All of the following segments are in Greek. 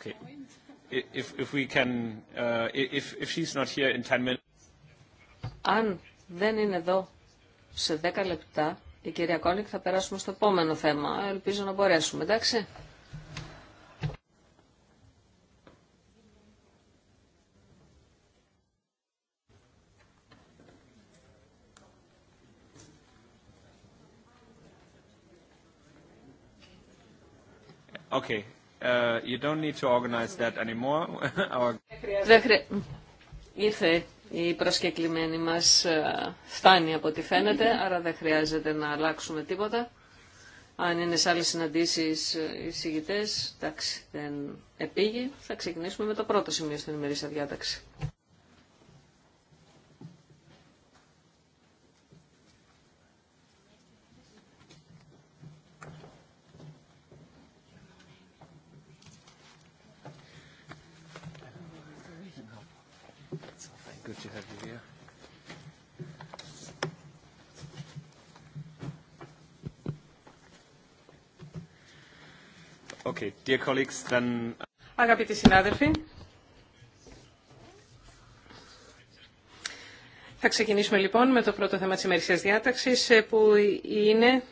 Okay. If, we can, uh, if she's not here in 10 minutes... Αν δεν είναι εδώ σε 10 λεπτά, η κυρία Κόνικ θα περάσουμε στο επόμενο θέμα. Ελπίζω να μπορέσουμε, εντάξει. You don't need to organize that anymore. Ήρθε η προσκεκλημένη μας ε, φτάνει από ό,τι φαίνεται, άρα δεν χρειάζεται να αλλάξουμε τίποτα. Αν είναι σε άλλε συναντήσεις ε, οι συγητές, εντάξει, δεν επήγει. Θα ξεκινήσουμε με το πρώτο σημείο στην ημερήσια διάταξη. Αγαπητοί συνάδελφοι, θα ξεκινήσουμε λοιπόν με το πρώτο θέμα της ημερησίας διάταξης ε, που είναι,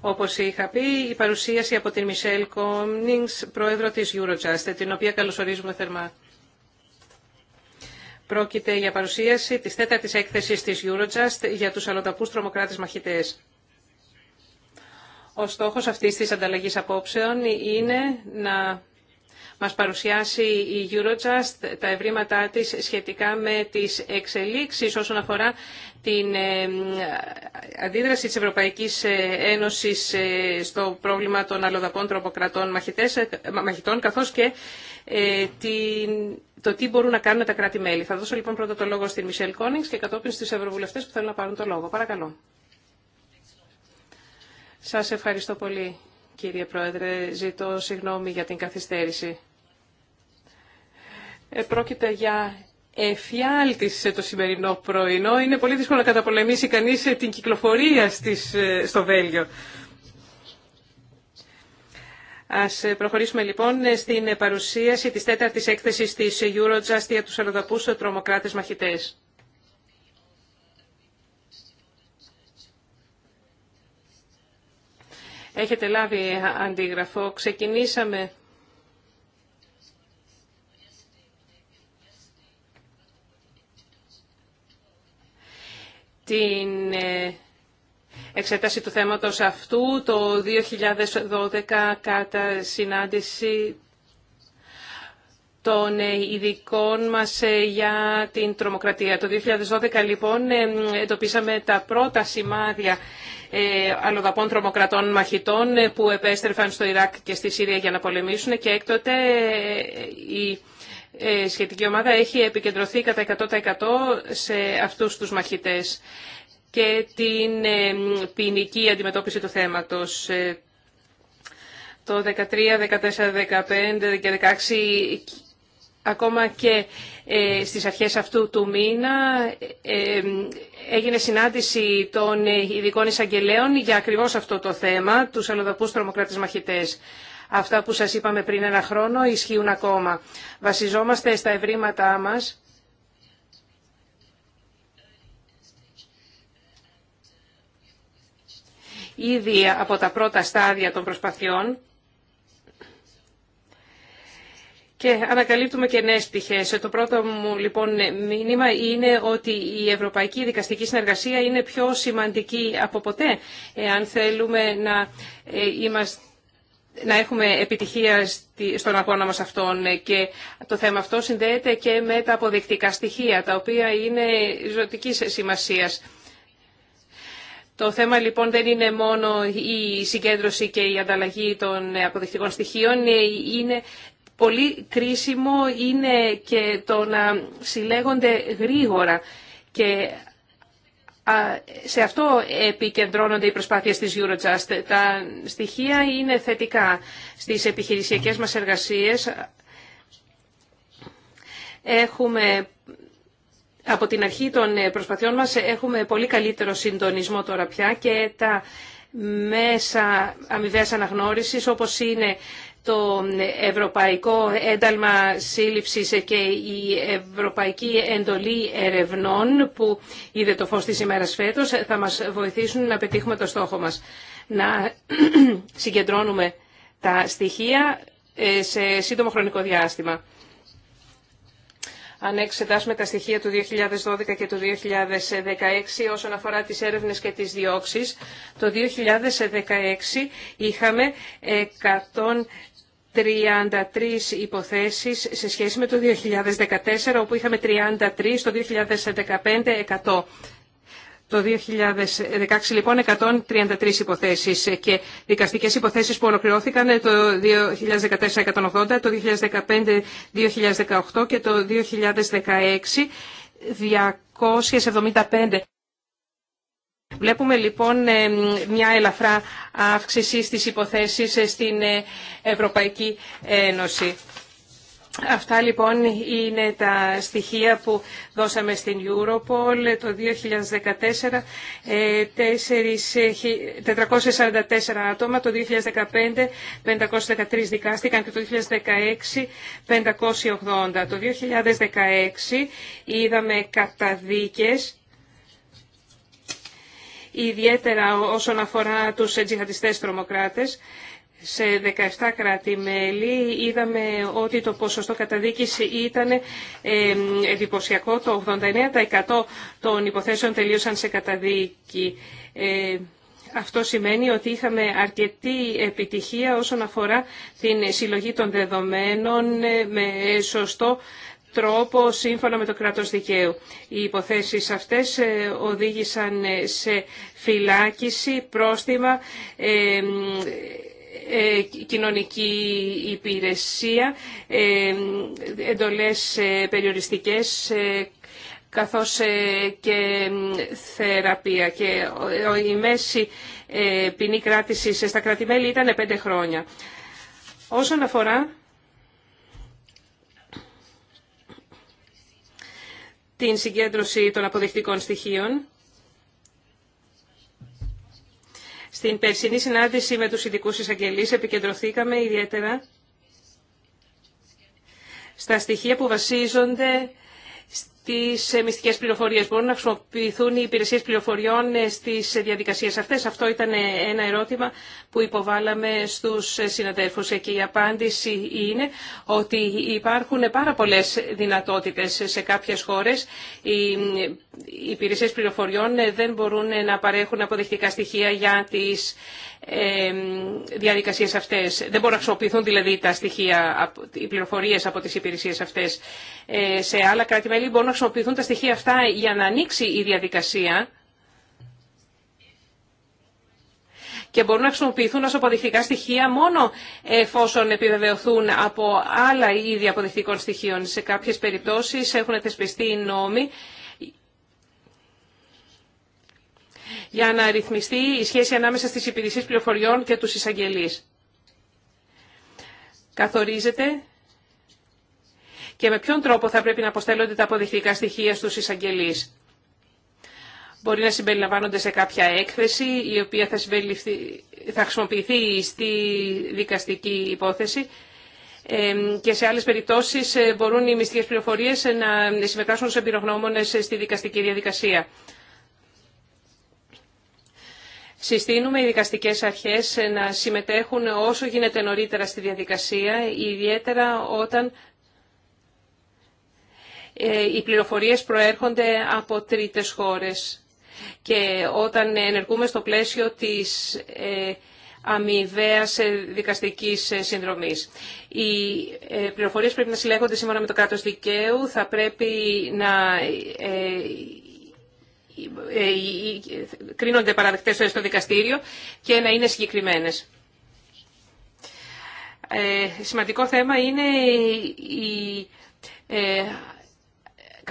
όπως είχα πει, η παρουσίαση από την Μισελ Κόμνινγκς, πρόεδρο της Eurojust, ε, την οποία καλωσορίζουμε θερμά. Πρόκειται για παρουσίαση της τέταρτης έκθεσης της Eurojust για τους αλλοδαπούς τρομοκράτες μαχητές. Ο στόχος αυτής της ανταλλαγής απόψεων είναι να μας παρουσιάσει η Eurojust τα ευρήματά της σχετικά με τις εξελίξεις όσον αφορά την ε, αντίδραση της Ευρωπαϊκής ε, Ένωσης ε, στο πρόβλημα των αλλοδαπών τροποκρατών μαχητές, μαχητών καθώς και το τι μπορούν να κάνουν τα κράτη-μέλη. Θα δώσω λοιπόν πρώτα το λόγο στην Μισελ Κόνιγκς και κατόπιν στους ευρωβουλευτές που θέλουν να πάρουν το λόγο. Παρακαλώ. Σας ευχαριστώ πολύ, κύριε Πρόεδρε. Ζητώ συγγνώμη για την καθυστέρηση. Ε, πρόκειται για εφιάλτηση σε το σημερινό πρωινό. Είναι πολύ δύσκολο να καταπολεμήσει κανείς ε, την κυκλοφορία στις, ε, στο Βέλγιο. Ας ε, προχωρήσουμε λοιπόν στην παρουσίαση της τέταρτης έκθεσης της Eurojust για τους αλλοδαπούς τρομοκράτες μαχητές. Έχετε λάβει αντίγραφο. Ξεκινήσαμε την ε, εξέταση του θέματος αυτού το 2012 κατά συνάντηση των ε, ειδικών μας ε, για την τρομοκρατία. Το 2012 λοιπόν ε, εντοπίσαμε τα πρώτα σημάδια αλλοδαπών τρομοκρατών μαχητών που επέστρεφαν στο Ιράκ και στη Σύρια για να πολεμήσουν και έκτοτε η σχετική ομάδα έχει επικεντρωθεί κατά 100% σε αυτούς τους μαχητές και την ποινική αντιμετώπιση του θέματος. Το 13, 14, 15 και 16 Ακόμα και ε, στις αρχές αυτού του μήνα ε, έγινε συνάντηση των ε, ειδικών εισαγγελέων για ακριβώς αυτό το θέμα, τους αλλοδαπούς τρομοκράτες μαχητές. Αυτά που σας είπαμε πριν ένα χρόνο ισχύουν ακόμα. Βασιζόμαστε στα ευρήματά μας ήδη από τα πρώτα στάδια των προσπαθειών και ανακαλύπτουμε και νέε πτυχε. Το πρώτο μου λοιπόν μήνυμα είναι ότι η ευρωπαϊκή δικαστική συνεργασία είναι πιο σημαντική από ποτέ, αν θέλουμε να, ε, είμαστε, να έχουμε επιτυχία στον αγώνα μας αυτόν. Και το θέμα αυτό συνδέεται και με τα αποδεικτικά στοιχεία, τα οποία είναι ζωτικής σημασίας. Το θέμα λοιπόν δεν είναι μόνο η συγκέντρωση και η ανταλλαγή των αποδεικτικών στοιχείων, ε, είναι Πολύ κρίσιμο είναι και το να συλλέγονται γρήγορα και σε αυτό επικεντρώνονται οι προσπάθειες της Eurojust. Τα στοιχεία είναι θετικά στις επιχειρησιακές μας εργασίες. Έχουμε από την αρχή των προσπαθειών μας έχουμε πολύ καλύτερο συντονισμό τώρα πια και τα μέσα αμοιβαίας αναγνώρισης όπως είναι το Ευρωπαϊκό Ένταλμα Σύλληψης και η Ευρωπαϊκή Εντολή Ερευνών που είδε το φως της ημέρας φέτος θα μας βοηθήσουν να πετύχουμε το στόχο μας. Να συγκεντρώνουμε τα στοιχεία ε, σε σύντομο χρονικό διάστημα. Αν εξετάσουμε τα στοιχεία του 2012 και του 2016 όσον αφορά τις έρευνες και τις διώξεις, το 2016 είχαμε 100 33 υποθέσεις σε σχέση με το 2014, όπου είχαμε 33, το 2015 100. Το 2016 λοιπόν 133 υποθέσεις και δικαστικές υποθέσεις που ολοκληρώθηκαν ε, το 2014 180, το 2015 2018 και το 2016 275. Βλέπουμε λοιπόν ε, μια ελαφρά αύξηση στις υποθέσεις ε, στην ε, Ευρωπαϊκή Ένωση. Αυτά λοιπόν είναι τα στοιχεία που δώσαμε στην Europol το 2014, 444 άτομα, το 2015 513 δικάστηκαν και το 2016 580. Το 2016 είδαμε καταδίκες ιδιαίτερα όσον αφορά τους τζιχαντιστές τρομοκράτες. Σε 17 κράτη-μέλη είδαμε ότι το ποσοστό καταδίκηση ήταν εντυπωσιακό. Το 89% των υποθέσεων τελείωσαν σε καταδίκη. Ε, αυτό σημαίνει ότι είχαμε αρκετή επιτυχία όσον αφορά την συλλογή των δεδομένων ε, με σωστό τρόπο σύμφωνα με το κράτος δικαίου. Οι υποθέσεις αυτές ε, οδήγησαν ε, σε φυλάκιση, πρόστιμα, ε, κοινωνική υπηρεσία, εντολές περιοριστικές, καθώς και θεραπεία. Και η μέση ποινή κράτηση στα κρατημέλη ήταν πέντε χρόνια. Όσον αφορά την συγκέντρωση των αποδεικτικών στοιχείων. Στην περσινή συνάντηση με τους ειδικούς εισαγγελείς επικεντρωθήκαμε ιδιαίτερα στα στοιχεία που βασίζονται τις ε, μυστικές πληροφορίες. Μπορούν να χρησιμοποιηθούν οι υπηρεσίες πληροφοριών ε, στις ε, διαδικασίες αυτές. Αυτό ήταν ένα ερώτημα που υποβάλαμε στους συναδέλφους και η απάντηση είναι ότι υπάρχουν πάρα πολλές δυνατότητες σε κάποιες χώρες. Οι υπηρεσίες πληροφοριών δεν μπορούν να παρέχουν αποδεικτικά στοιχεία για τις διαδικασίες αυτές. Δεν μπορούν να χρησιμοποιηθούν δηλαδή τα στοιχεία, οι πληροφορίες από τις υπηρεσίες αυτές. Σε άλλα κράτη-μέλη να χρησιμοποιηθούν τα στοιχεία αυτά για να ανοίξει η διαδικασία και μπορούν να χρησιμοποιηθούν ως αποδεικτικά στοιχεία μόνο εφόσον επιβεβαιωθούν από άλλα ίδια αποδεικτικών στοιχείων. Σε κάποιες περιπτώσεις έχουν θεσπιστεί νόμοι για να ρυθμιστεί η σχέση ανάμεσα στις υπηρεσίες πληροφοριών και τους εισαγγελείς. Καθορίζεται και με ποιον τρόπο θα πρέπει να αποστέλλονται τα αποδεικτικά στοιχεία στους εισαγγελείς. Μπορεί να συμπεριλαμβάνονται σε κάποια έκθεση η οποία θα, θα χρησιμοποιηθεί στη δικαστική υπόθεση και σε άλλες περιπτώσεις ε, μπορούν οι μυστικές πληροφορίες ε, να συμμετάσχουν σε εμπειρογνώμονες ε, στη δικαστική διαδικασία. Συστήνουμε οι δικαστικές αρχές να συμμετέχουν όσο γίνεται νωρίτερα στη διαδικασία, ιδιαίτερα όταν ε, οι πληροφορίες προέρχονται από τρίτες χώρες. Και όταν ενεργούμε στο πλαίσιο της ε, αμοιβαία ε, δικαστικής συνδρομής. Οι πληροφορίε πρέπει να συλλέγονται σύμφωνα με το κράτο δικαίου, θα πρέπει να κρίνονται παραδεκτές στο δικαστήριο και να είναι συγκεκριμένες. σημαντικό θέμα είναι η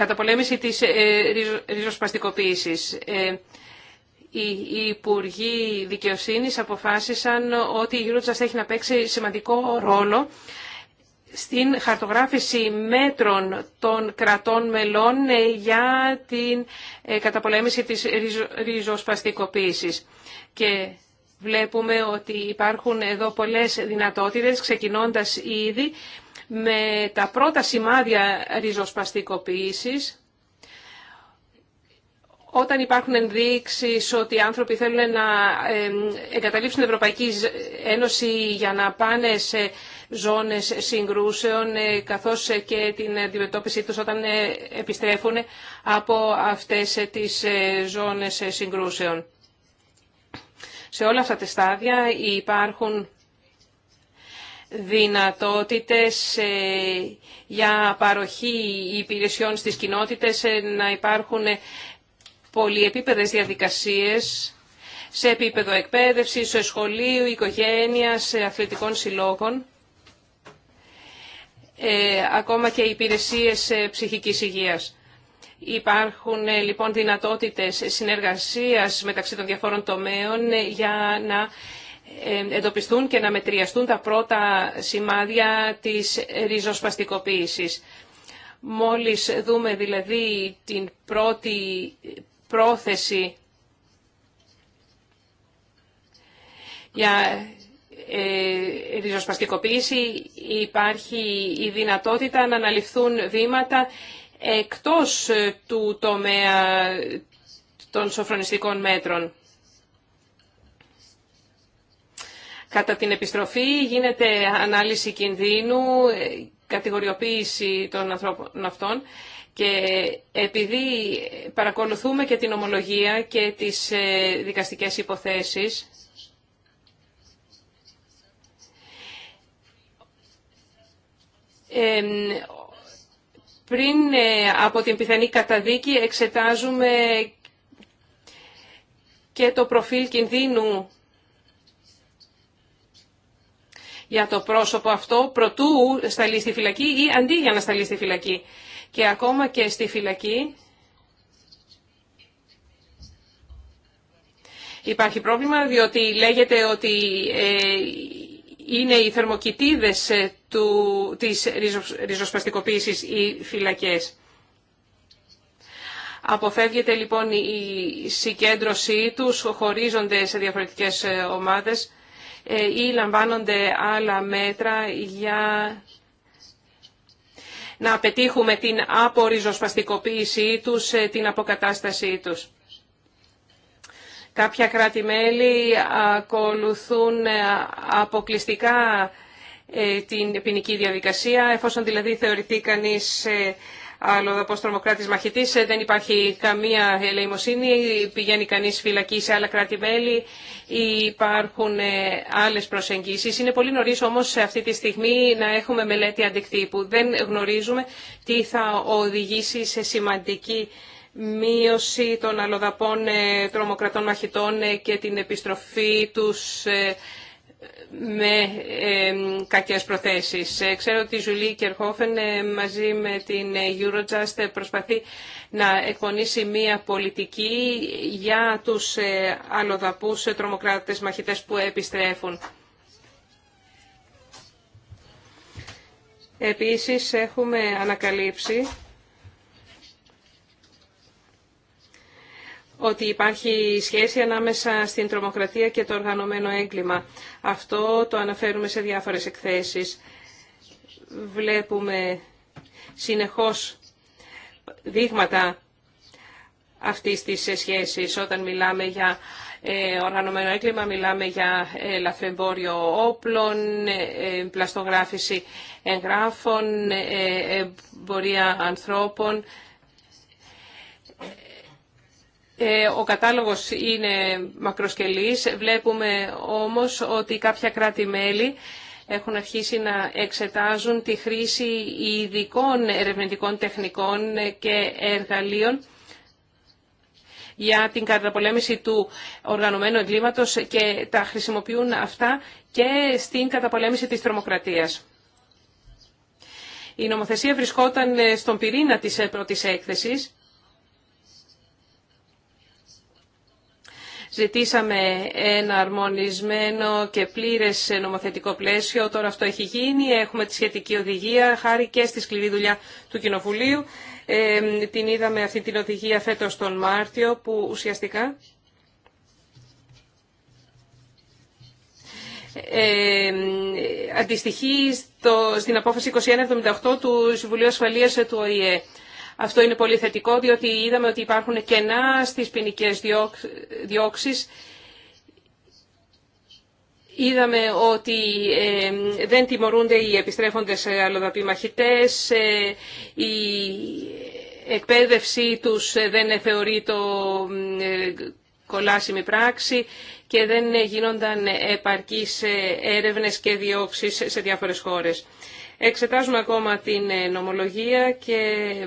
καταπολέμηση της ε, ριζοσπαστικοποίησης. Ε, οι Υπουργοί Δικαιοσύνης αποφάσισαν ότι η Eurojust έχει να παίξει σημαντικό ρόλο στην χαρτογράφηση μέτρων των κρατών μελών ε, για την καταπολέμηση της ριζοσπαστικοποίησης. Και βλέπουμε ότι υπάρχουν εδώ πολλές δυνατότητες, ξεκινώντας ήδη με τα πρώτα σημάδια ριζοσπαστικοποίησης, όταν υπάρχουν ενδείξεις ότι οι άνθρωποι θέλουν να εγκαταλείψουν την Ευρωπαϊκή Ένωση για να πάνε σε ζώνες συγκρούσεων, ε, καθώς ε, και την αντιμετώπιση τους όταν ε, επιστρέφουν από αυτές τις ζώνες συγκρούσεων. Σε όλα αυτά τα στάδια υπάρχουν δυνατότητες ε, για παροχή υπηρεσιών στις κοινότητες, ε, να υπάρχουν πολυεπίπεδες διαδικασίες σε επίπεδο εκπαίδευσης, σε σχολείου, οικογένειας, αθλητικών συλλόγων, ε, ακόμα και υπηρεσίες ψυχικής υγείας. Υπάρχουν λοιπόν δυνατότητες συνεργασίας μεταξύ των διαφόρων τομέων για να ε, εντοπιστούν και να μετριαστούν τα πρώτα σημάδια της ριζοσπαστικοποίησης. Μόλις δούμε δηλαδή την πρώτη πρόθεση για ε, ριζοσπαστικοποίηση υπάρχει η δυνατότητα να αναλυφθούν βήματα εκτός του τομέα των σοφρονιστικών μέτρων. Κατά την επιστροφή γίνεται ανάλυση κινδύνου, κατηγοριοποίηση των ανθρώπων αυτών και επειδή παρακολουθούμε και την ομολογία και τις ε, δικαστικές υποθέσεις, πριν ε, από την πιθανή καταδίκη εξετάζουμε και το προφίλ κινδύνου για το πρόσωπο αυτό προτού σταλεί στη φυλακή ή αντί για να σταλεί στη φυλακή. Και ακόμα και στη φυλακή υπάρχει πρόβλημα διότι λέγεται ότι ε, είναι οι θερμοκοιτίδες ε, του, της ριζοσπαστικοποίησης οι φυλακές. Αποφεύγεται λοιπόν η συγκέντρωσή τους, χωρίζονται σε διαφορετικές ε, ομάδες. Ε, ή λαμβάνονται άλλα μέτρα για να πετύχουμε την απορριζοσπαστικοποίησή τους, ε, την αποκατάστασή τους. Κάποια κράτη-μέλη ακολουθούν ε, αποκλειστικά την ποινική διαδικασία, εφόσον δηλαδή θεωρηθεί κανείς αλλοδαπός τρομοκράτη μαχητής. Ε, δεν υπάρχει καμία ελεημοσύνη, πηγαίνει κανεί φυλακή σε άλλα κράτη-μέλη, υπάρχουν ε, άλλες προσεγγίσει. Είναι πολύ νωρίς όμω σε αυτή τη στιγμή να έχουμε μελέτη αντικτύπου. Δεν γνωρίζουμε τι θα οδηγήσει σε σημαντική μείωση των αλλοδαπών ε, τρομοκρατών μαχητών και την επιστροφή τους με κακές προθέσεις. Ε, ξέρω ότι η Ζουλή Κερχόφεν ε, μαζί με την ε, Eurojust προσπαθεί να εκπονήσει μία πολιτική για τους αλλοδαπούς τρομοκράτες μαχητές που επιστρέφουν. Επίσης έχουμε ανακαλύψει ότι υπάρχει σχέση ανάμεσα στην τρομοκρατία και το οργανωμένο έγκλημα. Αυτό το αναφέρουμε σε διάφορες εκθέσεις. Βλέπουμε συνεχώς δείγματα αυτής της σχέσης όταν μιλάμε για ε, οργανωμένο έγκλημα, μιλάμε για ε, λαθρεμπόριο όπλων, ε, πλαστογράφηση εγγράφων, εμπορία ανθρώπων ε, ο κατάλογος είναι μακροσκελής. Βλέπουμε όμως ότι κάποια κράτη-μέλη έχουν αρχίσει να εξετάζουν τη χρήση ειδικών ερευνητικών τεχνικών και εργαλείων για την καταπολέμηση του οργανωμένου εγκλήματος και τα χρησιμοποιούν αυτά και στην καταπολέμηση της τρομοκρατίας. Η νομοθεσία βρισκόταν στον πυρήνα της πρώτης έκθεσης Ζητήσαμε ένα αρμονισμένο και πλήρες νομοθετικό πλαίσιο. Τώρα αυτό έχει γίνει. Έχουμε τη σχετική οδηγία χάρη και στη σκληρή δουλειά του Κοινοβουλίου. Ε, την είδαμε αυτή την οδηγία φέτος τον Μάρτιο που ουσιαστικά Ε, αντιστοιχεί στην απόφαση 2178 του Συμβουλίου Ασφαλείας του ΟΗΕ. Αυτό είναι πολύ θετικό, διότι είδαμε ότι υπάρχουν κενά στις ποινικέ διώξεις. Είδαμε ότι δεν τιμωρούνται οι επιστρέφοντες αλλοδαπή μαχητές, ε, η εκπαίδευση τους δεν θεωρεί το ε, κολάσιμη πράξη και δεν γίνονταν επαρκείς ε, έρευνες και διώξεις σε διάφορες χώρες. Εξετάζουμε ακόμα την ε, νομολογία και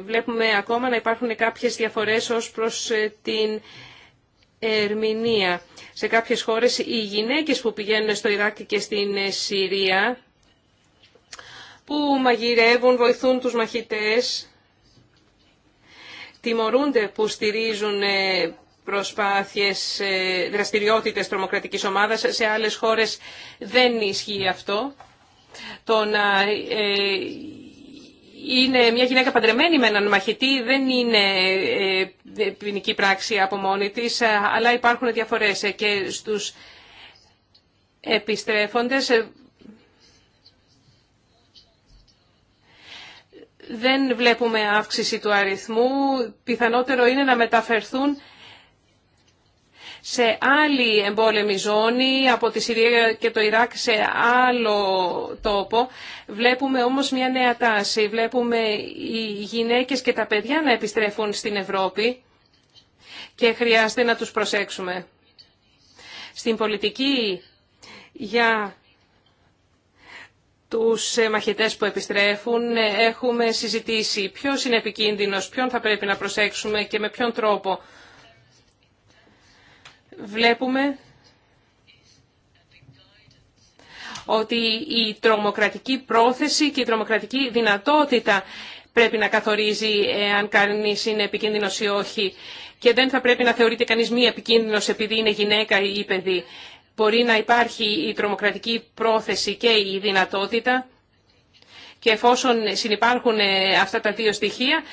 βλέπουμε ακόμα να υπάρχουν κάποιες διαφορές ως προς ε, την ερμηνεία. Σε κάποιες χώρες οι γυναίκες που πηγαίνουν στο Ιράκ και στην ε, Συρία, που μαγειρεύουν, βοηθούν τους μαχητές, τιμωρούνται που στηρίζουν προσπάθειες, δραστηριότητες τρομοκρατικής ομάδας. Σε άλλες χώρες δεν ισχύει αυτό. Το να ε, είναι μια γυναίκα παντρεμένη με έναν μαχητή δεν είναι ε, ποινική πράξη από μόνη της, ε, αλλά υπάρχουν διαφορές και στους επιστρέφοντες δεν βλέπουμε αύξηση του αριθμού, πιθανότερο είναι να μεταφερθούν σε άλλη εμπόλεμη ζώνη, από τη Συρία και το Ιράκ σε άλλο τόπο. Βλέπουμε όμως μια νέα τάση. Βλέπουμε οι γυναίκες και τα παιδιά να επιστρέφουν στην Ευρώπη και χρειάζεται να τους προσέξουμε. Στην πολιτική για τους ε, μαχητές που επιστρέφουν ε, έχουμε συζητήσει ποιος είναι επικίνδυνος, ποιον θα πρέπει να προσέξουμε και με ποιον τρόπο βλέπουμε ότι η τρομοκρατική πρόθεση και η τρομοκρατική δυνατότητα πρέπει να καθορίζει αν κανεί είναι επικίνδυνος ή όχι και δεν θα πρέπει να θεωρείται κανεί μη επικίνδυνος επειδή είναι γυναίκα ή παιδί. Μπορεί να υπάρχει η τρομοκρατική πρόθεση και η δυνατότητα και εφόσον συνεπάρχουν αυτά τα δύο στοιχεία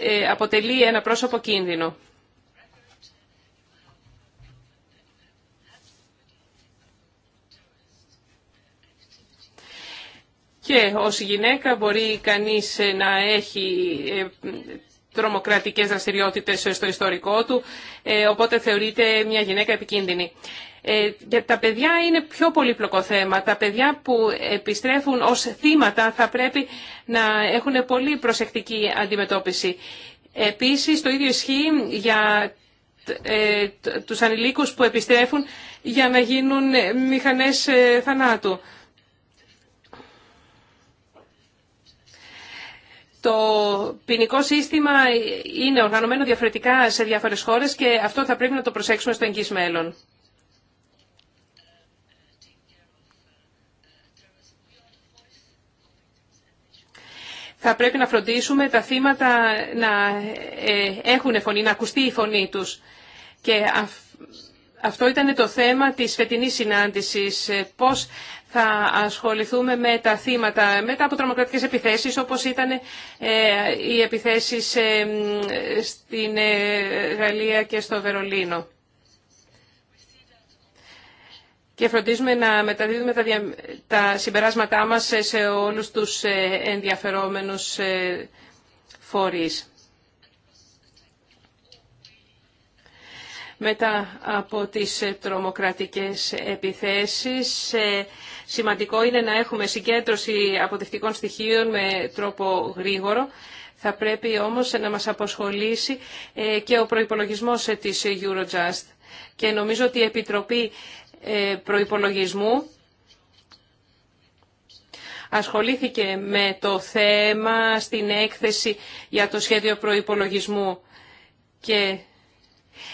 ε, αποτελεί ένα πρόσωπο κίνδυνο. Και ως γυναίκα μπορεί κανείς ε, να έχει ε, τρομοκρατικές δραστηριότητες ε, στο ιστορικό του, οπότε θεωρείται μια γυναίκα επικίνδυνη. Για τα παιδιά είναι πιο πολύπλοκο θέμα. Τα παιδιά που επιστρέφουν ως θύματα θα πρέπει να έχουν πολύ προσεκτική αντιμετώπιση. Επίσης, το ίδιο ισχύει για τους ανηλίκους που επιστρέφουν για να γίνουν μηχανές θανάτου. το ποινικό σύστημα είναι οργανωμένο διαφορετικά σε διάφορες χώρες και αυτό θα πρέπει να το προσέξουμε στο εγγύς μέλλον. Θα πρέπει να φροντίσουμε τα θύματα να ε, έχουν φωνή, να ακουστεί η φωνή τους. Και αυτό ήταν το θέμα της φετινής συνάντησης. Ε, πώς θα ασχοληθούμε με τα θύματα μετά από τρομοκρατικές επιθέσεις όπως ήταν ε, οι επιθέσεις ε, στην ε, Γαλλία και στο Βερολίνο. Και φροντίζουμε να μεταδίδουμε τα συμπεράσματά μας σε όλους τους ενδιαφερόμενους φορείς. Μετά από τις τρομοκρατικές επιθέσεις Σημαντικό είναι να έχουμε συγκέντρωση αποδεικτικών στοιχείων με τρόπο γρήγορο. Θα πρέπει όμως να μας αποσχολήσει ε, και ο προϋπολογισμός ε, της Eurojust. Και νομίζω ότι η Επιτροπή ε, Προϋπολογισμού ασχολήθηκε με το θέμα στην έκθεση για το σχέδιο προϋπολογισμού και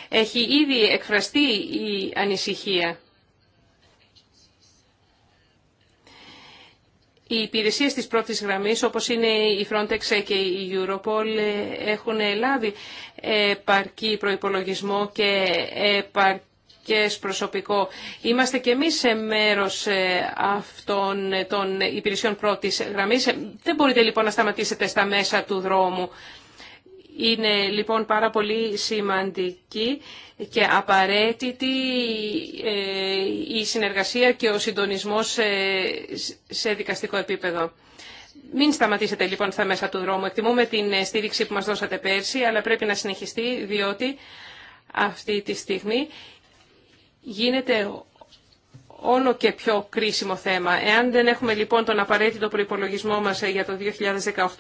έχει ήδη εκφραστεί η ανησυχία. Οι υπηρεσίε τη πρώτη γραμμή, όπω είναι η Frontex και η Europol, έχουν λάβει επαρκή προπολογισμό και επαρκέ προσωπικό. Είμαστε και εμείς σε μέρο ε, αυτών των υπηρεσιών πρώτης γραμμής. Δεν μπορείτε λοιπόν να σταματήσετε στα μέσα του δρόμου. Είναι λοιπόν πάρα πολύ σημαντική και απαραίτητη ε, η συνεργασία και ο συντονισμός σε δικαστικό επίπεδο. Μην σταματήσετε λοιπόν στα μέσα του δρόμου. Εκτιμούμε την στήριξη που μας δώσατε πέρσι, αλλά πρέπει να συνεχιστεί, διότι αυτή τη στιγμή γίνεται όλο και πιο κρίσιμο θέμα. Εάν δεν έχουμε λοιπόν τον απαραίτητο προϋπολογισμό μας για το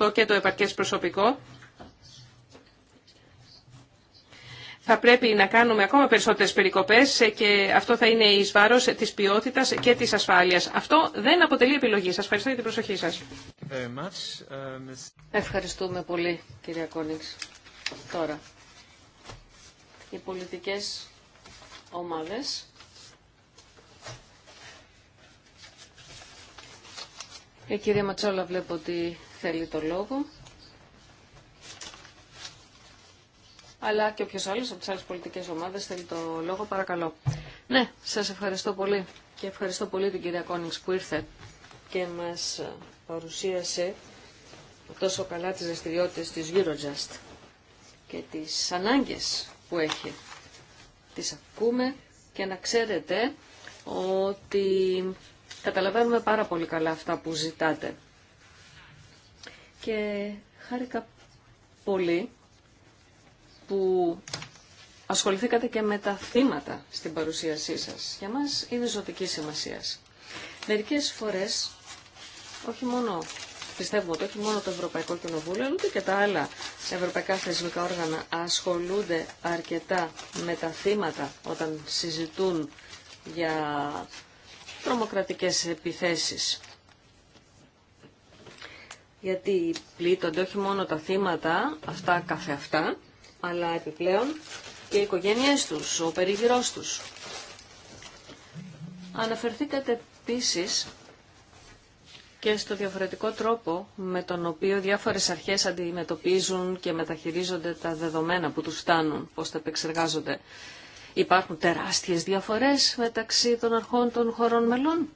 2018 και το επαρκές προσωπικό, θα πρέπει να κάνουμε ακόμα περισσότερες περικοπές και αυτό θα είναι εις βάρος της ποιότητας και της ασφάλειας. Αυτό δεν αποτελεί επιλογή. Σας ευχαριστώ για την προσοχή σας. Uh, Ευχαριστούμε πολύ, κυρία Κόνιξ. Τώρα, οι πολιτικές ομάδες. Η ε, κυρία Ματσόλα βλέπω ότι θέλει το λόγο. αλλά και όποιο άλλο από τι άλλε πολιτικέ ομάδε θέλει το λόγο, παρακαλώ. Ναι, σα ευχαριστώ πολύ και ευχαριστώ πολύ την κυρία Κόνιξ που ήρθε και μα ε, παρουσίασε τόσο καλά τι δραστηριότητε τη Eurojust και τις ανάγκες που έχει. Τις ακούμε και να ξέρετε ότι καταλαβαίνουμε πάρα πολύ καλά αυτά που ζητάτε. Και χάρηκα πολύ που ασχοληθήκατε και με τα θύματα στην παρουσίασή σας. Για μας είναι ζωτική σημασία. Μερικές φορές, όχι μόνο πιστεύουμε ότι όχι μόνο το Ευρωπαϊκό Κοινοβούλιο, αλλά και τα άλλα ευρωπαϊκά θεσμικά όργανα ασχολούνται αρκετά με τα θύματα όταν συζητούν για τρομοκρατικές επιθέσεις. Γιατί πλήττονται όχι μόνο τα θύματα, αυτά καθεαυτά, αλλά επιπλέον και οι οικογένειές τους, ο περίγυρός τους. Αναφερθήκατε επίσης και στο διαφορετικό τρόπο με τον οποίο διάφορες αρχές αντιμετωπίζουν και μεταχειρίζονται τα δεδομένα που τους φτάνουν, πώς τα επεξεργάζονται. Υπάρχουν τεράστιες διαφορές μεταξύ των αρχών των χωρών μελών.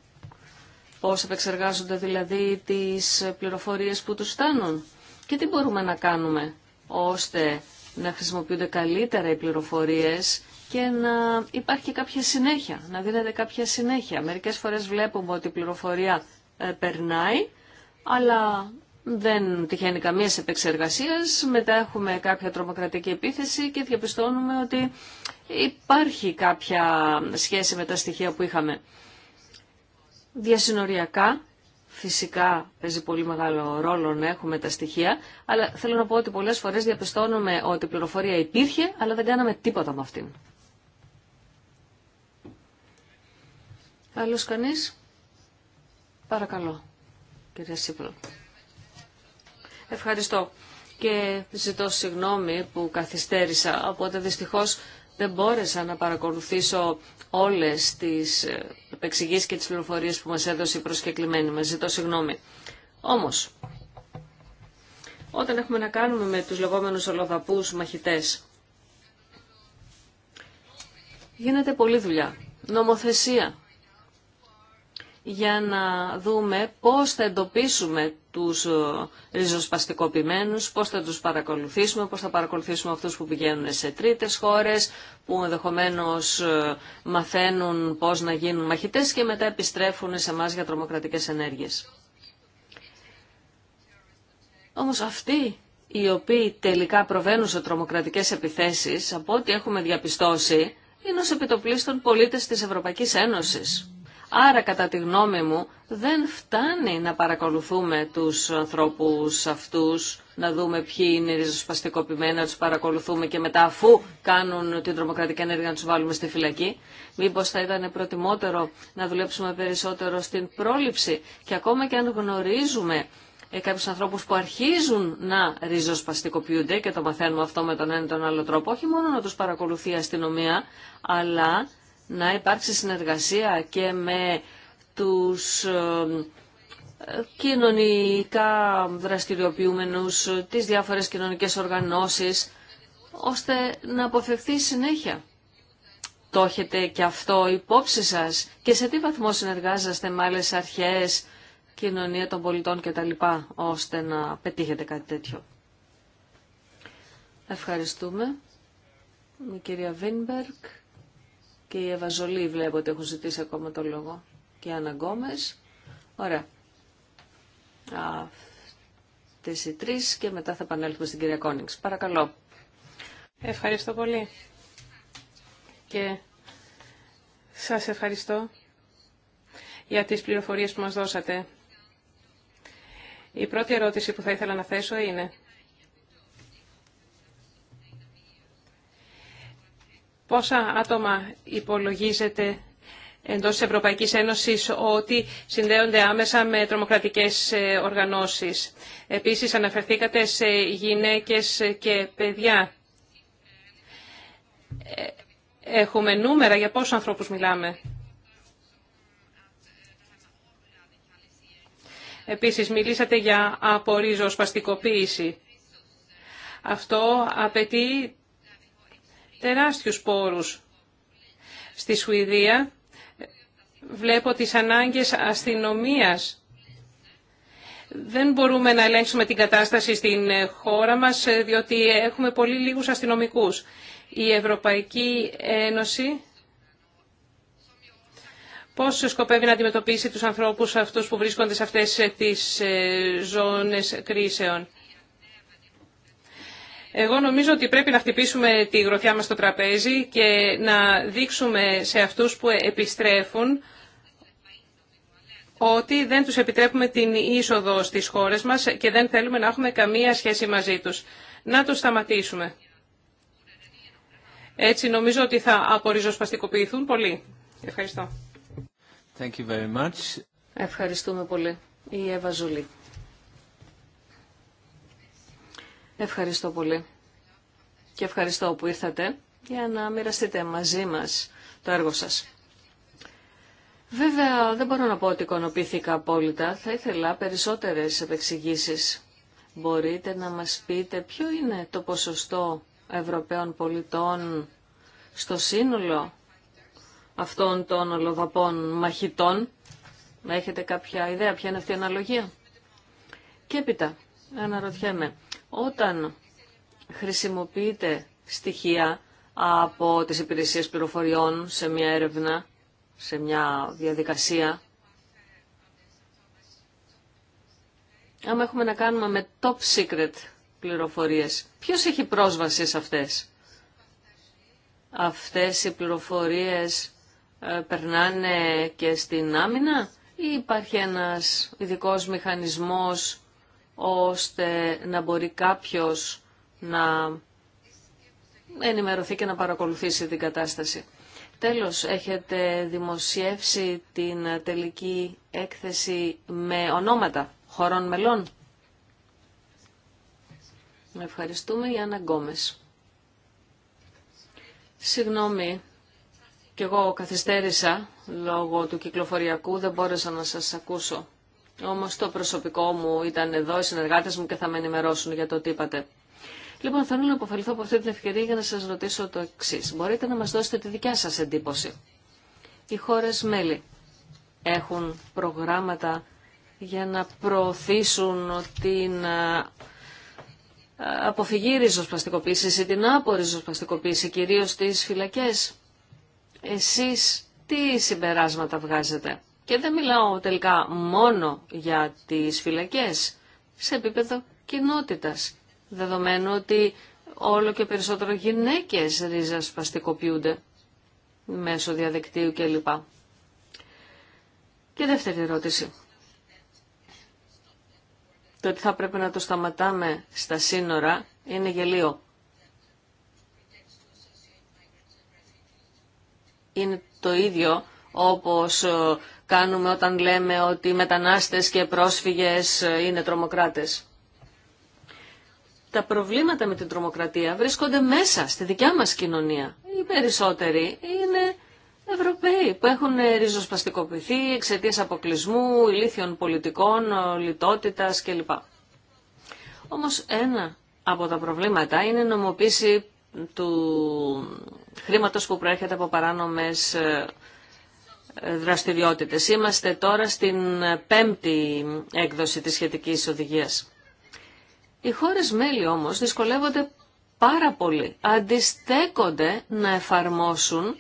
Πώς επεξεργάζονται δηλαδή τις πληροφορίες που τους φτάνουν και τι μπορούμε να κάνουμε ώστε να χρησιμοποιούνται καλύτερα οι πληροφορίες και να υπάρχει κάποια συνέχεια, να δίνεται κάποια συνέχεια. Μερικές φορές βλέπουμε ότι η πληροφορία ε, περνάει, αλλά δεν τυχαίνει καμία επεξεργασία. Μετά έχουμε κάποια τρομοκρατική επίθεση και διαπιστώνουμε ότι υπάρχει κάποια σχέση με τα στοιχεία που είχαμε. Διασυνοριακά Φυσικά παίζει πολύ μεγάλο ρόλο να έχουμε τα στοιχεία, αλλά θέλω να πω ότι πολλές φορές διαπιστώνουμε ότι η πληροφορία υπήρχε, αλλά δεν κάναμε τίποτα με αυτήν. Άλλος κανείς? Παρακαλώ, κυρία Σύπρο. Ευχαριστώ και ζητώ συγγνώμη που καθυστέρησα, οπότε δυστυχώς δεν μπόρεσα να παρακολουθήσω όλες τις επεξηγήσεις και τις πληροφορίες που μας έδωσε η προσκεκλημένη μας. Ζητώ συγγνώμη. Όμως, όταν έχουμε να κάνουμε με τους λεγόμενους ολοδαπούς μαχητές, γίνεται πολλή δουλειά. Νομοθεσία, για να δούμε πώς θα εντοπίσουμε τους ε, ριζοσπαστικοποιημένους, πώς θα τους παρακολουθήσουμε, πώς θα παρακολουθήσουμε αυτούς που πηγαίνουν σε τρίτες χώρες, που ενδεχομένως ε, μαθαίνουν πώς να γίνουν μαχητές και μετά επιστρέφουν σε εμά για τρομοκρατικές ενέργειες. Όμως αυτοί οι οποίοι τελικά προβαίνουν σε τρομοκρατικές επιθέσεις, από ό,τι έχουμε διαπιστώσει, είναι ως επιτοπλίστων πολίτες της Ευρωπαϊκής Ένωσης Άρα κατά τη γνώμη μου δεν φτάνει να παρακολουθούμε τους ανθρώπους αυτούς, να δούμε ποιοι είναι ριζοσπαστικοποιημένοι, να τους παρακολουθούμε και μετά αφού κάνουν την τρομοκρατική ενέργεια να τους βάλουμε στη φυλακή. Μήπως θα ήταν προτιμότερο να δουλέψουμε περισσότερο στην πρόληψη και ακόμα και αν γνωρίζουμε ε, κάποιου ανθρώπου που αρχίζουν να ριζοσπαστικοποιούνται και το μαθαίνουμε αυτό με τον ένα ή τον άλλο τρόπο, όχι μόνο να του παρακολουθεί η αστυνομία, αλλά να υπάρξει συνεργασία και με τους κοινωνικά δραστηριοποιούμενους, τις διάφορες κοινωνικές οργανώσεις, ώστε να αποφευθεί συνέχεια. Το έχετε και αυτό υπόψη σας και σε τι βαθμό συνεργάζεστε με άλλες αρχές, κοινωνία των πολιτών κτλ, ώστε να πετύχετε κάτι τέτοιο. Ευχαριστούμε. Η κυρία Βίνμπερκ και η Ευαζολή βλέπω ότι έχω ζητήσει ακόμα το λόγο. Και η Άννα Γκόμες. Ωραία. Αυτέ οι τρεις και μετά θα επανέλθουμε στην κυρία Κόνιξ. Παρακαλώ. Ευχαριστώ πολύ. Και σας ευχαριστώ για τις πληροφορίες που μας δώσατε. Η πρώτη ερώτηση που θα ήθελα να θέσω είναι Πόσα άτομα υπολογίζεται εντός της Ευρωπαϊκής Ένωσης ότι συνδέονται άμεσα με τρομοκρατικές ε, οργανώσεις. Επίσης αναφερθήκατε σε γυναίκες και παιδιά. Ε, έχουμε νούμερα για πόσους ανθρώπους μιλάμε. Επίσης μιλήσατε για σπαστικοποίηση. Αυτό απαιτεί τεράστιους πόρους. Στη Σουηδία βλέπω τις ανάγκες αστυνομίας. Δεν μπορούμε να ελέγξουμε την κατάσταση στην χώρα μας, ε, διότι έχουμε πολύ λίγους αστυνομικούς. Η Ευρωπαϊκή Ένωση πώς σκοπεύει να αντιμετωπίσει τους ανθρώπους αυτούς που βρίσκονται σε αυτές τις ε, ζώνες κρίσεων. Εγώ νομίζω ότι πρέπει να χτυπήσουμε τη γροθιά μας στο τραπέζι και να δείξουμε σε αυτούς που επιστρέφουν ότι δεν τους επιτρέπουμε την είσοδο στις χώρες μας και δεν θέλουμε να έχουμε καμία σχέση μαζί τους. Να τους σταματήσουμε. Έτσι νομίζω ότι θα απορριζοσπαστικοποιηθούν πολύ. Ευχαριστώ. Ευχαριστούμε πολύ. Η Εύα Ζουλή. Ευχαριστώ πολύ και ευχαριστώ που ήρθατε για να μοιραστείτε μαζί μας το έργο σας. Βέβαια, δεν μπορώ να πω ότι εικονοποιήθηκα απόλυτα. Θα ήθελα περισσότερες επεξηγήσεις. Μπορείτε να μας πείτε ποιο είναι το ποσοστό Ευρωπαίων πολιτών στο σύνολο αυτών των ολοδαπών μαχητών. Έχετε κάποια ιδέα ποια είναι αυτή η αναλογία. Και έπειτα, αναρωτιέμαι, όταν χρησιμοποιείται στοιχεία από τις υπηρεσίες πληροφοριών σε μια έρευνα, σε μια διαδικασία, άμα έχουμε να κάνουμε με top secret πληροφορίες, ποιος έχει πρόσβαση σε αυτές. Αυτές οι πληροφορίες ε, περνάνε και στην άμυνα ή υπάρχει ένας ειδικός μηχανισμός ώστε να μπορεί κάποιος να ενημερωθεί και να παρακολουθήσει την κατάσταση. Τέλος, έχετε δημοσιεύσει την τελική έκθεση με ονόματα χωρών μελών. Ευχαριστούμε, Ιάννα Γκόμες. Συγγνώμη, κι εγώ καθυστέρησα λόγω του κυκλοφοριακού, δεν μπόρεσα να σας ακούσω. Όμως το προσωπικό μου ήταν εδώ, οι συνεργάτες μου και θα με ενημερώσουν για το τι είπατε. Λοιπόν, θέλω να αποφελθώ από αυτή την ευκαιρία για να σας ρωτήσω το εξή. Μπορείτε να μας δώσετε τη δικιά σας εντύπωση. Οι χώρες μέλη έχουν προγράμματα για να προωθήσουν την αποφυγή ριζοσπαστικοποίηση ή την άπορη ριζοσπαστικοποίηση, κυρίως στις φυλακές. Εσείς τι συμπεράσματα βγάζετε. Και δεν μιλάω τελικά μόνο για τις φυλακές σε επίπεδο κοινότητας, δεδομένου ότι όλο και περισσότερο γυναίκες ρίζας παστικοποιούνται μέσω διαδικτύου κλπ. Και δεύτερη ερώτηση. Το ότι θα πρέπει να το σταματάμε στα σύνορα είναι γελίο. Είναι το ίδιο όπως ε, κάνουμε όταν λέμε ότι οι μετανάστες και πρόσφυγες ε, είναι τρομοκράτες. Τα προβλήματα με την τρομοκρατία βρίσκονται μέσα στη δικιά μας κοινωνία. Οι περισσότεροι είναι Ευρωπαίοι που έχουν ε, ριζοσπαστικοποιηθεί εξαιτία αποκλεισμού, ηλίθιων πολιτικών, ε, λιτότητας κλπ. Όμως ένα από τα προβλήματα είναι η νομοποίηση του χρήματος που προέρχεται από παράνομες δραστηριότητες. Είμαστε τώρα στην πέμπτη έκδοση της σχετικής οδηγίας. Οι χώρες μέλη όμως δυσκολεύονται πάρα πολύ. Αντιστέκονται να εφαρμόσουν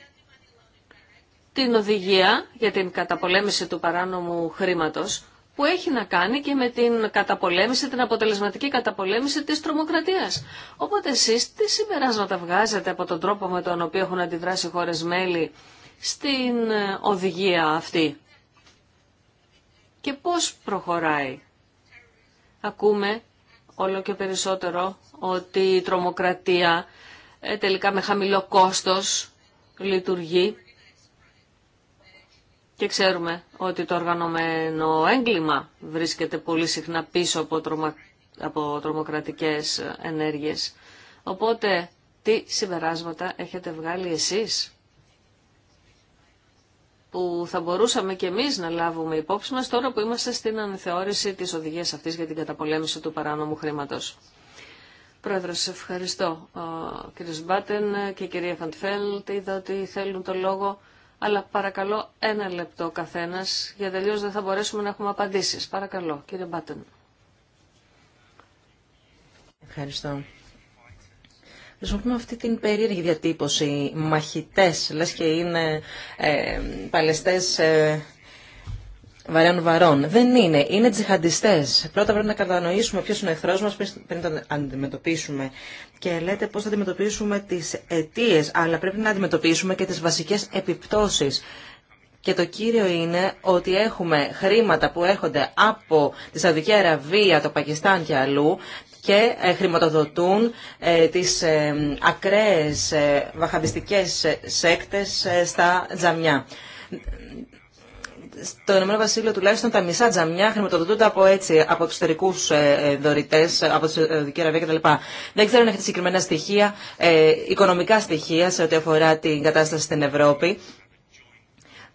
την οδηγία για την καταπολέμηση του παράνομου χρήματος που έχει να κάνει και με την καταπολέμηση, την αποτελεσματική καταπολέμηση της τρομοκρατίας. Οπότε εσείς τι συμπεράσματα βγάζετε από τον τρόπο με τον οποίο έχουν αντιδράσει οι χώρες μέλη στην ε, οδηγία αυτή. Και πώς προχωράει. Ακούμε όλο και περισσότερο ότι η τρομοκρατία ε, τελικά με χαμηλό κόστος λειτουργεί και ξέρουμε ότι το οργανωμένο έγκλημα βρίσκεται πολύ συχνά πίσω από, τρομα... από τρομοκρατικές ε, ενέργειες. Οπότε τι συμπεράσματα έχετε βγάλει εσείς που θα μπορούσαμε και εμείς να λάβουμε υπόψη μας τώρα που είμαστε στην ανεθεώρηση της οδηγίας αυτής για την καταπολέμηση του παράνομου χρήματος. Πρόεδρος, ευχαριστώ. Ο Μπάτεν και κυρία Φαντφέλτ είδα ότι θέλουν το λόγο, αλλά παρακαλώ ένα λεπτό καθένας, για τελείως δεν θα μπορέσουμε να έχουμε απαντήσεις. Παρακαλώ, κύριε Μπάτεν. Ευχαριστώ χρησιμοποιούμε αυτή την περίεργη διατύπωση μαχητές, λες και είναι ε, παλαιστές ε, βαρέων βαρών. Δεν είναι, είναι τζιχαντιστές. Πρώτα πρέπει να κατανοήσουμε ποιος είναι ο εχθρός μας πριν τον αντιμετωπίσουμε. Και λέτε πώς θα αντιμετωπίσουμε τις αιτίε, αλλά πρέπει να αντιμετωπίσουμε και τις βασικές επιπτώσεις. Και το κύριο είναι ότι έχουμε χρήματα που έρχονται από τη Σαουδική Αραβία, το Πακιστάν και αλλού και ε, χρηματοδοτούν ε, τις ε, ακραίες βαχαμπιστικές σέκτες στα τζαμιά. Στο Ηνωμένο Βασίλειο τουλάχιστον τα μισά τζαμιά χρηματοδοτούνται από έτσι, από εξωτερικού δωρητέ, από τη Σαουδική Αραβία κτλ. Δεν ξέρω αν έχετε συγκεκριμένα στοιχεία, οικονομικά στοιχεία σε ό,τι αφορά την κατάσταση στην Ευρώπη.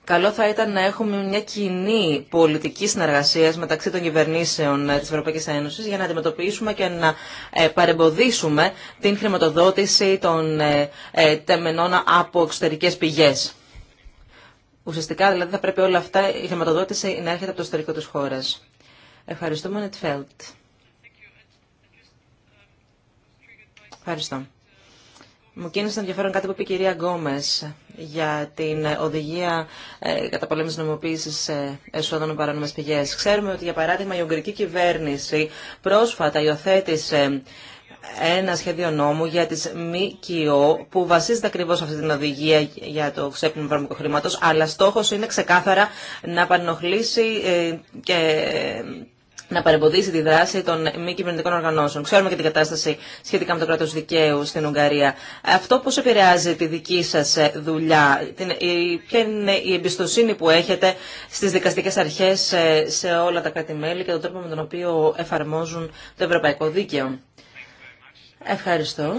Καλό θα ήταν να έχουμε μια κοινή πολιτική συνεργασία μεταξύ των κυβερνήσεων ε, τη Ευρωπαϊκή Ένωση για να αντιμετωπίσουμε και να ε, παρεμποδίσουμε την χρηματοδότηση των ε, τεμενών από εξωτερικέ πηγέ. Ουσιαστικά δηλαδή θα πρέπει όλα αυτά η χρηματοδότηση να έρχεται από το εσωτερικό τη χώρα. Ευχαριστούμε, Νετφέλτ. Ευχαριστώ. Μου κίνησε ενδιαφέρον κάτι που είπε η κυρία Γκόμε για την οδηγία ε, κατά πολέμη νομοποίηση ε, εσόδων με παράνομε πηγέ. Ξέρουμε ότι, για παράδειγμα, η Ουγγρική κυβέρνηση πρόσφατα υιοθέτησε ένα σχέδιο νόμου για τις ΜΚΟ που βασίζεται ακριβώς αυτή την οδηγία για το ξέπλυμα βαρμικού αλλά στόχος είναι ξεκάθαρα να πανοχλήσει ε, και να παρεμποδίσει τη δράση των μη κυβερνητικών οργανώσεων. Ξέρουμε και την κατάσταση σχετικά με το κράτο δικαίου στην Ουγγαρία. Αυτό πώ επηρεάζει τη δική σα ε, δουλειά, ποια είναι η εμπιστοσύνη που έχετε στι δικαστικέ αρχέ ε, σε όλα τα κράτη-μέλη και τον τρόπο με τον οποίο εφαρμόζουν το ευρωπαϊκό δίκαιο. Ευχαριστώ.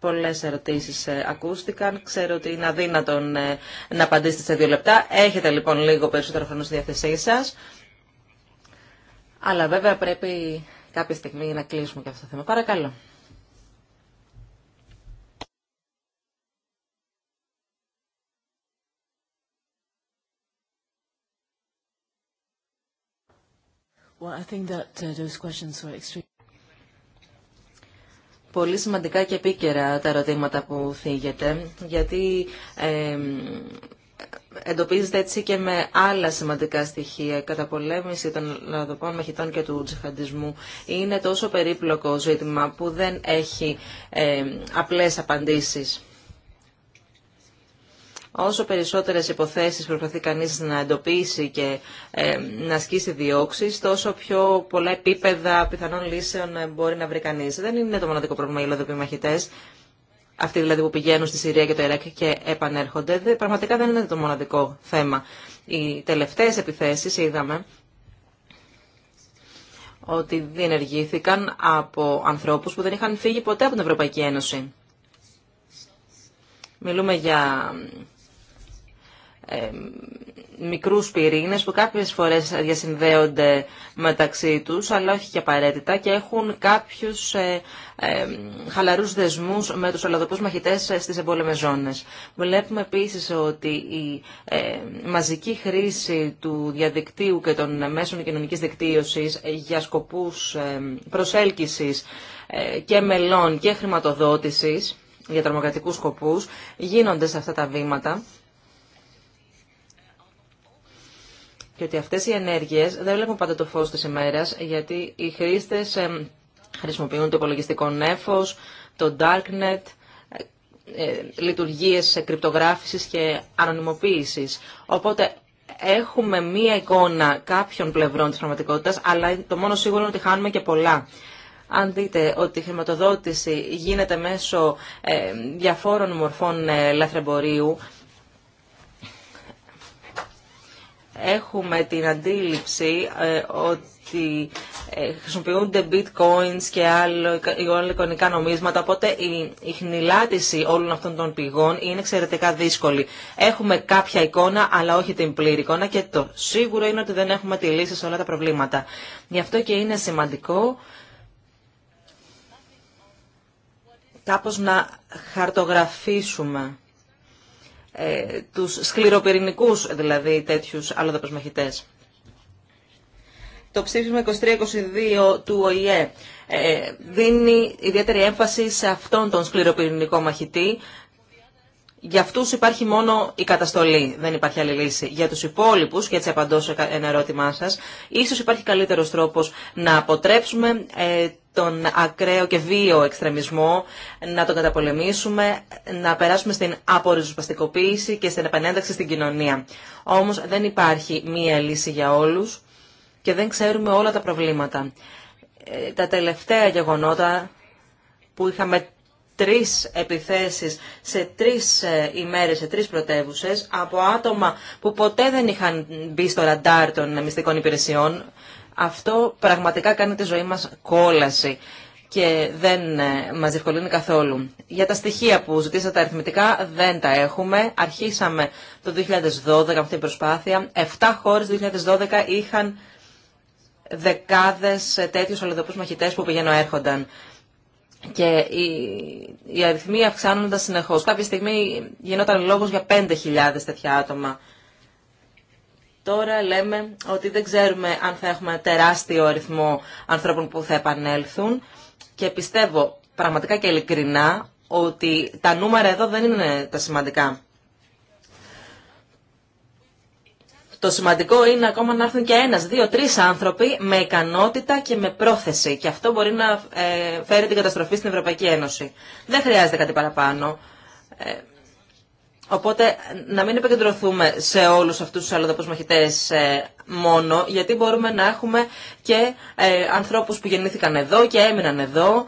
Πολλές ερωτήσεις ε, ακούστηκαν. Ξέρω ότι είναι αδύνατο ε, να απαντήσετε σε δύο λεπτά. Έχετε λοιπόν λίγο περισσότερο χρόνο στη διάθεσή σας. Αλλά βέβαια πρέπει κάποια στιγμή να κλείσουμε και αυτό το θέμα. Παρακαλώ. Well, I think that uh, those questions were extremely πολύ σημαντικά και επίκαιρα τα ερωτήματα που θίγεται, γιατί ε, εντοπίζεται έτσι και με άλλα σημαντικά στοιχεία. Η καταπολέμηση των λαδοπών μαχητών και του τζιχαντισμού είναι τόσο περίπλοκο ζήτημα που δεν έχει απλές απαντήσεις. Όσο περισσότερες υποθέσεις προσπαθεί κανείς να εντοπίσει και ε, να ασκήσει διώξεις, τόσο πιο πολλά επίπεδα πιθανών λύσεων ε, μπορεί να βρει κανείς. Δεν είναι το μοναδικό πρόβλημα οι λαδοπιμαχητές, αυτοί δηλαδή που πηγαίνουν στη Συρία και το Ιράκ και επανέρχονται. πραγματικά δεν είναι το μοναδικό θέμα. Οι τελευταίες επιθέσεις είδαμε ότι διενεργήθηκαν από ανθρώπους που δεν είχαν φύγει ποτέ από την Ευρωπαϊκή Ένωση. Μιλούμε για μικρούς πυρήνες που κάποιες φορές διασυνδέονται μεταξύ τους, αλλά όχι και απαραίτητα και έχουν κάποιους ε, χαλαρούς δεσμούς με τους αλλοδοπούς μαχητές ε, στις εμπόλεμες ζώνες. Βλέπουμε επίσης ότι η ε, μαζική χρήση του διαδικτύου και των μέσων κοινωνικής δικτύωσης για σκοπούς προσέλκυσης ε, και μελών και χρηματοδότησης για τρομοκρατικούς σκοπούς γίνονται σε αυτά τα βήματα και ότι αυτές οι ενέργειες δεν βλέπουν πάντα το φως της ημέρας γιατί οι χρήστες χρησιμοποιούν το υπολογιστικό νέφος, το darknet, ε, λειτουργίες κρυπτογράφησης και ανωνυμοποίησης. Οπότε έχουμε μία εικόνα κάποιων πλευρών της πραγματικότητας, αλλά το μόνο σίγουρο είναι ότι χάνουμε και πολλά. Αν δείτε ότι η χρηματοδότηση γίνεται μέσω ε, διαφόρων μορφών ε, λαθρεμπορίου, έχουμε την αντίληψη ε, ότι ε, χρησιμοποιούνται bitcoins και άλλα εικονικά νομίσματα, οπότε η χνηλάτιση όλων αυτών των πηγών είναι εξαιρετικά δύσκολη. Έχουμε κάποια εικόνα, αλλά όχι την πλήρη εικόνα και το σίγουρο είναι ότι δεν έχουμε τη λύση σε όλα τα προβλήματα. Γι' αυτό και είναι σημαντικό κάπως να χαρτογραφήσουμε ε, τους σκληροπυρηνικούς δηλαδή τέτοιους άλλοδαπες μαχητές. Το ψήφισμα 2322 του ΟΗΕ ε, δίνει ιδιαίτερη έμφαση σε αυτόν τον σκληροπυρηνικό μαχητή. Για αυτούς υπάρχει μόνο η καταστολή, δεν υπάρχει άλλη λύση. Για του υπόλοιπου, και έτσι απαντώ σε ένα ερώτημά σα, ίσω υπάρχει καλύτερο τρόπο να αποτρέψουμε ε, τον ακραίο και βίο εξτρεμισμό, να τον καταπολεμήσουμε, να περάσουμε στην απορριζοσπαστικοποίηση και στην επανένταξη στην κοινωνία. Όμως δεν υπάρχει μία λύση για όλους και δεν ξέρουμε όλα τα προβλήματα. Ε, τα τελευταία γεγονότα που είχαμε τρεις επιθέσεις σε τρεις ε, ημέρες, σε τρεις πρωτεύουσες, από άτομα που ποτέ δεν είχαν μπει στο ραντάρ των μυστικών υπηρεσιών, αυτό πραγματικά κάνει τη ζωή μας κόλαση και δεν ε, μας διευκολύνει καθόλου. Για τα στοιχεία που ζητήσατε αριθμητικά δεν τα έχουμε. Αρχίσαμε το 2012 αυτή την προσπάθεια. 7 χώρες το 2012 είχαν δεκάδες τέτοιους ολοδοπούς μαχητές που πηγαίνουν έρχονταν. Και οι, αριθμοί αυξάνονταν συνεχώς. Κάποια στιγμή γινόταν λόγος για 5.000 τέτοια άτομα. Τώρα λέμε ότι δεν ξέρουμε αν θα έχουμε τεράστιο αριθμό ανθρώπων που θα επανέλθουν και πιστεύω πραγματικά και ειλικρινά ότι τα νούμερα εδώ δεν είναι τα σημαντικά. Το σημαντικό είναι ακόμα να έρθουν και ένας, δύο, τρεις άνθρωποι με ικανότητα και με πρόθεση. Και αυτό μπορεί να ε, φέρει την καταστροφή στην Ευρωπαϊκή Ένωση. Δεν χρειάζεται κάτι παραπάνω. Ε, Οπότε να μην επικεντρωθούμε σε όλους αυτούς τους αλλοδαπούς μαχητές ε, μόνο, γιατί μπορούμε να έχουμε και ε, ανθρώπους που γεννήθηκαν εδώ και έμειναν εδώ.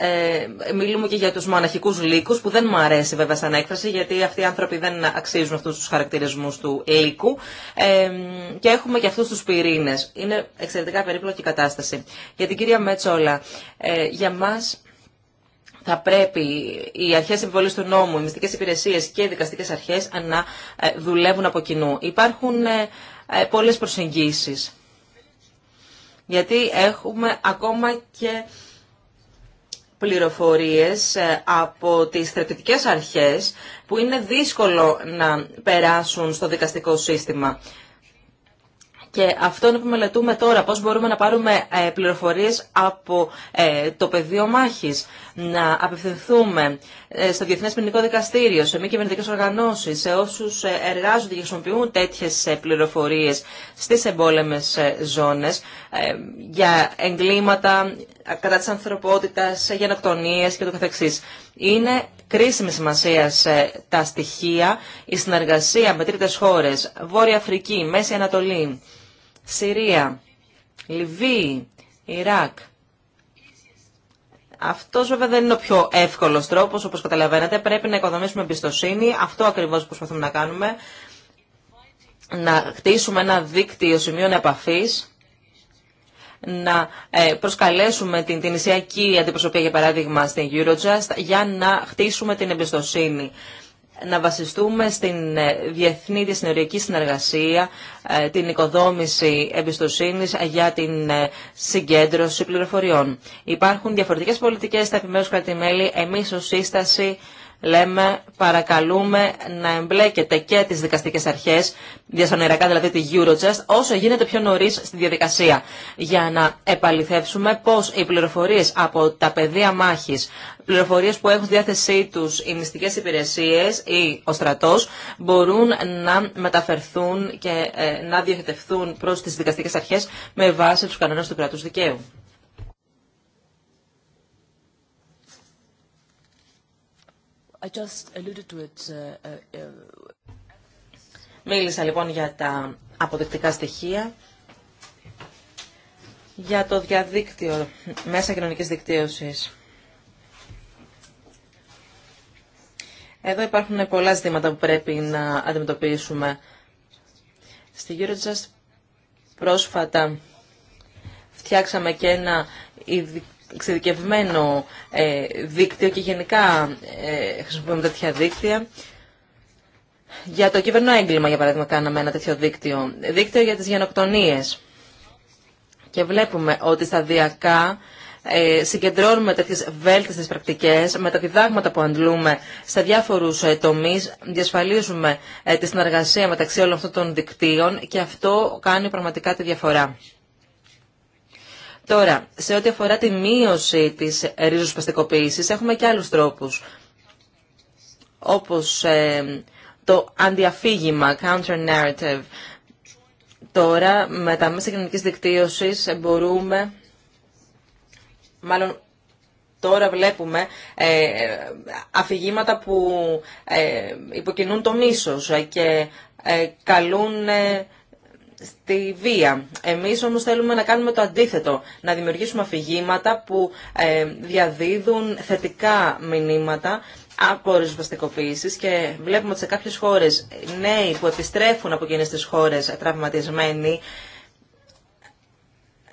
Ε, μιλούμε και για τους μοναχικούς λύκους, που δεν μου αρέσει βέβαια σαν έκφραση, γιατί αυτοί οι άνθρωποι δεν αξίζουν αυτούς τους χαρακτηρισμούς του λύκου. Και έχουμε και αυτούς τους πυρήνες. Είναι εξαιρετικά περίπλοκη κατάσταση. Για την κυρία Μέτσολα, για μας θα πρέπει οι αρχέ επιβολή του νόμου, οι μυστικέ υπηρεσίε και οι δικαστικέ αρχέ να ε, δουλεύουν από κοινού. Υπάρχουν ε, ε, πολλέ προσεγγίσει. Γιατί έχουμε ακόμα και πληροφορίες από τις στρατιωτικές αρχές που είναι δύσκολο να περάσουν στο δικαστικό σύστημα. Και αυτό είναι που μελετούμε τώρα, πώς μπορούμε να πάρουμε ε, πληροφορίες από ε, το πεδίο μάχης, να απευθυνθούμε ε, στο Διεθνές Ποινικό Δικαστήριο, σε μη κυβερνητικέ οργανώσεις, σε όσους εργάζονται και χρησιμοποιούν τέτοιες πληροφορίες στις εμπόλεμες ζώνες για εγκλήματα κατά της ανθρωπότητας, γενοκτονίες και το καθεξής. Είναι κρίσιμη σημασία σε τα στοιχεία, η συνεργασία με τρίτες χώρες, Βόρεια Αφρική, Μέση Ανατολή, Συρία, Λιβύη, Ιράκ. Αυτό βέβαια δεν είναι ο πιο εύκολο τρόπο, όπω καταλαβαίνετε. Πρέπει να οικοδομήσουμε εμπιστοσύνη. Αυτό ακριβώ προσπαθούμε να κάνουμε. Να χτίσουμε ένα δίκτυο σημείων επαφή. Να ε, προσκαλέσουμε την, την αντιπροσωπεία, για παράδειγμα, στην Eurojust για να χτίσουμε την εμπιστοσύνη να βασιστούμε στην ε, διεθνή διασυνοριακή συνεργασία, ε, την οικοδόμηση εμπιστοσύνης για την ε, συγκέντρωση πληροφοριών. Υπάρχουν διαφορετικές πολιτικές στα επιμέρους κράτη-μέλη. Εμείς ως σύσταση λέμε παρακαλούμε να εμπλέκετε και τι δικαστικές αρχές, διασωνερακά δηλαδή τη Eurojust, όσο γίνεται πιο νωρί στη διαδικασία, για να επαληθεύσουμε πώς οι πληροφορίε από τα πεδία μάχης, πληροφορίες που έχουν στη διάθεσή του, οι μυστικέ υπηρεσίες ή ο στρατός, μπορούν να μεταφερθούν και ε, να διοχετευθούν προ τι δικαστικέ αρχέ με βάση του κανόνε του κράτου δικαίου. I alluded to uh, uh, uh, Μίλησα λοιπόν για τα αποδεκτικά στοιχεία, για το διαδίκτυο μέσα κοινωνικής δικτύωσης. Εδώ υπάρχουν πολλά ζητήματα που πρέπει να αντιμετωπίσουμε. Στη Eurojust πρόσφατα φτιάξαμε και ένα ειδικό εξειδικευμένο ε, δίκτυο και γενικά ε, χρησιμοποιούμε τέτοια δίκτυα. Για το κύβερνο έγκλημα, για παράδειγμα, κάναμε ένα τέτοιο δίκτυο. Δίκτυο για τις γενοκτονίες. Και βλέπουμε ότι σταδιακά ε, συγκεντρώνουμε τέτοιες βέλτιστες πρακτικές, με τα διδάγματα που αντλούμε σε διάφορους τομείς, διασφαλίζουμε τη συνεργασία μεταξύ όλων αυτών των δικτύων και αυτό κάνει πραγματικά τη διαφορά. Τώρα, σε ό,τι αφορά τη μείωση της ριζοσπαστικοποίησης, έχουμε και άλλους τρόπους, όπως ε, το αντιαφήγημα, counter-narrative. Τώρα, με τα μέσα κοινωνικής δικτύωσης ε, μπορούμε, μάλλον τώρα βλέπουμε ε, ε αφηγήματα που υποκινούν το μίσος και καλούν στη βία. Εμείς όμως θέλουμε να κάνουμε το αντίθετο, να δημιουργήσουμε αφηγήματα που ε, διαδίδουν θετικά μηνύματα από ριζοσπαστικοποίησεις και βλέπουμε ότι σε κάποιες χώρες νέοι που επιστρέφουν από εκείνες τις χώρες τραυματισμένοι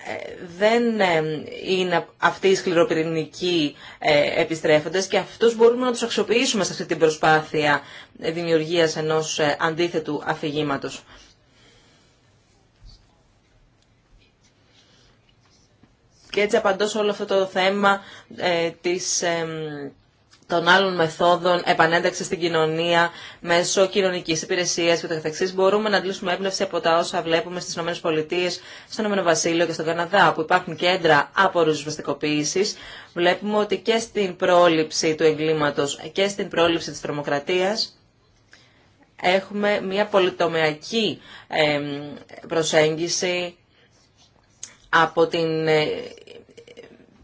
ε, δεν ε, είναι αυτοί οι σκληροπυρηνικοί επιστρέφοντες και αυτούς μπορούμε να τους αξιοποιήσουμε σε αυτή την προσπάθεια δημιουργίας ενός αντίθετου αφηγήματος. Και έτσι απαντώ σε όλο αυτό το θέμα ε, της, των άλλων μεθόδων επανένταξη στην κοινωνία μέσω κοινωνική υπηρεσία κ.ο.κ. Μπορούμε να αντλήσουμε έμπνευση από τα όσα βλέπουμε στι ΗΠΑ, στον Ηνωμένο Βασίλειο και στον Καναδά, που υπάρχουν κέντρα από Βλέπουμε ότι και στην πρόληψη του εγκλήματο και στην πρόληψη τη τρομοκρατία έχουμε μια πολυτομεακή προσέγγιση από την ε,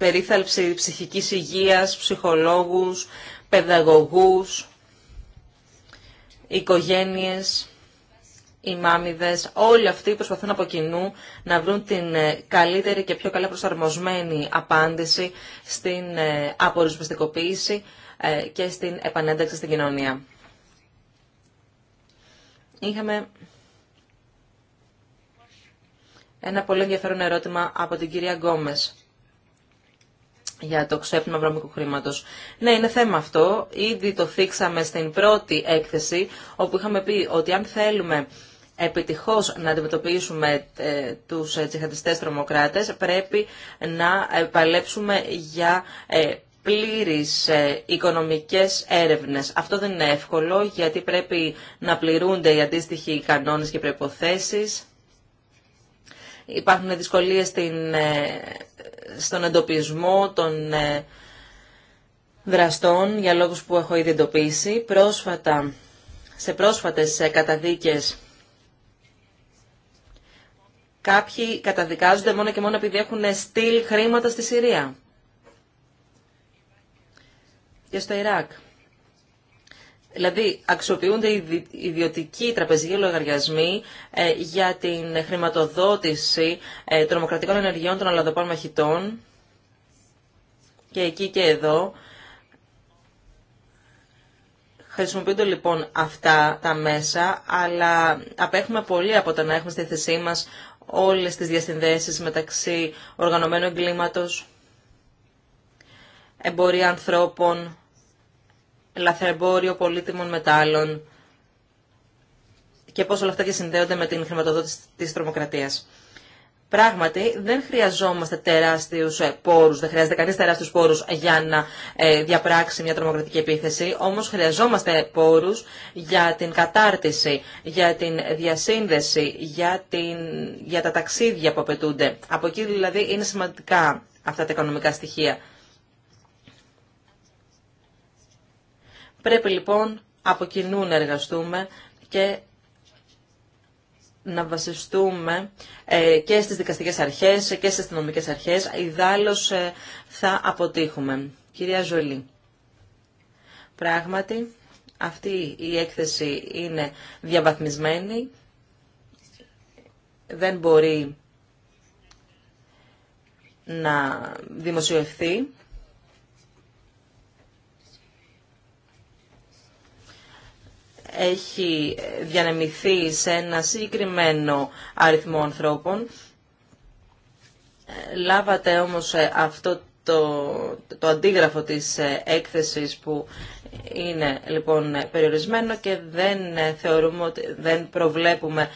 περίθαλψη ψυχικής υγείας, ψυχολόγους, παιδαγωγούς, οικογένειες, οι μάμιδες, όλοι αυτοί προσπαθούν από κοινού να βρουν την ε, καλύτερη και πιο καλά προσαρμοσμένη απάντηση στην ε, απορρισπιστικοποίηση ε, και στην επανένταξη στην κοινωνία. Είχαμε ένα πολύ ενδιαφέρον ερώτημα από την κυρία Γκόμες για το ξέπνιμα βρώμικου χρήματος. Ναι, είναι θέμα αυτό. Ήδη το θίξαμε στην πρώτη έκθεση, όπου είχαμε πει ότι αν θέλουμε επιτυχώς να αντιμετωπίσουμε ε, τους ε, τσιχαντιστές τρομοκράτες, πρέπει να ε, παλέψουμε για πλήρης οικονομικές έρευνες. Αυτό δεν είναι εύκολο, γιατί πρέπει να πληρούνται οι αντίστοιχοι κανόνες και προϋποθέσεις. Υπάρχουν δυσκολίες στην στον εντοπισμό των ε, δραστών για λόγους που έχω ήδη εντοπίσει. Πρόσφατα, σε πρόσφατες ε, καταδίκες κάποιοι καταδικάζονται μόνο και μόνο επειδή έχουν ε, στείλει χρήματα στη Συρία και στο Ιράκ. Δηλαδή, αξιοποιούνται οι ιδιωτικοί τραπεζικοί λογαριασμοί ε, για την χρηματοδότηση ε, τρομοκρατικών ενεργειών των αλλοδοπών μαχητών. Και εκεί και εδώ χρησιμοποιούνται λοιπόν αυτά τα μέσα, αλλά απέχουμε πολύ από το να έχουμε στη θέσή μας όλες τις διασυνδέσεις μεταξύ οργανωμένου εγκλήματος, εμπορία ανθρώπων, λαθρεμπόριο πολύτιμων μετάλλων και πώς όλα αυτά και συνδέονται με την χρηματοδότηση της τρομοκρατίας. Πράγματι, δεν χρειαζόμαστε τεράστιους ε, πόρους, δεν χρειάζεται κανείς τεράστιους πόρους για να ε, διαπράξει μια τρομοκρατική επίθεση, όμως χρειαζόμαστε πόρους για την κατάρτιση, για την διασύνδεση, για, την, για τα ταξίδια που απαιτούνται. Από εκεί δηλαδή είναι σημαντικά αυτά τα οικονομικά στοιχεία. Πρέπει λοιπόν από κοινού να εργαστούμε και να βασιστούμε ε, και στις δικαστικές αρχές και στις αστυνομικές αρχές. Ιδάλλως ε, θα αποτύχουμε. Κυρία Ζωλή, πράγματι αυτή η έκθεση είναι διαβαθμισμένη. Δεν μπορεί να δημοσιευθεί έχει διανεμηθεί σε ένα συγκεκριμένο αριθμό ανθρώπων. Λάβατε όμως ε, αυτό το, το αντίγραφο της ε, έκθεσης που είναι λοιπόν περιορισμένο και δεν ε, θεωρούμε δεν προβλέπουμε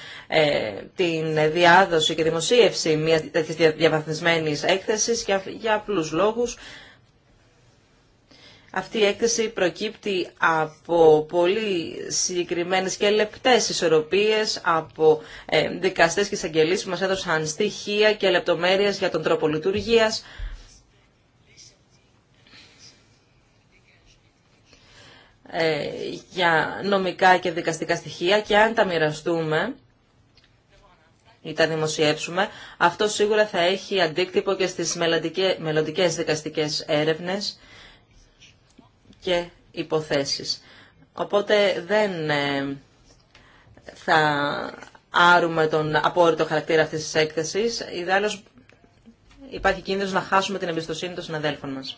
την διάδοση και δημοσίευση μιας τέτοιας διαβαθμισμένης έκθεσης για, για απλούς λόγους αυτή η έκθεση προκύπτει από πολύ συγκεκριμένες και λεπτές ισορροπίες από ε, δικαστές και εισαγγελίες που μας έδωσαν στοιχεία και λεπτομέρειες για τον τρόπο λειτουργίας. Ε, για νομικά και δικαστικά στοιχεία και αν τα μοιραστούμε ή τα δημοσιεύσουμε, αυτό σίγουρα θα έχει αντίκτυπο και στις μελλοντικές δικαστικές έρευνες και υποθέσεις. Οπότε δεν ε, θα άρουμε τον απόρριτο χαρακτήρα αυτής της έκθεσης. Ιδάλλως υπάρχει κίνδυνος να χάσουμε την εμπιστοσύνη των συναδέλφων μας.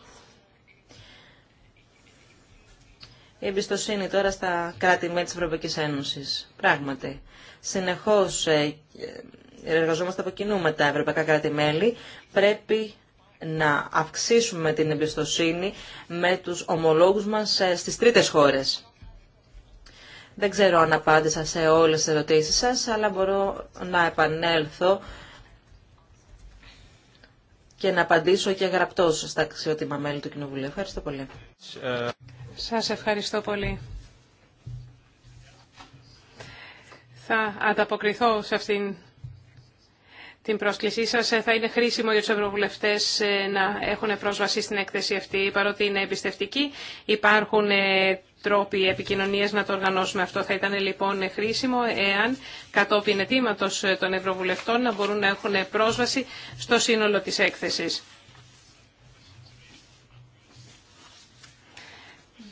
Η εμπιστοσύνη τώρα στα κράτη-μέλη της Ευρωπαϊκής Ένωσης. Πράγματι, συνεχώς ε, ε, εργαζόμαστε από κοινού με τα ευρωπαϊκά κράτη-μέλη. Πρέπει να αυξήσουμε την εμπιστοσύνη με τους ομολόγους μας ε, στις τρίτες χώρες. Δεν ξέρω αν απάντησα σε όλες τις ερωτήσεις σας, αλλά μπορώ να επανέλθω και να απαντήσω και γραπτός στα αξιότιμα μέλη του Κοινοβουλίου. Ευχαριστώ πολύ. Σας ευχαριστώ πολύ. Θα ανταποκριθώ σε αυτήν την πρόσκλησή σα, ε, Θα είναι χρήσιμο για του ευρωβουλευτέ ε, να έχουν πρόσβαση στην έκθεση αυτή, παρότι είναι εμπιστευτική. Υπάρχουν ε, τρόποι επικοινωνίας να το οργανώσουμε αυτό. Θα ήταν λοιπόν χρήσιμο εάν κατόπιν ετήματος των ευρωβουλευτών να μπορούν να έχουν πρόσβαση στο σύνολο της έκθεση.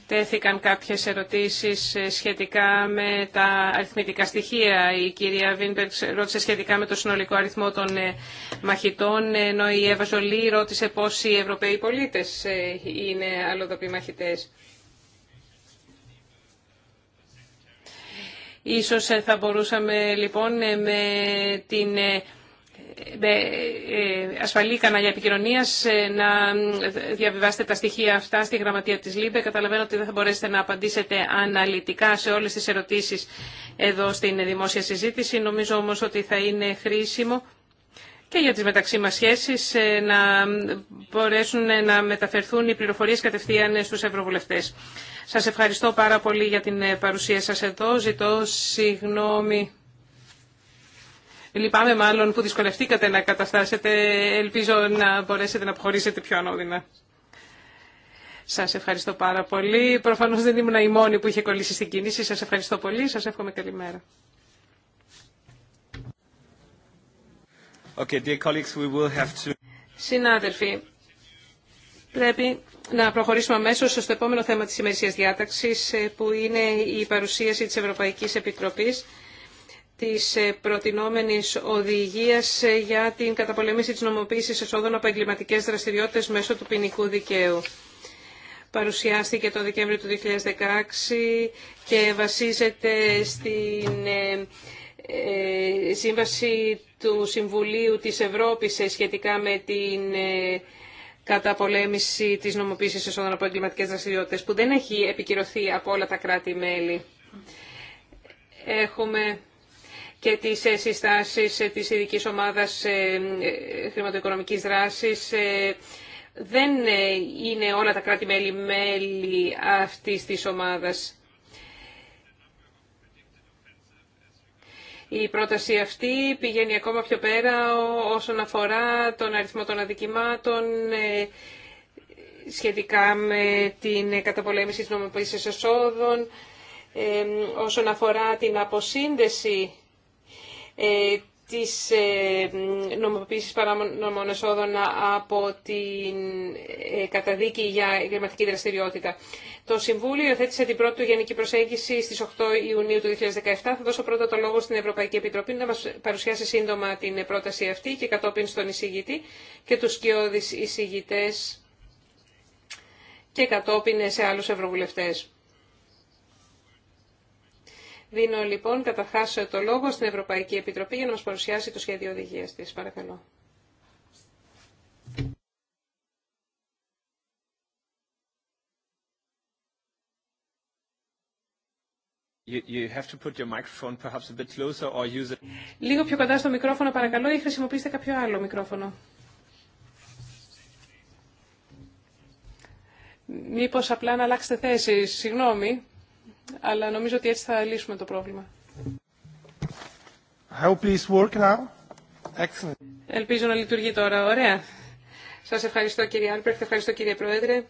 Τέθηκαν κάποιες ερωτήσεις ε, σχετικά με τα αριθμητικά στοιχεία. Η κυρία Βίνπερξ ρώτησε σχετικά με το συνολικό αριθμό των ε, μαχητών, ενώ η Εύα Ζολή ρώτησε πόσοι Ευρωπαίοι πολίτες ε, είναι αλλοδοποί μαχητές. Ίσως θα μπορούσαμε λοιπόν με την με ε, ασφαλή κανάλια επικοινωνία ε, να διαβιβάσετε τα στοιχεία αυτά στη γραμματεία της ΛΥΜΠΕ. Καταλαβαίνω ότι δεν θα μπορέσετε να απαντήσετε αναλυτικά σε όλες τις ερωτήσεις εδώ στην δημόσια συζήτηση. Νομίζω όμως ότι θα είναι χρήσιμο και για τις μεταξύ μας σχέσεις ε, να μπορέσουν να μεταφερθούν οι πληροφορίες κατευθείαν στους ευρωβουλευτές. Σας ευχαριστώ πάρα πολύ για την παρουσία σας εδώ. Ζητώ συγγνώμη Λυπάμαι μάλλον που δυσκολευτήκατε να καταστάσετε. Ελπίζω να μπορέσετε να αποχωρήσετε πιο ανώδυνα. Σας ευχαριστώ πάρα πολύ. Προφανώς δεν ήμουν η μόνη που είχε κολλήσει στην κίνηση. Σας ευχαριστώ πολύ. Σας εύχομαι καλημέρα. Okay, dear colleagues, we will have to... Συνάδελφοι, πρέπει να προχωρήσουμε αμέσως στο επόμενο θέμα της ημερησίας διάταξης, που είναι η παρουσίαση της Ευρωπαϊκής Επιτροπής της ε, προτινόμενης οδηγίας ε, για την καταπολέμηση της νομοποίησης εσόδων από εγκληματικές δραστηριότητες μέσω του ποινικού δικαίου. Παρουσιάστηκε το Δεκέμβριο του 2016 και βασίζεται στην ε, σύμβαση του Συμβουλίου της Ευρώπης σχετικά με την καταπολέμηση της νομοποίησης εσόδων από εγκληματικές δραστηριότητες που δεν έχει επικυρωθεί από όλα τα κράτη-μέλη. Έχουμε και τις ε, συστάσεις ε, της ειδική ομάδας ε, χρηματοοικονομικής δράσης. Δεν είναι όλα τα κράτη-μέλη μέλη αυτής της ομάδας. Η πρόταση αυτή πηγαίνει ακόμα πιο πέρα όσον αφορά τον αριθμό των αδικημάτων σχετικά με την καταπολέμηση της νομοποίησης εσόδων, όσον αφορά την αποσύνδεση ε, της ε, νομοποίησης παράνομων εσόδων από την ε, καταδίκη για εγκληματική δραστηριότητα. Το Συμβούλιο υιοθέτησε την πρώτη του γενική προσέγγιση στις 8 Ιουνίου του 2017. Θα δώσω πρώτα το λόγο στην Ευρωπαϊκή Επιτροπή να μας παρουσιάσει σύντομα την πρόταση αυτή και κατόπιν στον εισηγητή και τους σκιώδεις εισηγητές και κατόπιν σε άλλους ευρωβουλευτές. Δίνω λοιπόν καταρχά ε, το λόγο στην Ευρωπαϊκή Επιτροπή για να μας παρουσιάσει το σχέδιο οδηγίας της. Παρακαλώ. Λίγο πιο κοντά στο μικρόφωνο παρακαλώ ή χρησιμοποιήστε κάποιο άλλο μικρόφωνο. Μήπως απλά να αλλάξετε θέση. Συγγνώμη αλλά νομίζω ότι έτσι θα λύσουμε το πρόβλημα. Ελπίζω να λειτουργεί τώρα. Ωραία. Σας ευχαριστώ κύριε Άλπρεχτ, ευχαριστώ κύριε Πρόεδρε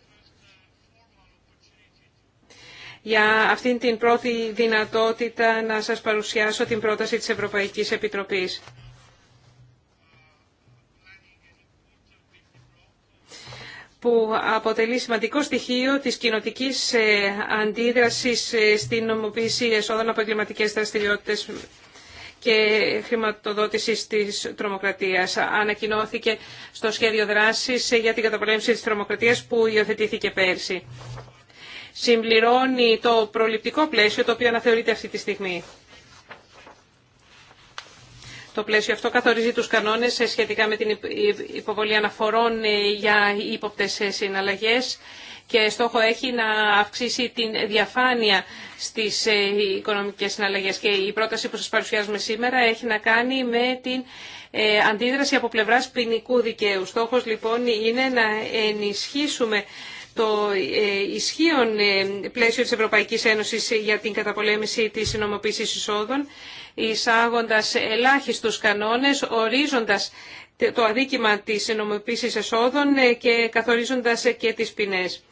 για αυτήν την πρώτη δυνατότητα να σας παρουσιάσω την πρόταση της Ευρωπαϊκής Επιτροπής. που αποτελεί σημαντικό στοιχείο της κοινοτική ε, αντίδρασης ε, στην νομοποίηση εσόδων από εγκληματικές δραστηριότητες και χρηματοδότηση τη τρομοκρατίας. Ανακοινώθηκε στο σχέδιο δράσης ε, για την καταπολέμηση τη τρομοκρατίας που υιοθετήθηκε πέρσι. Συμπληρώνει το προληπτικό πλαίσιο το οποίο αναθεωρείται αυτή τη στιγμή. Το πλαίσιο αυτό καθορίζει τους κανόνες σχετικά με την υποβολή αναφορών ε, για ύποπτες ε, συναλλαγές και στόχο έχει να αυξήσει την διαφάνεια στις ε, οικονομικές συναλλαγές. Και η πρόταση που σας παρουσιάζουμε σήμερα έχει να κάνει με την αντίδραση από πλευράς ποινικού δικαίου. Στόχος λοιπόν είναι να ενισχύσουμε το ισχύον πλαίσιο της Ευρωπαϊκής Ένωσης για την καταπολέμηση της νομοποίησης εισόδων εισάγοντας ελάχιστους κανόνες, ορίζοντας το αδίκημα της νομοποίησης εσόδων ε, και καθορίζοντας ε, και τις ποινές.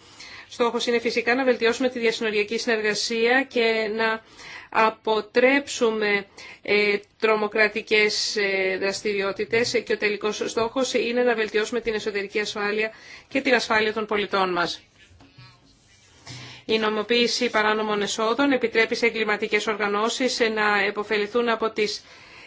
Στόχος είναι φυσικά να βελτιώσουμε τη διασυνοριακή συνεργασία και να αποτρέψουμε ε, τρομοκρατικές δραστηριότητες και ο τελικός στόχος είναι να βελτιώσουμε την εσωτερική ασφάλεια και την ασφάλεια των πολιτών μας. Η νομοποίηση παράνομων εσόδων επιτρέπει σε εγκληματικέ οργανώσεις να επωφεληθούν από τις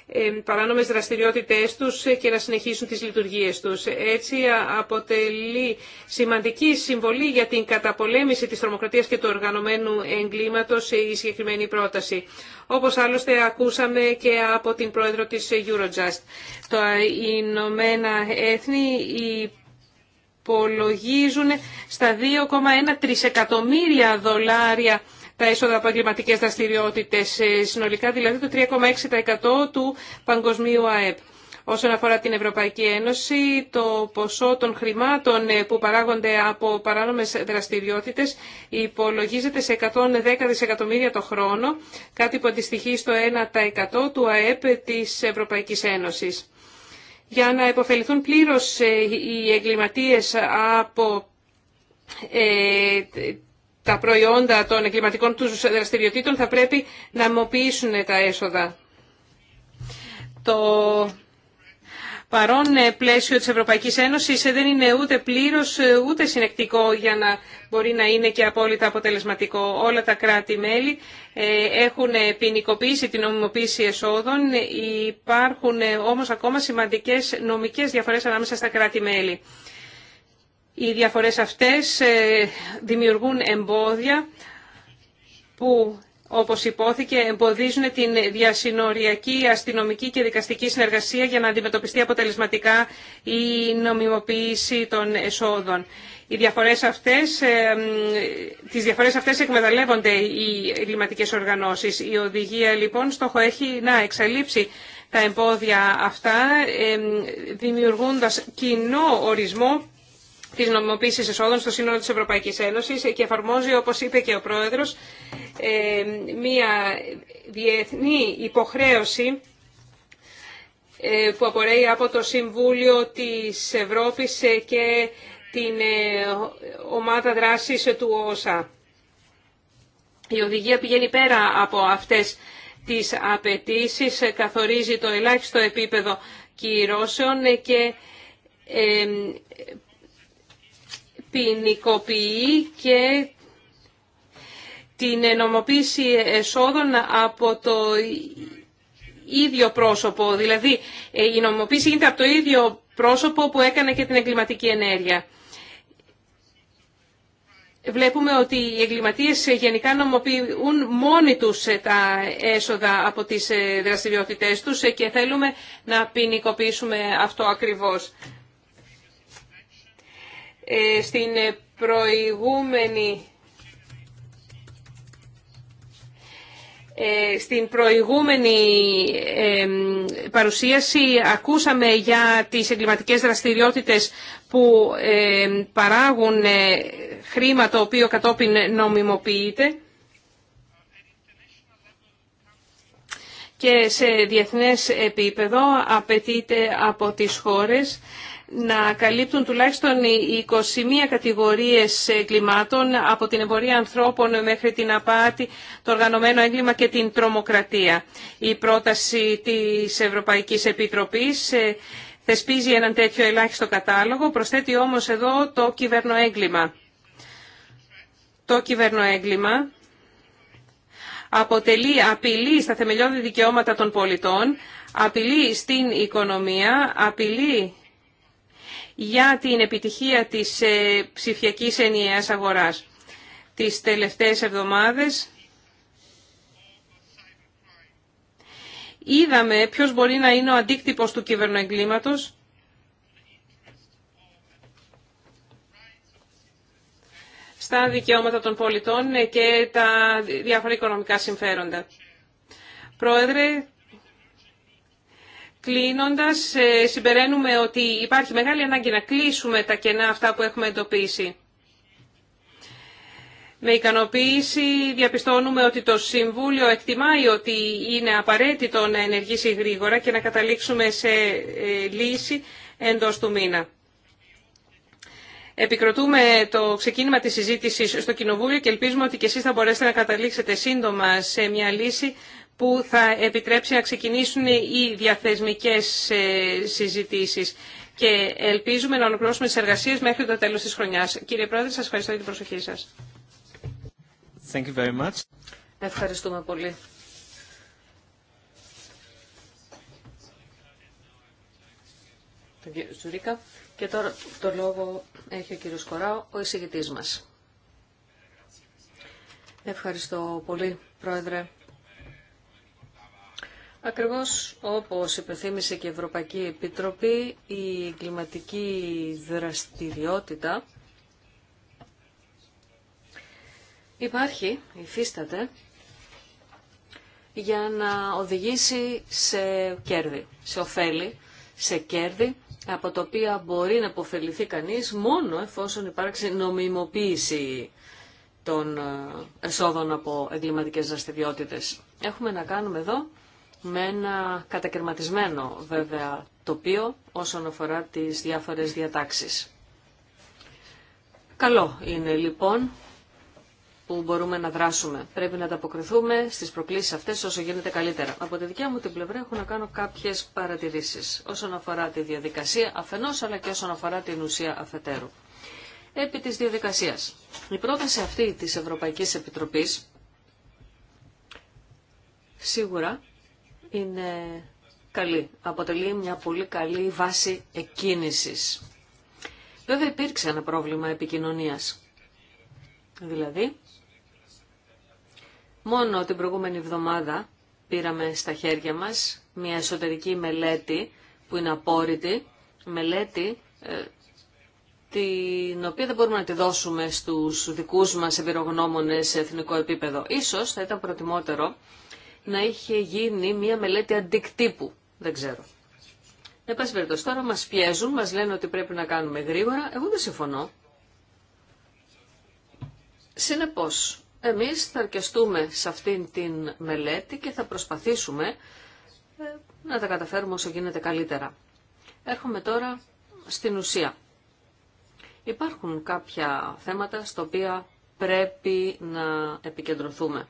ε, παράνομες δραστηριότητές τους και να συνεχίσουν τις λειτουργίες τους. Έτσι αποτελεί σημαντική συμβολή για την καταπολέμηση της τρομοκρατίας και του οργανωμένου εγκλήματος η συγκεκριμένη πρόταση. Όπως άλλωστε ακούσαμε και από την πρόεδρο τη Eurojust. Το Ηνωμένα Έθνη υπολογίζουν στα 2,1 τρισεκατομμύρια δολάρια τα έσοδα από εγκληματικέ δραστηριότητε, ε, συνολικά δηλαδή το 3,6% του παγκοσμίου ΑΕΠ. Όσον αφορά την Ευρωπαϊκή Ένωση, το ποσό των χρημάτων ε, που παράγονται από παράνομες δραστηριότητες υπολογίζεται σε 110 δισεκατομμύρια το χρόνο, κάτι που αντιστοιχεί στο 1% του ΑΕΠ της Ευρωπαϊκής Ένωσης για να επωφεληθούν πλήρως ε, οι εγκληματίες από ε, τα προϊόντα των εγκληματικών τους δραστηριοτήτων θα πρέπει να μοποιήσουν τα έσοδα. Το παρόν ε, πλαίσιο της Ευρωπαϊκής Ένωσης ε, δεν είναι ούτε πλήρως ε, ούτε συνεκτικό για να μπορεί να είναι και απόλυτα αποτελεσματικό. Όλα τα κράτη-μέλη έχουν ποινικοποίησει την νομιμοποίηση εσόδων. Υπάρχουν όμως ακόμα σημαντικές νομικές διαφορές ανάμεσα στα κράτη-μέλη. Οι διαφορές αυτές δημιουργούν εμπόδια που όπως υπόθηκε, εμποδίζουν την διασυνοριακή αστυνομική και δικαστική συνεργασία για να αντιμετωπιστεί αποτελεσματικά η νομιμοποίηση των εσόδων. Οι διαφορές αυτές, ε, τις διαφορές αυτές εκμεταλλεύονται οι εγκληματικές οργανώσεις. Η οδηγία λοιπόν στόχο έχει να εξαλείψει τα εμπόδια αυτά, ε, δημιουργώντας κοινό ορισμό της νομιμοποίηση εσόδων στο σύνολο της Ευρωπαϊκής Ένωσης και εφαρμόζει, όπως είπε και ο Πρόεδρος, ε, μία διεθνή υποχρέωση ε, που απορρέει από το Συμβούλιο της Ευρώπης και την ε, ομάδα δράσης του ΩΣΑ. Η οδηγία πηγαίνει πέρα από αυτές τις απαιτήσει, καθορίζει το ελάχιστο επίπεδο κυρώσεων και ποινικοποιεί και την νομοποίηση εσόδων από το ίδιο πρόσωπο. Δηλαδή, ε, η νομοποίηση γίνεται από το ίδιο πρόσωπο που έκανε και την εγκληματική ενέργεια. Βλέπουμε ότι οι εγκληματίες γενικά νομοποιούν μόνοι τους ε, τα έσοδα από τις ε, δραστηριότητές τους και θέλουμε να ποινικοποιήσουμε αυτό ακριβώς. Ε, ε, ε, στην προηγούμενη στην προηγούμενη παρουσίαση ακούσαμε για τις εγκληματικές δραστηριότητες που παράγουν χρήμα το οποίο κατόπιν νομιμοποιείται και σε διεθνές επίπεδο απαιτείται από τις χώρες να καλύπτουν τουλάχιστον 21 κατηγορίες εγκλημάτων από την εμπορία ανθρώπων μέχρι την απάτη, το οργανωμένο έγκλημα και την τρομοκρατία. Η πρόταση της Ευρωπαϊκής Επιτροπής ε, θεσπίζει έναν τέτοιο ελάχιστο κατάλογο, προσθέτει όμως εδώ το κυβερνοέγκλημα. Το κυβερνοέγκλημα αποτελεί απειλή στα θεμελιώδη δικαιώματα των πολιτών, απειλή στην οικονομία, απειλή για την επιτυχία της ε, ψηφιακής ενιαίας αγοράς. Τις τελευταίες εβδομάδες είδαμε ποιος μπορεί να είναι ο αντίκτυπος του κυβερνοεγκλήματος στα δικαιώματα των πολιτών και τα διάφορα οικονομικά συμφέροντα. Πρόεδρε, Κλείνοντας, ε, συμπεραίνουμε ότι υπάρχει μεγάλη ανάγκη να κλείσουμε τα κενά αυτά που έχουμε εντοπίσει. Με ικανοποίηση διαπιστώνουμε ότι το Συμβούλιο εκτιμάει ότι είναι απαραίτητο να ενεργήσει γρήγορα και να καταλήξουμε σε ε, λύση εντός του μήνα. Επικροτούμε το ξεκίνημα της συζήτησης στο Κοινοβούλιο και ελπίζουμε ότι και εσείς θα μπορέσετε να καταλήξετε σύντομα σε μια λύση που θα επιτρέψει να ξεκινήσουν οι διαθεσμικές ε, συζητήσεις. Και ελπίζουμε να ολοκληρώσουμε τις εργασίες μέχρι το τέλος της χρονιάς. Κύριε Πρόεδρε, σας ευχαριστώ για την προσοχή σας. Thank you very much. Ευχαριστούμε πολύ. Και τώρα το λόγο έχει ο κύριος Κοράου, ο εισηγητής μας. Ευχαριστώ πολύ, Πρόεδρε. Ακριβώς όπως υπενθύμησε και η Ευρωπαϊκή Επιτροπή, η κλιματική δραστηριότητα υπάρχει, υφίσταται, για να οδηγήσει σε κέρδη, σε ωφέλη, σε κέρδη, από τα οποία μπορεί να αποφεληθεί κανείς μόνο εφόσον υπάρξει νομιμοποίηση των ε, εσόδων από εγκληματικές δραστηριότητες. Έχουμε να κάνουμε εδώ με ένα κατακαιρματισμένο βέβαια τοπίο όσον αφορά τις διάφορες διατάξεις. Καλό είναι λοιπόν που μπορούμε να δράσουμε. Πρέπει να ανταποκριθούμε στις προκλήσεις αυτές όσο γίνεται καλύτερα. Από τη δικιά μου την πλευρά έχω να κάνω κάποιες παρατηρήσεις όσον αφορά τη διαδικασία αφενός αλλά και όσον αφορά την ουσία αφετέρου. Επί της διαδικασίας. Η πρόταση αυτή της Ευρωπαϊκής Επιτροπής σίγουρα είναι καλή. Αποτελεί μια πολύ καλή βάση εκκίνησης. Βέβαια υπήρξε ένα πρόβλημα επικοινωνίας. Δηλαδή, μόνο την προηγούμενη εβδομάδα πήραμε στα χέρια μας μια εσωτερική μελέτη που είναι απόρριτη, μελέτη ε, την οποία δεν μπορούμε να τη δώσουμε στους δικούς μας εμπειρογνώμονες σε εθνικό επίπεδο. Ίσως θα ήταν προτιμότερο να είχε γίνει μια μελέτη αντικτύπου. Δεν ξέρω. Εν πάση τώρα μας πιέζουν, μας λένε ότι πρέπει να κάνουμε γρήγορα. Εγώ δεν συμφωνώ. Συνεπώ, εμείς θα αρκεστούμε σε αυτήν την μελέτη και θα προσπαθήσουμε ε, να τα καταφέρουμε όσο γίνεται καλύτερα. Έρχομαι τώρα στην ουσία. Υπάρχουν κάποια θέματα στα οποία πρέπει να επικεντρωθούμε.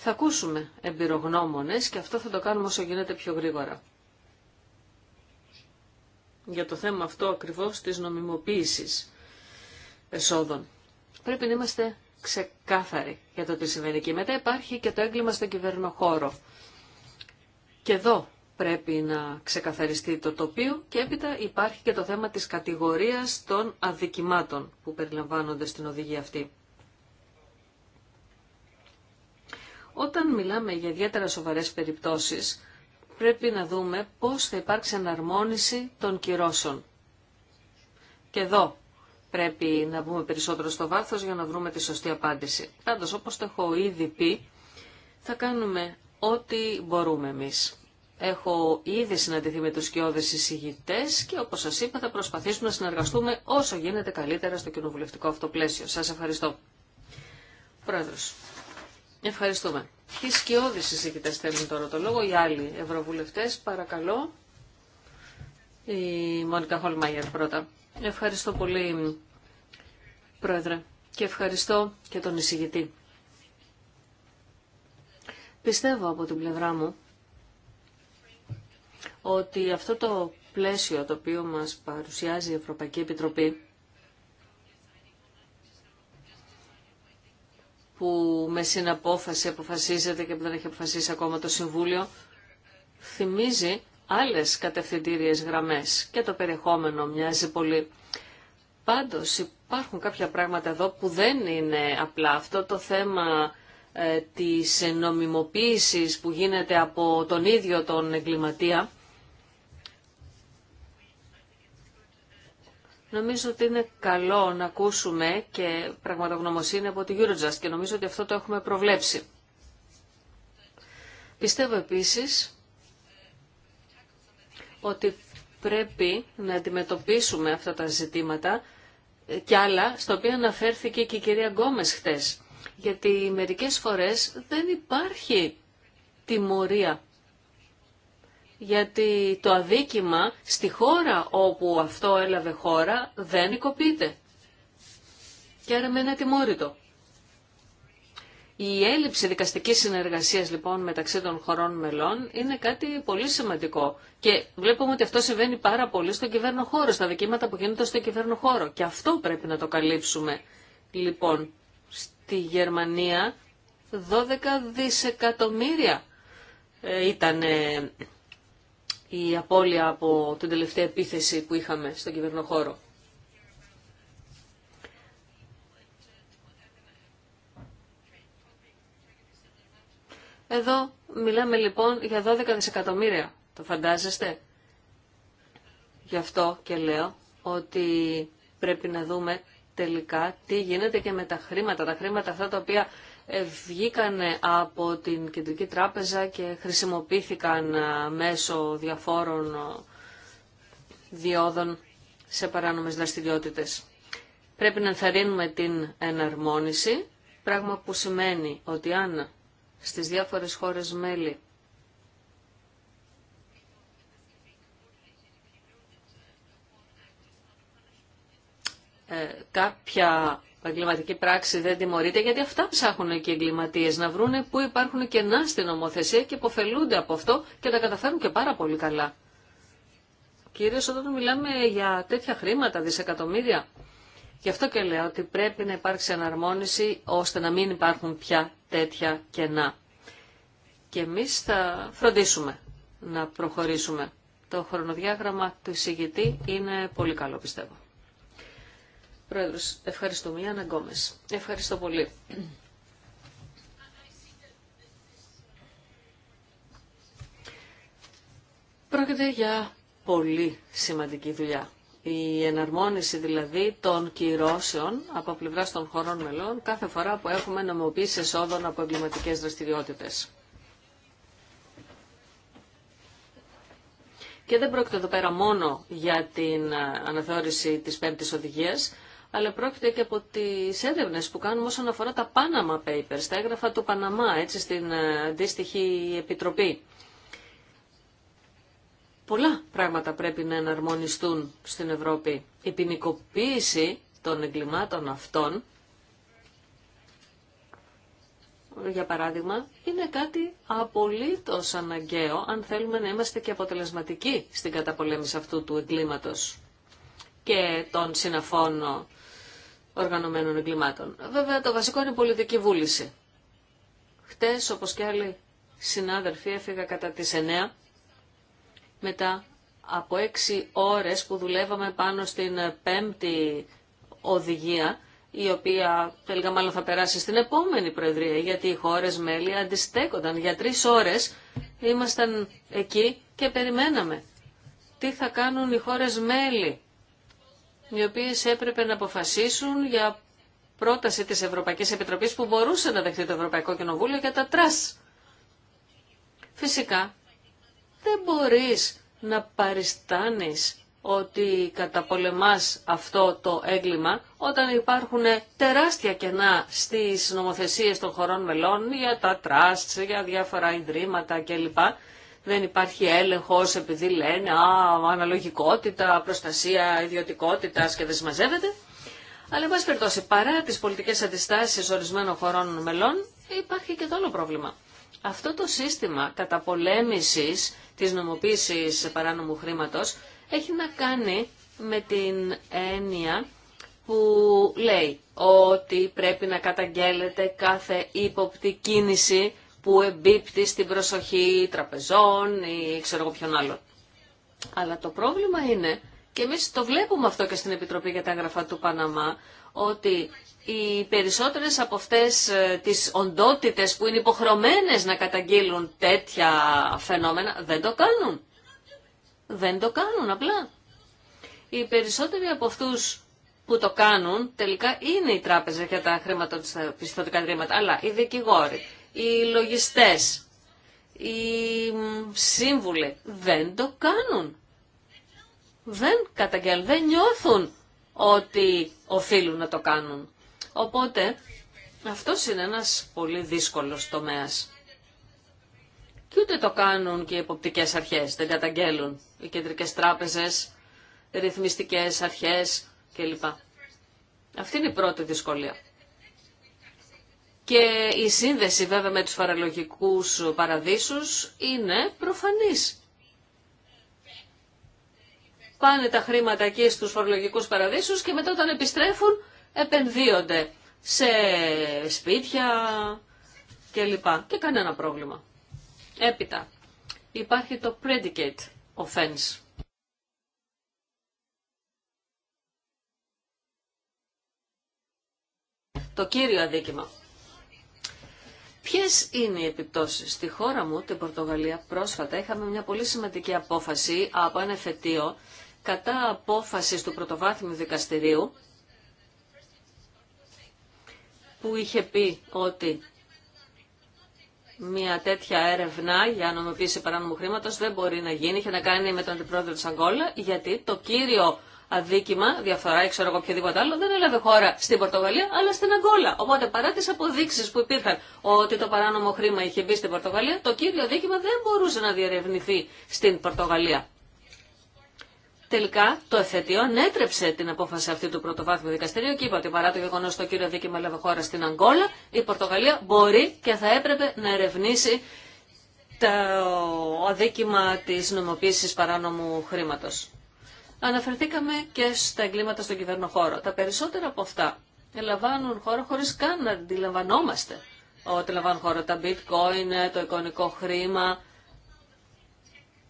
Θα ακούσουμε εμπειρογνώμονες και αυτό θα το κάνουμε όσο γίνεται πιο γρήγορα. Για το θέμα αυτό ακριβώς της νομιμοποίησης εσόδων. Πρέπει να είμαστε ξεκάθαροι για το τι συμβαίνει. Και μετά υπάρχει και το έγκλημα στον κυβερνοχώρο. Και εδώ πρέπει να ξεκαθαριστεί το τοπίο και έπειτα υπάρχει και το θέμα της κατηγορίας των αδικημάτων που περιλαμβάνονται στην οδηγία αυτή. Όταν μιλάμε για ιδιαίτερα σοβαρές περιπτώσεις, πρέπει να δούμε πώς θα υπάρξει αναρμόνιση των κυρώσεων. Και εδώ πρέπει να μπούμε περισσότερο στο βάθος για να βρούμε τη σωστή απάντηση. Πάντως, όπως το έχω ήδη πει, θα κάνουμε ό,τι μπορούμε εμείς. Έχω ήδη συναντηθεί με τους κοιόδες εισηγητές και όπως σας είπα θα προσπαθήσουμε να συνεργαστούμε όσο γίνεται καλύτερα στο κοινοβουλευτικό αυτό πλαίσιο. Σας ευχαριστώ. Πρόεδρος. Ευχαριστούμε. Τι σκιώδη συζητητές θέλουν τώρα το λόγο, οι άλλοι ευρωβουλευτές, παρακαλώ. Η Μόνικα Χολμάγερ πρώτα. Ευχαριστώ πολύ, Πρόεδρε, και ευχαριστώ και τον εισηγητή. Πιστεύω από την πλευρά μου ότι αυτό το πλαίσιο το οποίο μας παρουσιάζει η Ευρωπαϊκή Επιτροπή που με συναπόφαση αποφασίζεται και που δεν έχει αποφασίσει ακόμα το Συμβούλιο, θυμίζει άλλες κατευθυντήριες γραμμές και το περιεχόμενο μοιάζει πολύ. Πάντως υπάρχουν κάποια πράγματα εδώ που δεν είναι απλά αυτό το θέμα ε, της νομιμοποίησης που γίνεται από τον ίδιο τον εγκληματία Νομίζω ότι είναι καλό να ακούσουμε και πραγματογνωμοσύνη από τη Eurojust και νομίζω ότι αυτό το έχουμε προβλέψει. Πιστεύω επίσης ότι πρέπει να αντιμετωπίσουμε αυτά τα ζητήματα ε, και άλλα, στο οποίο αναφέρθηκε και η κυρία Γκόμες χτες. Γιατί μερικές φορές δεν υπάρχει τιμωρία γιατί το αδίκημα στη χώρα όπου αυτό έλαβε χώρα δεν οικοποιείται. Και άρα με ένα τιμόρυτο. Η έλλειψη δικαστικής συνεργασίας λοιπόν μεταξύ των χωρών μελών είναι κάτι πολύ σημαντικό. Και βλέπουμε ότι αυτό συμβαίνει πάρα πολύ στον χώρο, στα δικήματα που γίνονται στον χώρο. Και αυτό πρέπει να το καλύψουμε. Λοιπόν, στη Γερμανία 12 δισεκατομμύρια ε, ήταν η απώλεια από την τελευταία επίθεση που είχαμε στον κυβερνοχώρο. Εδώ μιλάμε λοιπόν για 12 δισεκατομμύρια. Το φαντάζεστε. Γι' αυτό και λέω ότι πρέπει να δούμε τελικά τι γίνεται και με τα χρήματα. Τα χρήματα αυτά τα οποία βγήκαν από την Κεντρική Τράπεζα και χρησιμοποιήθηκαν ε, μέσω διαφόρων ε, διόδων σε παράνομες δραστηριότητες. Πρέπει να ενθαρρύνουμε την εναρμόνιση, πράγμα που σημαίνει ότι αν στις διάφορες χώρες μέλη ε, κάποια επαγγελματική πράξη δεν τιμωρείται, γιατί αυτά ψάχνουν και οι εγκληματίε να βρούνε πού υπάρχουν κενά στην νομοθεσία και υποφελούνται από αυτό και τα καταφέρουν και πάρα πολύ καλά. Κυρίω όταν μιλάμε για τέτοια χρήματα, δισεκατομμύρια. Γι' αυτό και λέω ότι πρέπει να υπάρξει αναρμόνιση ώστε να μην υπάρχουν πια τέτοια κενά. Και εμείς θα φροντίσουμε να προχωρήσουμε. Το χρονοδιάγραμμα του εισηγητή είναι πολύ καλό πιστεύω. Πρόεδρος, ευχαριστούμε. Ιάννα Γκόμες. Ευχαριστώ πολύ. Πρόκειται για πολύ σημαντική δουλειά. Η εναρμόνιση δηλαδή των κυρώσεων από πλευρά των χωρών μελών κάθε φορά που έχουμε νομοποίηση εσόδων από εγκληματικέ δραστηριότητε. Και δεν πρόκειται εδώ πέρα μόνο για την ε, αναθεώρηση της πέμπτης οδηγίας, αλλά πρόκειται και από τι έρευνε που κάνουμε όσον αφορά τα Panama Papers, τα έγγραφα του Παναμά, έτσι στην ε, αντίστοιχη επιτροπή. Πολλά πράγματα πρέπει να εναρμονιστούν στην Ευρώπη. Η ποινικοποίηση των εγκλημάτων αυτών, για παράδειγμα, είναι κάτι απολύτως αναγκαίο αν θέλουμε να είμαστε και αποτελεσματικοί στην καταπολέμηση αυτού του εγκλήματος και των συναφών οργανωμένων εγκλημάτων. Βέβαια το βασικό είναι η πολιτική βούληση. Χτε, όπω και άλλοι συνάδελφοι, έφυγα κατά τις 9 μετά από 6 ώρε που δουλεύαμε πάνω στην πέμπτη οδηγία, η οποία τελικά μάλλον θα περάσει στην επόμενη Προεδρία, γιατί οι χώρες μέλη αντιστέκονταν. Για τρει ώρες ήμασταν εκεί και περιμέναμε. Τι θα κάνουν οι χώρες μέλη οι οποίες έπρεπε να αποφασίσουν για πρόταση της Ευρωπαϊκής Επιτροπής που μπορούσε να δεχτεί το Ευρωπαϊκό Κοινοβούλιο για τα τρας. Φυσικά, δεν μπορείς να παριστάνεις ότι καταπολεμάς αυτό το έγκλημα όταν υπάρχουν τεράστια κενά στις νομοθεσίες των χωρών μελών για τα τρας, για διάφορα ιδρύματα κλπ δεν υπάρχει έλεγχος επειδή λένε α, αναλογικότητα, προστασία, ιδιωτικότητα και δεν συμμαζεύεται. Αλλά, εν πάση παρά τις πολιτικές αντιστάσεις ορισμένων χωρών μελών, υπάρχει και το άλλο πρόβλημα. Αυτό το σύστημα καταπολέμησης της νομοποίησης παράνομου χρήματος έχει να κάνει με την έννοια που λέει ότι πρέπει να καταγγέλλεται κάθε ύποπτη κίνηση που εμπίπτει στην προσοχή τραπεζών ή ξέρω εγώ ποιον άλλον. Αλλά το πρόβλημα είναι, και εμείς το βλέπουμε αυτό και στην Επιτροπή για τα Έγγραφα του Παναμά, ότι οι περισσότερες από αυτές ε, τις οντότητες που είναι υποχρωμένες να καταγγείλουν τέτοια φαινόμενα δεν το κάνουν. Δεν το κάνουν απλά. Οι περισσότεροι από αυτούς που το κάνουν τελικά είναι η τράπεζα για τα χρήματα χρηματοπιστωτικά ιδρύματα, αλλά οι δικηγόροι, οι λογιστές, οι σύμβουλοι δεν το κάνουν. Δεν καταγγέλνουν, δεν νιώθουν ότι οφείλουν να το κάνουν. Οπότε αυτό είναι ένας πολύ δύσκολος τομέας. Και ούτε το κάνουν και οι εποπτικές αρχές, δεν καταγγέλουν οι κεντρικές τράπεζες, ρυθμιστικές αρχές κλπ. Αυτή είναι η πρώτη δυσκολία. Και η σύνδεση βέβαια με τους παραλογικούς παραδείσους είναι προφανής. Πάνε τα χρήματα εκεί στους φορολογικούς παραδείσους και μετά όταν επιστρέφουν επενδύονται σε σπίτια κλπ. Και, και κανένα πρόβλημα. Έπειτα υπάρχει το predicate offense. Το κύριο αδίκημα. Ποιε είναι οι επιπτώσει Στη χώρα μου, την Πορτογαλία, πρόσφατα είχαμε μια πολύ σημαντική απόφαση από ένα εφετείο κατά απόφαση του πρωτοβάθμιου δικαστηρίου που είχε πει ότι μια τέτοια έρευνα για νομιμοποίηση παράνομου χρήματος δεν μπορεί να γίνει. Είχε να κάνει με τον αντιπρόεδρο της Αγγόλα γιατί το κύριο αδίκημα, διαφθορά ή ξέρω εγώ οποιοδήποτε άλλο, δεν έλαβε χώρα στην Πορτογαλία αλλά στην Αγγόλα. Οπότε παρά τι αποδείξει που υπήρχαν ότι το παράνομο χρήμα είχε μπει στην Πορτογαλία, το κύριο αδίκημα δεν μπορούσε να διερευνηθεί στην Πορτογαλία. Τελικά το εφετείο έτρεψε την απόφαση αυτή του πρωτοβάθμιου δικαστηρίου και είπε ότι παρά το γεγονό το κύριο δίκημα έλαβε χώρα στην Αγγόλα, η Πορτογαλία μπορεί και θα έπρεπε να ερευνήσει το αδίκημα τη νομοποίησης παράνομου χρήματος. Αναφερθήκαμε και στα εγκλήματα στον κυβερνοχώρο. Τα περισσότερα από αυτά λαμβάνουν χώρο χωρίς καν να αντιλαμβανόμαστε ότι λαμβάνουν χώρο τα bitcoin, το εικονικό χρήμα,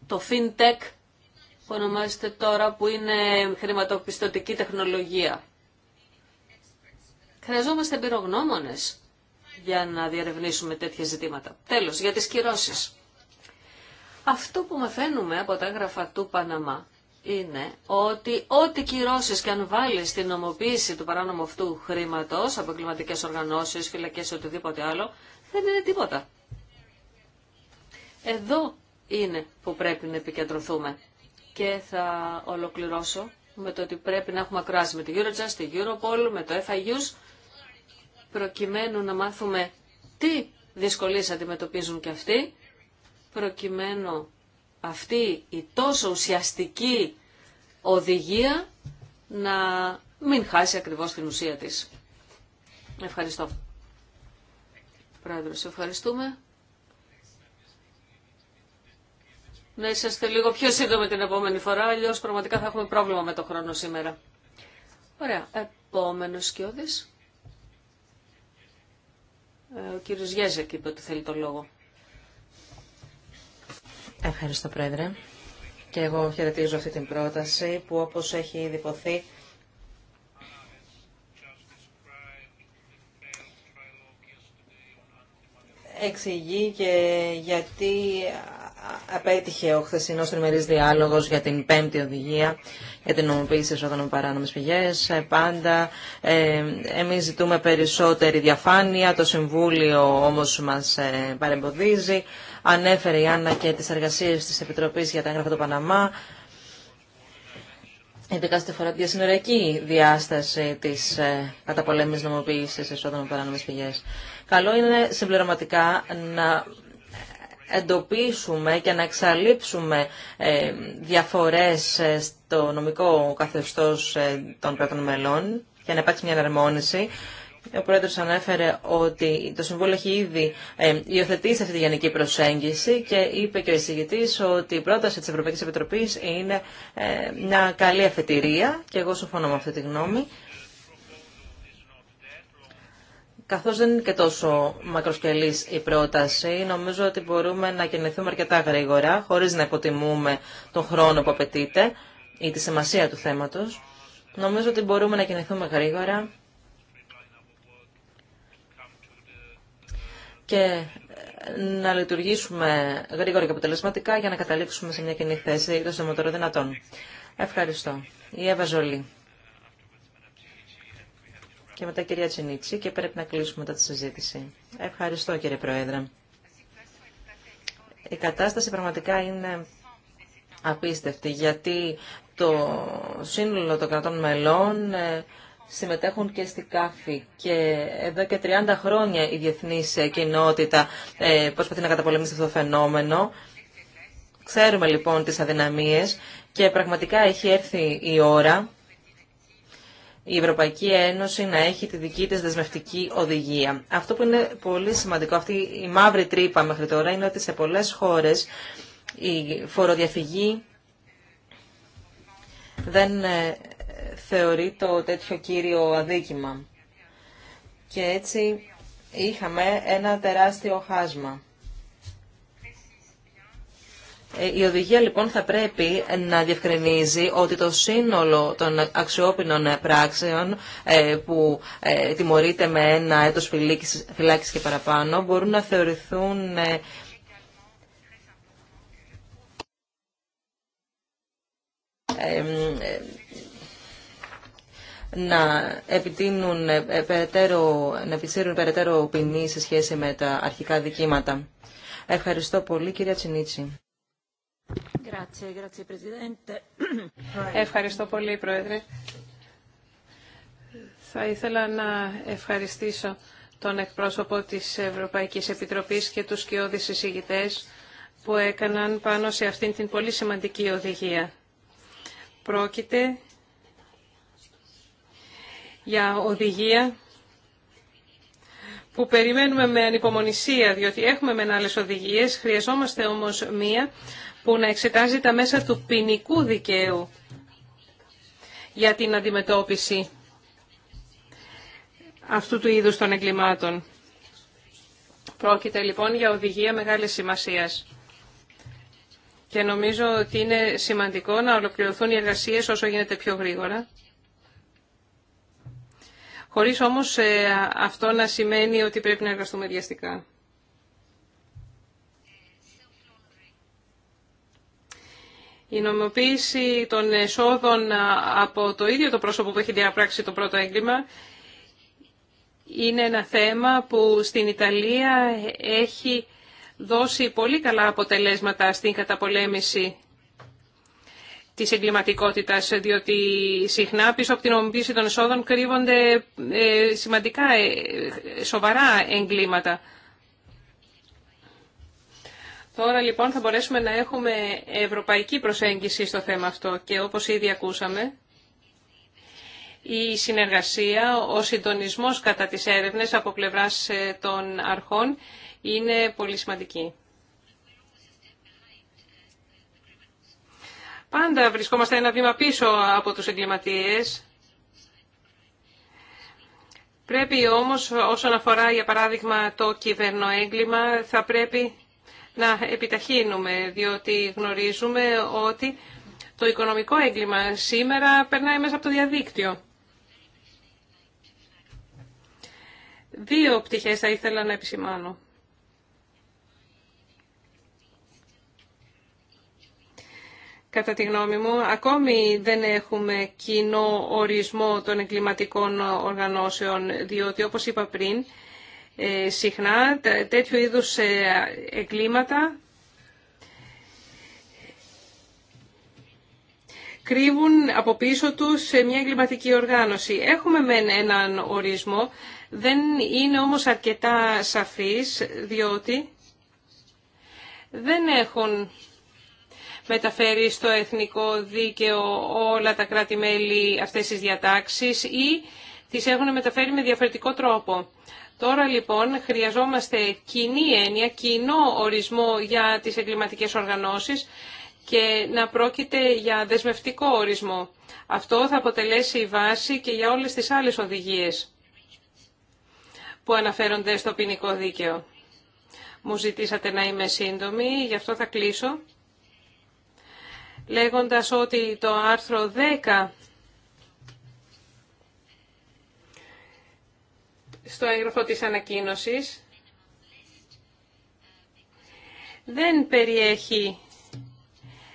το fintech που ονομάζεται τώρα που είναι χρηματοπιστωτική τεχνολογία. Χρειαζόμαστε εμπειρογνώμονε για να διαρευνήσουμε τέτοια ζητήματα. Τέλος, για τις κυρώσεις. Αυτό που μαθαίνουμε από τα έγγραφα του Παναμά είναι ότι ό,τι κυρώσει και αν βάλει στην νομοποίηση του παράνομου αυτού χρήματο από κλιματικέ οργανώσεις, φυλακές, οτιδήποτε άλλο, δεν είναι τίποτα. Εδώ είναι που πρέπει να επικεντρωθούμε. Και θα ολοκληρώσω με το ότι πρέπει να έχουμε ακράσει με τη Eurojust, τη Europol, με το FIUs, προκειμένου να μάθουμε τι δυσκολίες αντιμετωπίζουν και αυτοί, προκειμένου αυτή η τόσο ουσιαστική οδηγία να μην χάσει ακριβώς την ουσία της. Ευχαριστώ. Πρόεδρος, ευχαριστούμε. Να είσαστε λίγο πιο σύντομοι την επόμενη φορά, αλλιώ πραγματικά θα έχουμε πρόβλημα με το χρόνο σήμερα. Ωραία. Επόμενος σκιώδη. Ε, ο κύριο Γέζεκ είπε ότι θέλει τον λόγο. Ευχαριστώ, Πρόεδρε. Και εγώ χαιρετίζω αυτή την πρόταση που, όπως έχει διπωθεί, εξηγεί και γιατί απέτυχε ο χθεσινός τριμερής διάλογος για την πέμπτη οδηγία για την νομοποίηση όταν με παράνομε πηγές. Ε, πάντα ε, εμεί ζητούμε περισσότερη διαφάνεια, το Συμβούλιο όμω μας ε, παρεμποδίζει. Ανέφερε η Άννα και τις εργασίες της Επιτροπής για τα έγγραφα του Παναμά, ειδικά στη φορά τη διασυνοριακή διάσταση της ε, καταπολέμησης νομοποίησης εσόδων με παράνομε πηγές. Καλό είναι συμπληρωματικά να εντοπίσουμε και να εξαλείψουμε ε, διαφορές ε, στο νομικό καθεστώς ε, των πρώτων μελών και να υπάρξει μια εναρμόνιση ο Πρόεδρος ανέφερε ότι το Συμβούλιο έχει ήδη ε, υιοθετήσει αυτή τη γενική προσέγγιση και είπε και ο εισηγητής ότι η πρόταση της Ευρωπαϊκής Επιτροπής είναι ε, μια καλή αφετηρία και εγώ συμφωνώ με αυτή τη γνώμη καθώς δεν είναι και τόσο μακροσκελής η πρόταση, νομίζω ότι μπορούμε να κινηθούμε αρκετά γρήγορα, χωρίς να υποτιμούμε τον χρόνο που απαιτείται ή τη σημασία του θέματος. Νομίζω ότι μπορούμε να κινηθούμε γρήγορα και ε, να λειτουργήσουμε γρήγορα και αποτελεσματικά για να καταλήξουμε σε μια κοινή θέση των συντομότερων δυνατών. Ευχαριστώ. Η Εύα Ζολή. Και μετά η κυρία Τσινίτση και πρέπει να κλείσουμε μετά τη συζήτηση. Ευχαριστώ κύριε Πρόεδρε. Η κατάσταση πραγματικά είναι απίστευτη γιατί το σύνολο των κρατών μελών ε, συμμετέχουν και στη ΚΑΦΗ και εδώ και 30 χρόνια η διεθνής κοινότητα ε, προσπαθεί να καταπολεμήσει αυτό το φαινόμενο. Ξέρουμε λοιπόν τις αδυναμίες και πραγματικά έχει έρθει η ώρα η Ευρωπαϊκή Ένωση να έχει τη δική της δεσμευτική οδηγία. Αυτό που είναι πολύ σημαντικό, αυτή η μαύρη τρύπα μέχρι τώρα, είναι ότι σε πολλές χώρες η φοροδιαφυγή δεν ε, θεωρεί το τέτοιο κύριο αδίκημα. Και έτσι είχαμε ένα τεράστιο χάσμα. Ε, η οδηγία λοιπόν θα πρέπει να διευκρινίζει ότι το σύνολο των αξιόπινων πράξεων ε, που ε, τιμωρείται με ένα έτος φυλάκισης και παραπάνω μπορούν να θεωρηθούν να επιτείνουν ε, ε, περαιτέρω, να περαιτέρω ποινή σε σχέση με τα αρχικά δικήματα. Ευχαριστώ πολύ κυρία Τσινίτσι. Ευχαριστώ πολύ Πρόεδρε. Θα ήθελα να ευχαριστήσω τον εκπρόσωπο της Ευρωπαϊκής Επιτροπής και τους σκιώδης εισηγητές που έκαναν πάνω σε αυτήν την πολύ σημαντική οδηγία. Πρόκειται για οδηγία που περιμένουμε με ανυπομονησία, διότι έχουμε μεν άλλες οδηγίες, χρειαζόμαστε όμως μία που να εξετάζει τα μέσα του ποινικού δικαίου για την αντιμετώπιση αυτού του είδους των εγκλημάτων. Πρόκειται λοιπόν για οδηγία μεγάλης σημασίας. Και νομίζω ότι είναι σημαντικό να ολοκληρωθούν οι εργασίες όσο γίνεται πιο γρήγορα χωρίς όμως ε, αυτό να σημαίνει ότι πρέπει να εργαστούμε διαστικά. Η νομιμοποίηση των εσόδων ε, από το ίδιο το πρόσωπο που έχει διαπράξει το πρώτο έγκλημα είναι ένα θέμα που στην Ιταλία έχει δώσει πολύ καλά αποτελέσματα στην καταπολέμηση Τη εγκληματικότητα, διότι συχνά πίσω από την ομοποίηση των εσόδων κρύβονται ε, σημαντικά ε, σοβαρά εγκλήματα. Τώρα λοιπόν θα μπορέσουμε να έχουμε ευρωπαϊκή προσέγγιση στο θέμα αυτό και όπως ήδη ακούσαμε, η συνεργασία, ο συντονισμός κατά τις έρευνες από πλευράς ε, των αρχών είναι πολύ σημαντική. Πάντα βρισκόμαστε ένα βήμα πίσω από τους εγκληματίες. Πρέπει όμως όσον αφορά για παράδειγμα το κυβερνοέγκλημα θα πρέπει να επιταχύνουμε διότι γνωρίζουμε ότι το οικονομικό έγκλημα σήμερα περνάει μέσα από το διαδίκτυο. Δύο πτυχές θα ήθελα να επισημάνω. κατά τη γνώμη μου, ακόμη δεν έχουμε κοινό ορισμό των εγκληματικών οργανώσεων, διότι όπως είπα πριν, ε, συχνά τέτοιου είδους ε, εγκλήματα κρύβουν από πίσω τους σε μια εγκληματική οργάνωση. Έχουμε μεν έναν ορισμό, δεν είναι όμως αρκετά σαφής, διότι δεν έχουν μεταφέρει στο εθνικό δίκαιο όλα τα κράτη-μέλη αυτές τις διατάξεις ή τις έχουν μεταφέρει με διαφορετικό τρόπο. Τώρα λοιπόν χρειαζόμαστε κοινή έννοια, κοινό ορισμό για τις εγκληματικές οργανώσεις και να πρόκειται για δεσμευτικό ορισμό. Αυτό θα αποτελέσει η βάση και για όλες τις άλλες οδηγίες που αναφέρονται στο ποινικό δίκαιο. Μου ζητήσατε να είμαι σύντομη, γι' αυτό θα κλείσω λέγοντας ότι το άρθρο 10 στο έγγραφο της ανακοίνωσης δεν περιέχει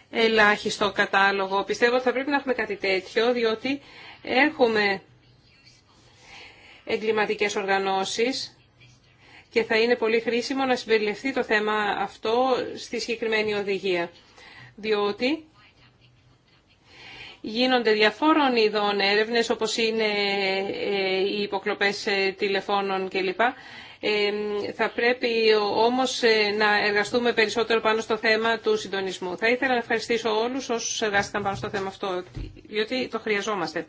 ελάχιστο κατάλογο. Πιστεύω ότι θα πρέπει να έχουμε κάτι τέτοιο, διότι έχουμε εγκληματικές οργανώσεις και θα είναι πολύ χρήσιμο να συμπεριληφθεί το θέμα αυτό στη συγκεκριμένη οδηγία. Διότι Γίνονται διαφόρων ειδών έρευνες όπως είναι ε, οι υποκλοπές ε, τηλεφώνων κλπ. Ε, θα πρέπει όμως να εργαστούμε περισσότερο πάνω στο θέμα του συντονισμού. Θα ήθελα να ευχαριστήσω όλους όσους εργάστηκαν πάνω στο θέμα αυτό, διότι το χρειαζόμαστε.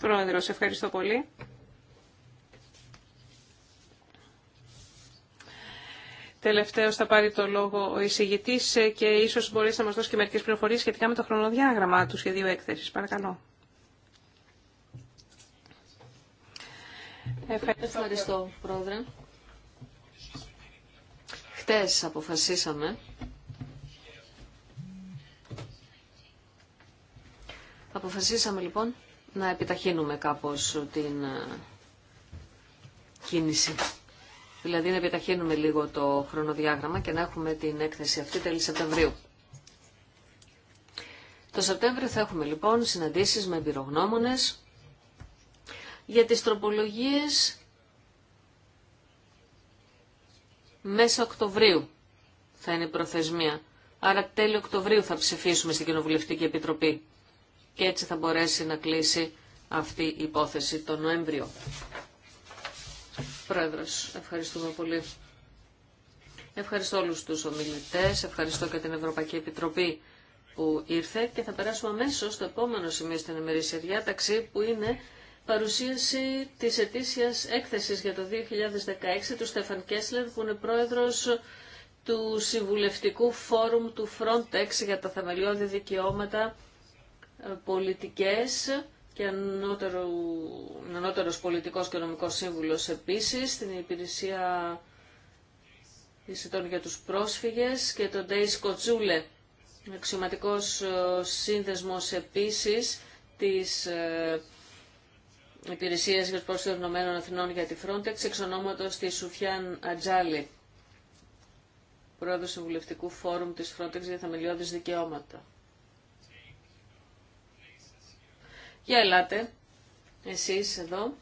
Πρόεδρος, ευχαριστώ πολύ. Τελευταίος θα πάρει το λόγο ο εισηγητής ε, και ίσως μπορεί να μας δώσει και μερικές πληροφορίες σχετικά με το χρονοδιάγραμμα του σχεδίου έκθεσης. Παρακαλώ. Ευχαριστώ, Πρόεδρε. Χτες αποφασίσαμε Αποφασίσαμε λοιπόν να επιταχύνουμε κάπως την ε, κίνηση δηλαδή να επιταχύνουμε λίγο το χρονοδιάγραμμα και να έχουμε την έκθεση αυτή τέλη Σεπτεμβρίου. Το Σεπτέμβριο θα έχουμε λοιπόν συναντήσεις με εμπειρογνώμονες για τις τροπολογίες μέσα Οκτωβρίου θα είναι η προθεσμία. Άρα τέλη Οκτωβρίου θα ψηφίσουμε στην Κοινοβουλευτική Επιτροπή και έτσι θα μπορέσει να κλείσει αυτή η υπόθεση το Νοέμβριο. Πρόεδρος, ευχαριστούμε πολύ. Ευχαριστώ όλους τους ομιλητές, ευχαριστώ και την Ευρωπαϊκή Επιτροπή που ήρθε και θα περάσουμε αμέσω στο επόμενο σημείο στην ημερήσια διάταξη που είναι παρουσίαση της ετήσιας έκθεσης για το 2016 του Στέφαν Κέσλερ που είναι πρόεδρος του Συμβουλευτικού Φόρουμ του Frontex για τα θεμελιώδη δικαιώματα ε, πολιτικές και ανώτερος πολιτικός και νομικός σύμβουλος επίσης στην υπηρεσία εισιτών για τους πρόσφυγες και τον Ντέις Κοτζούλε, αξιωματικός ε, σύνδεσμος επίσης της ε, Υπηρεσίας για τους πρόσφυγες των Ηνωμένων Αθηνών για τη Frontex, εξ ονόματος της Σουφιάν Ατζάλη, πρόεδρος του Βουλευτικού Φόρουμ της Frontex για θεμελιώδεις δικαιώματα. Για ελάτε εσείς εδώ.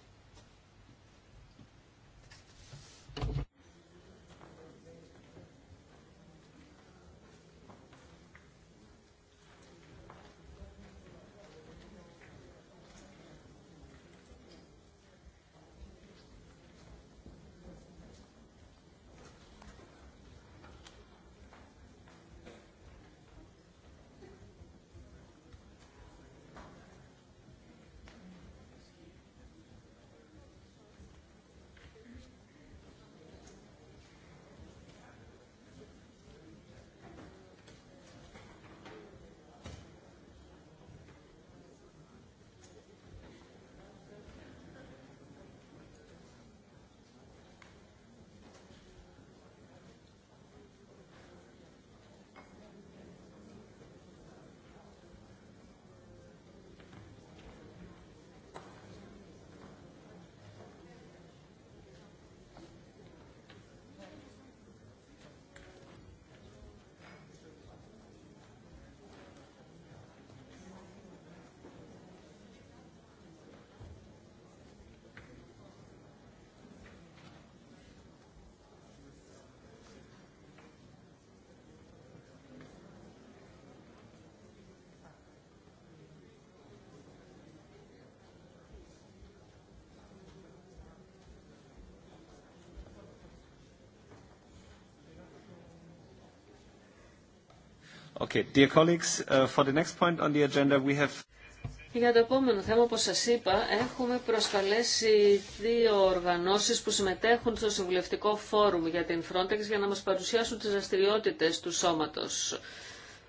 Για το επόμενο θέμα, όπως σας είπα, έχουμε προσκαλέσει δύο οργανώσεις που συμμετέχουν στο Συμβουλευτικό Φόρουμ για την Frontex για να μας παρουσιάσουν τις δραστηριότητες του σώματος.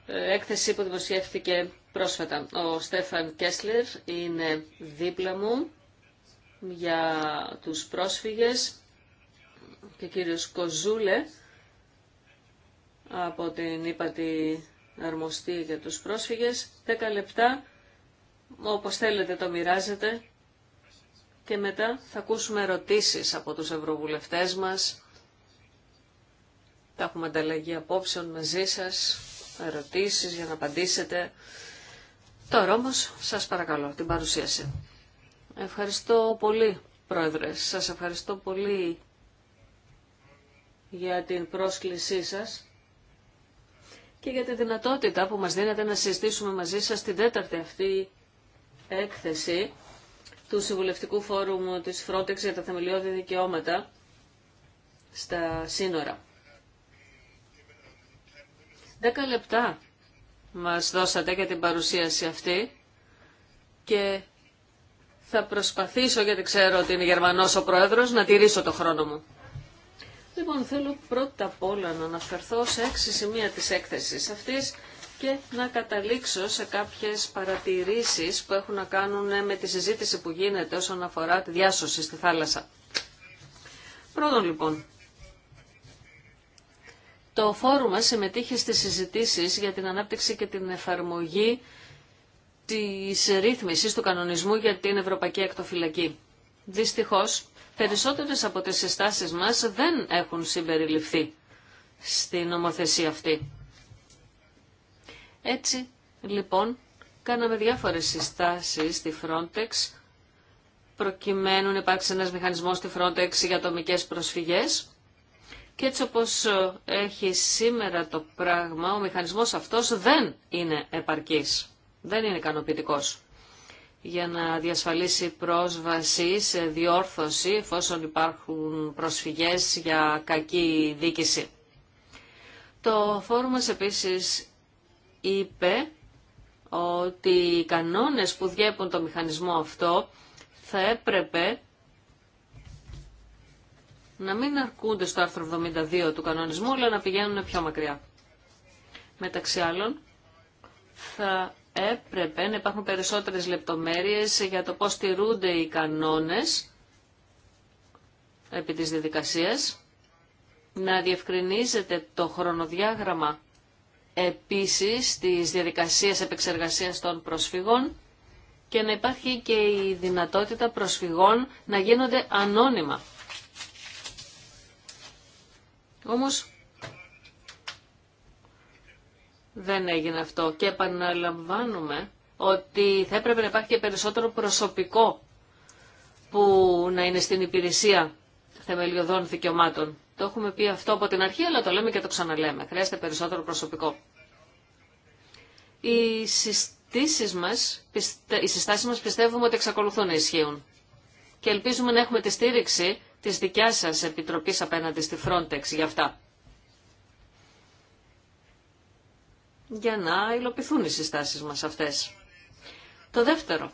Ε, έκθεση που δημοσιεύθηκε πρόσφατα. Ο Στέφαν Κέσλερ είναι δίπλα μου για τους πρόσφυγες και ο κύριος Κοζούλε από την ύπατη αρμοστεί για τους πρόσφυγες. Δέκα λεπτά, όπως θέλετε το μοιράζετε. Και μετά θα ακούσουμε ερωτήσεις από τους ευρωβουλευτές μας. Θα έχουμε ανταλλαγή απόψεων μαζί σας, ερωτήσεις για να απαντήσετε. Τώρα όμως, σας παρακαλώ, την παρουσίαση. Ευχαριστώ πολύ, Πρόεδρε. Σας ευχαριστώ πολύ για την πρόσκλησή σας και για τη δυνατότητα που μας δίνεται να συζητήσουμε μαζί σας την τέταρτη αυτή έκθεση του Συμβουλευτικού Φόρουμ της Frontex για τα θεμελιώδη δικαιώματα στα σύνορα. Δέκα λεπτά μας δώσατε για την παρουσίαση αυτή και θα προσπαθήσω, γιατί ξέρω ότι είναι Γερμανός ο Πρόεδρος, να τηρήσω το χρόνο μου. Λοιπόν, θέλω πρώτα απ' όλα να αναφερθώ σε έξι σημεία της έκθεσης αυτής και να καταλήξω σε κάποιες παρατηρήσεις που έχουν να κάνουν ναι, με τη συζήτηση που γίνεται όσον αφορά τη διάσωση στη θάλασσα. Πρώτον λοιπόν, το φόρουμ μας συμμετείχε στις συζητήσεις για την ανάπτυξη και την εφαρμογή της ρύθμισης του κανονισμού για την Ευρωπαϊκή Ακτοφυλακή. Δυστυχώς, Περισσότερες από τις συστάσεις μας δεν έχουν συμπεριληφθεί στην νομοθεσία αυτή. Έτσι, λοιπόν, κάναμε διάφορες συστάσεις στη Frontex, προκειμένου να υπάρξει ένας μηχανισμός στη Frontex για ατομικές προσφυγές. Και έτσι όπως ε, έχει σήμερα το πράγμα, ο μηχανισμός αυτός δεν είναι επαρκής, δεν είναι ικανοποιητικός για να διασφαλίσει πρόσβαση σε διόρθωση εφόσον υπάρχουν προσφυγές για κακή δίκηση. Το φόρουμ μας επίσης είπε ότι οι κανόνες που διέπουν το μηχανισμό αυτό θα έπρεπε να μην αρκούνται στο άρθρο 72 του κανονισμού, αλλά να πηγαίνουν πιο μακριά. Μεταξύ άλλων, θα έπρεπε να υπάρχουν περισσότερες λεπτομέρειες για το πώς τηρούνται οι κανόνες επί της διαδικασίας, να διευκρινίζεται το χρονοδιάγραμμα επίσης της διαδικασίας επεξεργασίας των προσφυγών και να υπάρχει και η δυνατότητα προσφυγών να γίνονται ανώνυμα. Όμως δεν έγινε αυτό. Και επαναλαμβάνουμε ότι θα έπρεπε να υπάρχει και περισσότερο προσωπικό που να είναι στην υπηρεσία θεμελιωδών δικαιωμάτων. Το έχουμε πει αυτό από την αρχή, αλλά το λέμε και το ξαναλέμε. Χρειάζεται περισσότερο προσωπικό. Οι συστάσεις μας, οι μας πιστεύουμε ότι εξακολουθούν να ισχύουν. Και ελπίζουμε να έχουμε τη στήριξη της δικιάς σας Επιτροπής απέναντι στη Frontex για αυτά. για να υλοποιηθούν οι συστάσεις μας αυτές. Το δεύτερο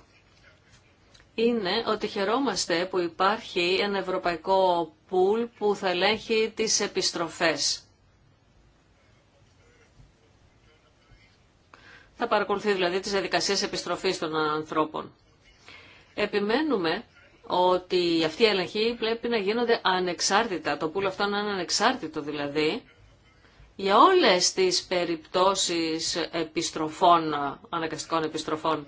είναι ότι χαιρόμαστε που υπάρχει ένα ευρωπαϊκό πουλ που θα ελέγχει τις επιστροφές. Θα παρακολουθεί δηλαδή τις διαδικασίες επιστροφής των ανθρώπων. Επιμένουμε ότι αυτή η ελεγχή πρέπει να γίνονται ανεξάρτητα. Το πουλ αυτό να είναι ανεξάρτητο δηλαδή για όλες τις περιπτώσεις επιστροφών, αναγκαστικών επιστροφών.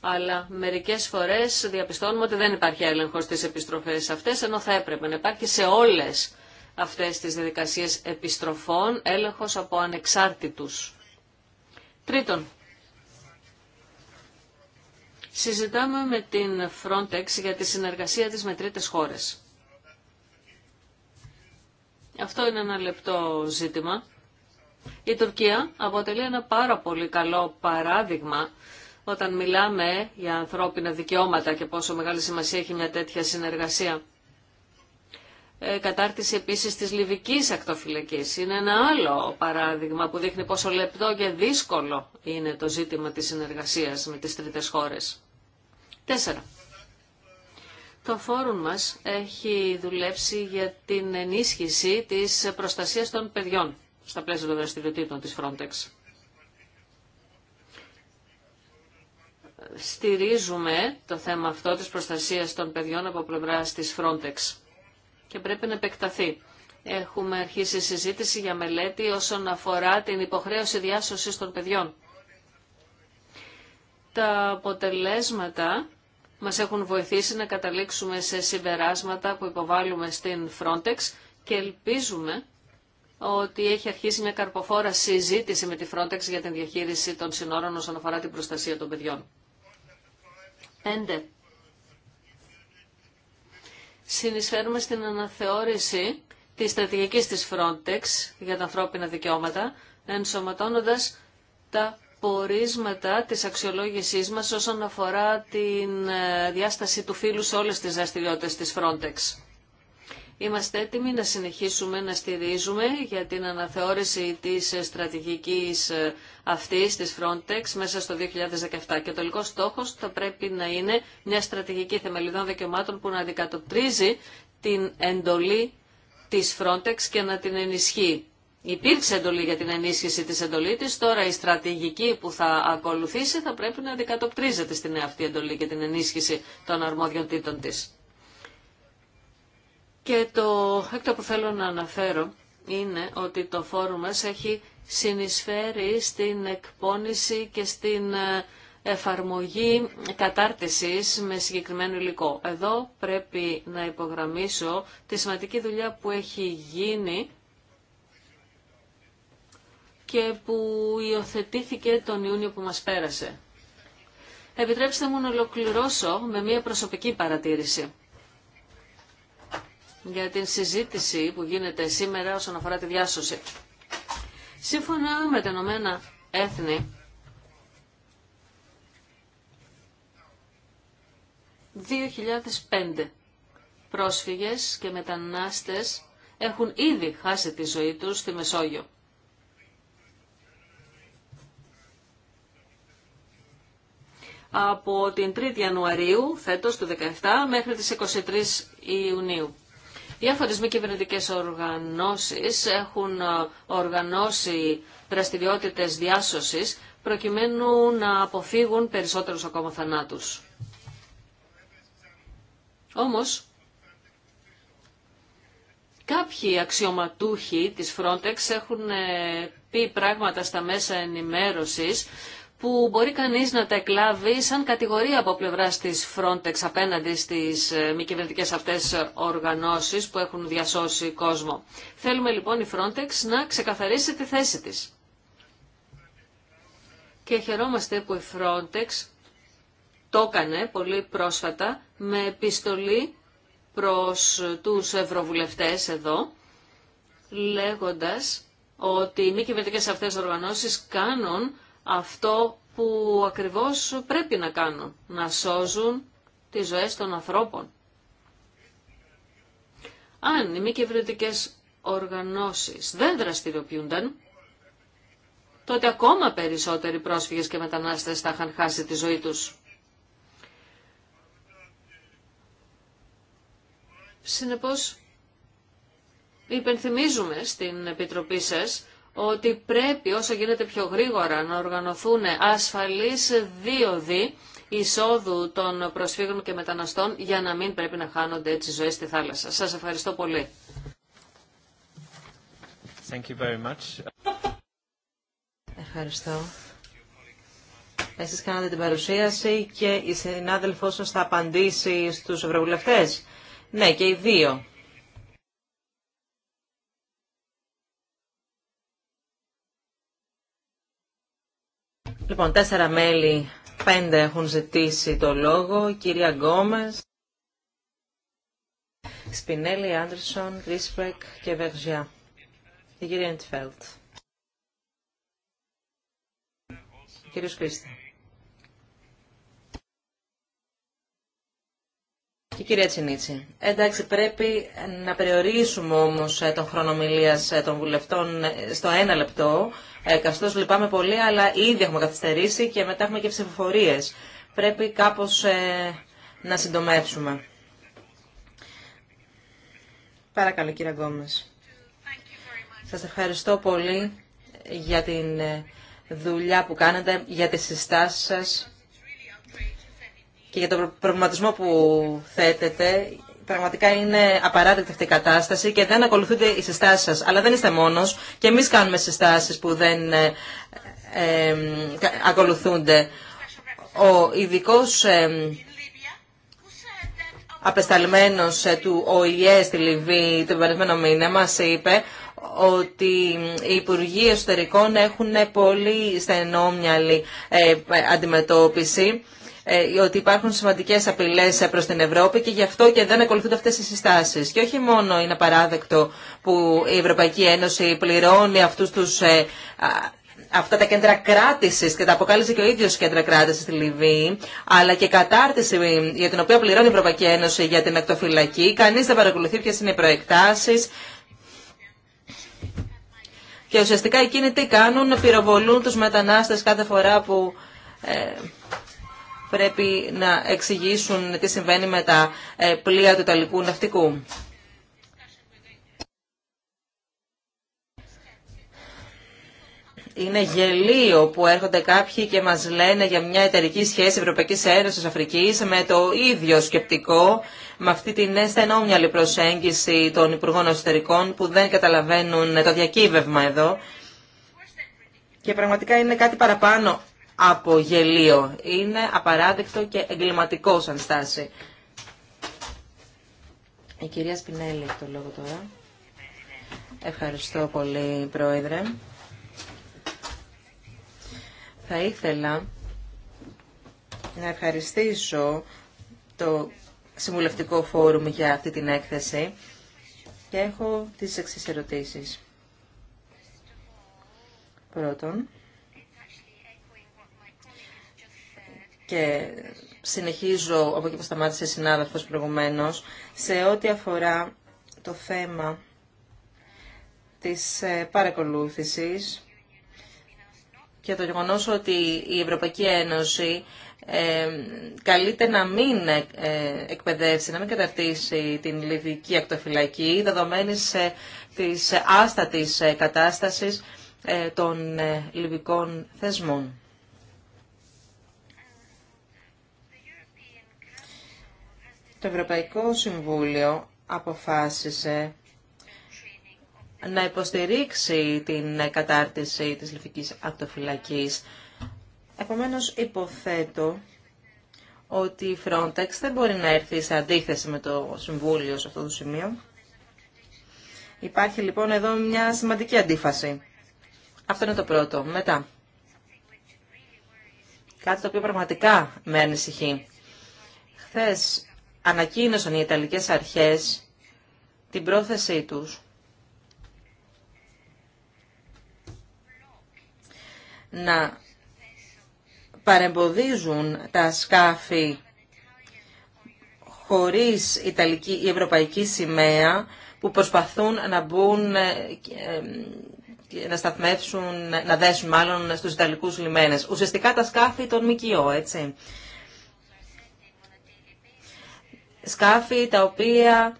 Αλλά μερικές φορές διαπιστώνουμε ότι δεν υπάρχει έλεγχος στις επιστροφές αυτές, ενώ θα έπρεπε να υπάρχει σε όλες αυτές τις διαδικασίες επιστροφών έλεγχος από ανεξάρτητους. Τρίτον, συζητάμε με την Frontex για τη συνεργασία της με τρίτες χώρες. Αυτό είναι ένα λεπτό ζήτημα. Η Τουρκία αποτελεί ένα πάρα πολύ καλό παράδειγμα όταν μιλάμε για ανθρώπινα δικαιώματα και πόσο μεγάλη σημασία έχει μια τέτοια συνεργασία. Ε, κατάρτιση επίσης της Λιβικής ακτοφυλακής είναι ένα άλλο παράδειγμα που δείχνει πόσο λεπτό και δύσκολο είναι το ζήτημα της συνεργασίας με τις τρίτες χώρες. Τέσσερα. Το φόρουμ μας έχει δουλέψει για την ενίσχυση της προστασίας των παιδιών στα πλαίσια των δραστηριοτήτων της Frontex. Στηρίζουμε το θέμα αυτό της προστασίας των παιδιών από πλευράς της Frontex και πρέπει να επεκταθεί. Έχουμε αρχίσει συζήτηση για μελέτη όσον αφορά την υποχρέωση διάσωσης των παιδιών. Τα αποτελέσματα μας έχουν βοηθήσει να καταλήξουμε σε συμπεράσματα που υποβάλλουμε στην Frontex και ελπίζουμε ότι έχει αρχίσει μια καρποφόρα συζήτηση με τη Frontex για την διαχείριση των συνόρων όσον αφορά την προστασία των παιδιών. 5. Συνεισφέρουμε στην αναθεώρηση της στρατηγικής της Frontex για τα ανθρώπινα δικαιώματα, ενσωματώνοντας τα πορίσματα της αξιολόγησής μας όσον αφορά την ε, διάσταση του φύλου σε όλες τις δραστηριότητες της Frontex. Είμαστε έτοιμοι να συνεχίσουμε να στηρίζουμε για την αναθεώρηση της στρατηγικής ε, αυτής της Frontex μέσα στο 2017 και ο τελικός στόχος θα πρέπει να είναι μια στρατηγική θεμελιδών δικαιωμάτων που να αντικατοπτρίζει την εντολή της Frontex και να την ενισχύει Υπήρξε εντολή για την ενίσχυση της εντολή της, τώρα η στρατηγική που θα ακολουθήσει θα πρέπει να αντικατοπτρίζεται στην αυτή εντολή για την ενίσχυση των τίτων της. Και το έκτο που θέλω να αναφέρω είναι ότι το φόρουμ μας έχει συνεισφέρει στην εκπόνηση και στην ε, εφαρμογή κατάρτισης με συγκεκριμένο υλικό. Εδώ πρέπει να υπογραμμίσω τη σημαντική δουλειά που έχει γίνει και που υιοθετήθηκε τον Ιούνιο που μας πέρασε. Επιτρέψτε μου να ολοκληρώσω με μία προσωπική παρατήρηση για την συζήτηση που γίνεται σήμερα όσον αφορά τη διάσωση. Σύμφωνα με τα Ηνωμένα Έθνη, ...2005 πρόσφυγες και μετανάστες έχουν ήδη χάσει τη ζωή τους στη Μεσόγειο. από την 3η Ιανουαρίου φέτος του 2017 μέχρι τις 23 Ιουνίου. Διάφορε μη κυβερνητικέ οργανώσεις έχουν ε, οργανώσει δραστηριότητε διάσωσης προκειμένου να αποφύγουν περισσότερους ακόμα θανάτους. Όμως, κάποιοι αξιωματούχοι της Frontex έχουν ε, πει πράγματα στα μέσα ενημέρωσης που μπορεί κανείς να τα εκλάβει σαν κατηγορία από πλευρά της Frontex απέναντι στις ε, μη κυβερνητικέ αυτές οργανώσεις που έχουν διασώσει κόσμο. Θέλουμε λοιπόν η Frontex να ξεκαθαρίσει τη θέση της. Και χαιρόμαστε που η Frontex το έκανε πολύ πρόσφατα με επιστολή προς τους ευρωβουλευτές εδώ, λέγοντας ότι οι μη κυβερνητικές αυτές οργανώσεις κάνουν αυτό που ακριβώς πρέπει να κάνουν, να σώζουν τις ζωές των ανθρώπων. Αν οι μη κυβερνητικέ οργανώσεις δεν δραστηριοποιούνταν, τότε ακόμα περισσότεροι πρόσφυγες και μετανάστες θα είχαν χάσει τη ζωή τους. Συνεπώς, υπενθυμίζουμε στην Επιτροπή σας ότι πρέπει όσο γίνεται πιο γρήγορα να οργανωθούν ασφαλείς δίωδοι εισόδου των προσφύγων και μεταναστών για να μην πρέπει να χάνονται έτσι ζωές στη θάλασσα. Σας ευχαριστώ πολύ. Thank you Ευχαριστώ. Εσείς κάνατε την παρουσίαση και η συνάδελφός σας θα απαντήσει στους ευρωβουλευτές. Ναι, και οι δύο. Λοιπόν, τέσσερα μέλη, πέντε έχουν ζητήσει το λόγο. Κυρία Γκόμες, Σπινέλη, Άντρισον, Ρίσπρεκ και Βεργιά. Η κυρία Εντφέλτ. Κύριος Κρίστα. κυρία Τσινίτση. Εντάξει, πρέπει να περιορίσουμε όμω ε, τον χρόνο μιλίας ε, των βουλευτών ε, στο ένα λεπτό. Καθώ λυπάμαι πολύ, αλλά ήδη έχουμε καθυστερήσει και μετά έχουμε και ψηφοφορίε. Πρέπει κάπως να συντομεύσουμε. Παρακαλώ, κύριε Γκόμε. Σα ευχαριστώ πολύ για την δουλειά που κάνετε, για τις συστάσει σα και για τον προβληματισμό που θέτετε. Πραγματικά είναι απαράδεκτη αυτή η κατάσταση και δεν ακολουθούνται οι συστάσεις σα, Αλλά δεν είστε μόνο και εμεί κάνουμε συστάσει που δεν ε, ε, ακολουθούνται. Ο ειδικό ε, απεσταλμένος ε, του ΟΗΕ στη Λιβύη τον περασμένο μήνα μα είπε ότι οι Υπουργοί Εσωτερικών έχουν πολύ στενόμυαλη αντιμετώπιση ε, ότι υπάρχουν σημαντικέ απειλέ ε, προ την Ευρώπη και γι' αυτό και δεν ακολουθούνται αυτέ οι συστάσει. Και όχι μόνο είναι παράδεκτο που η Ευρωπαϊκή Ένωση πληρώνει ε, αυτά τα κέντρα κράτηση και τα αποκάλυψε και ο ίδιο κέντρα κράτηση στη Λιβύη, αλλά και κατάρτιση για την οποία πληρώνει η Ευρωπαϊκή Ένωση για την ακτοφυλακή. Κανεί δεν παρακολουθεί ποιε είναι οι προεκτάσει. Και ουσιαστικά εκείνοι τι κάνουν, πυροβολούν τους μετανάστες κάθε φορά που ε, πρέπει να εξηγήσουν τι συμβαίνει με τα ε, πλοία του Ιταλικού ναυτικού. Είναι γελίο που έρχονται κάποιοι και μας λένε για μια εταιρική σχέση Ευρωπαϊκής Ένωσης Αφρικής με το ίδιο σκεπτικό, με αυτή την αισθενόμυαλη προσέγγιση των Υπουργών Εσωτερικών που δεν καταλαβαίνουν το διακύβευμα εδώ. Και πραγματικά είναι κάτι παραπάνω από γελίο. Είναι απαράδεκτο και εγκληματικό σαν στάση. Η κυρία Σπινέλη έχει το λόγο τώρα. Ευχαριστώ πολύ, Πρόεδρε. Θα ήθελα να ευχαριστήσω το Συμβουλευτικό Φόρουμ για αυτή την έκθεση και έχω τις εξής ερωτήσεις. Πρώτον, και συνεχίζω από εκεί που σταμάτησε η συνάδελφος προηγουμένως, σε ό,τι αφορά το θέμα της ε, παρακολούθησης και το γεγονός ότι η Ευρωπαϊκή Ένωση ε, καλείται να μην ε, εκπαιδεύσει, να μην καταρτήσει την Λιβική ακτοφυλακή δεδομένης ε, της άστατης ε, κατάστασης των Λιβικών θεσμών. Το Ευρωπαϊκό Συμβούλιο αποφάσισε να υποστηρίξει την κατάρτιση της λευκής ακτοφυλακής. Επομένως, υποθέτω ότι η Frontex δεν μπορεί να έρθει σε αντίθεση με το Συμβούλιο σε αυτό το σημείο. Υπάρχει λοιπόν εδώ μια σημαντική αντίφαση. Αυτό είναι το πρώτο. Μετά, κάτι το οποίο πραγματικά με ανησυχεί. Χθες ανακοίνωσαν οι Ιταλικές αρχές την πρόθεσή τους να παρεμποδίζουν τα σκάφη χωρίς Ιταλική ή Ευρωπαϊκή σημαία που προσπαθούν να μπουν ε, ε, να σταθμεύσουν, να δέσουν μάλλον στους Ιταλικούς λιμένες. Ουσιαστικά τα σκάφη των ΜΚΟ έτσι σκάφη τα οποία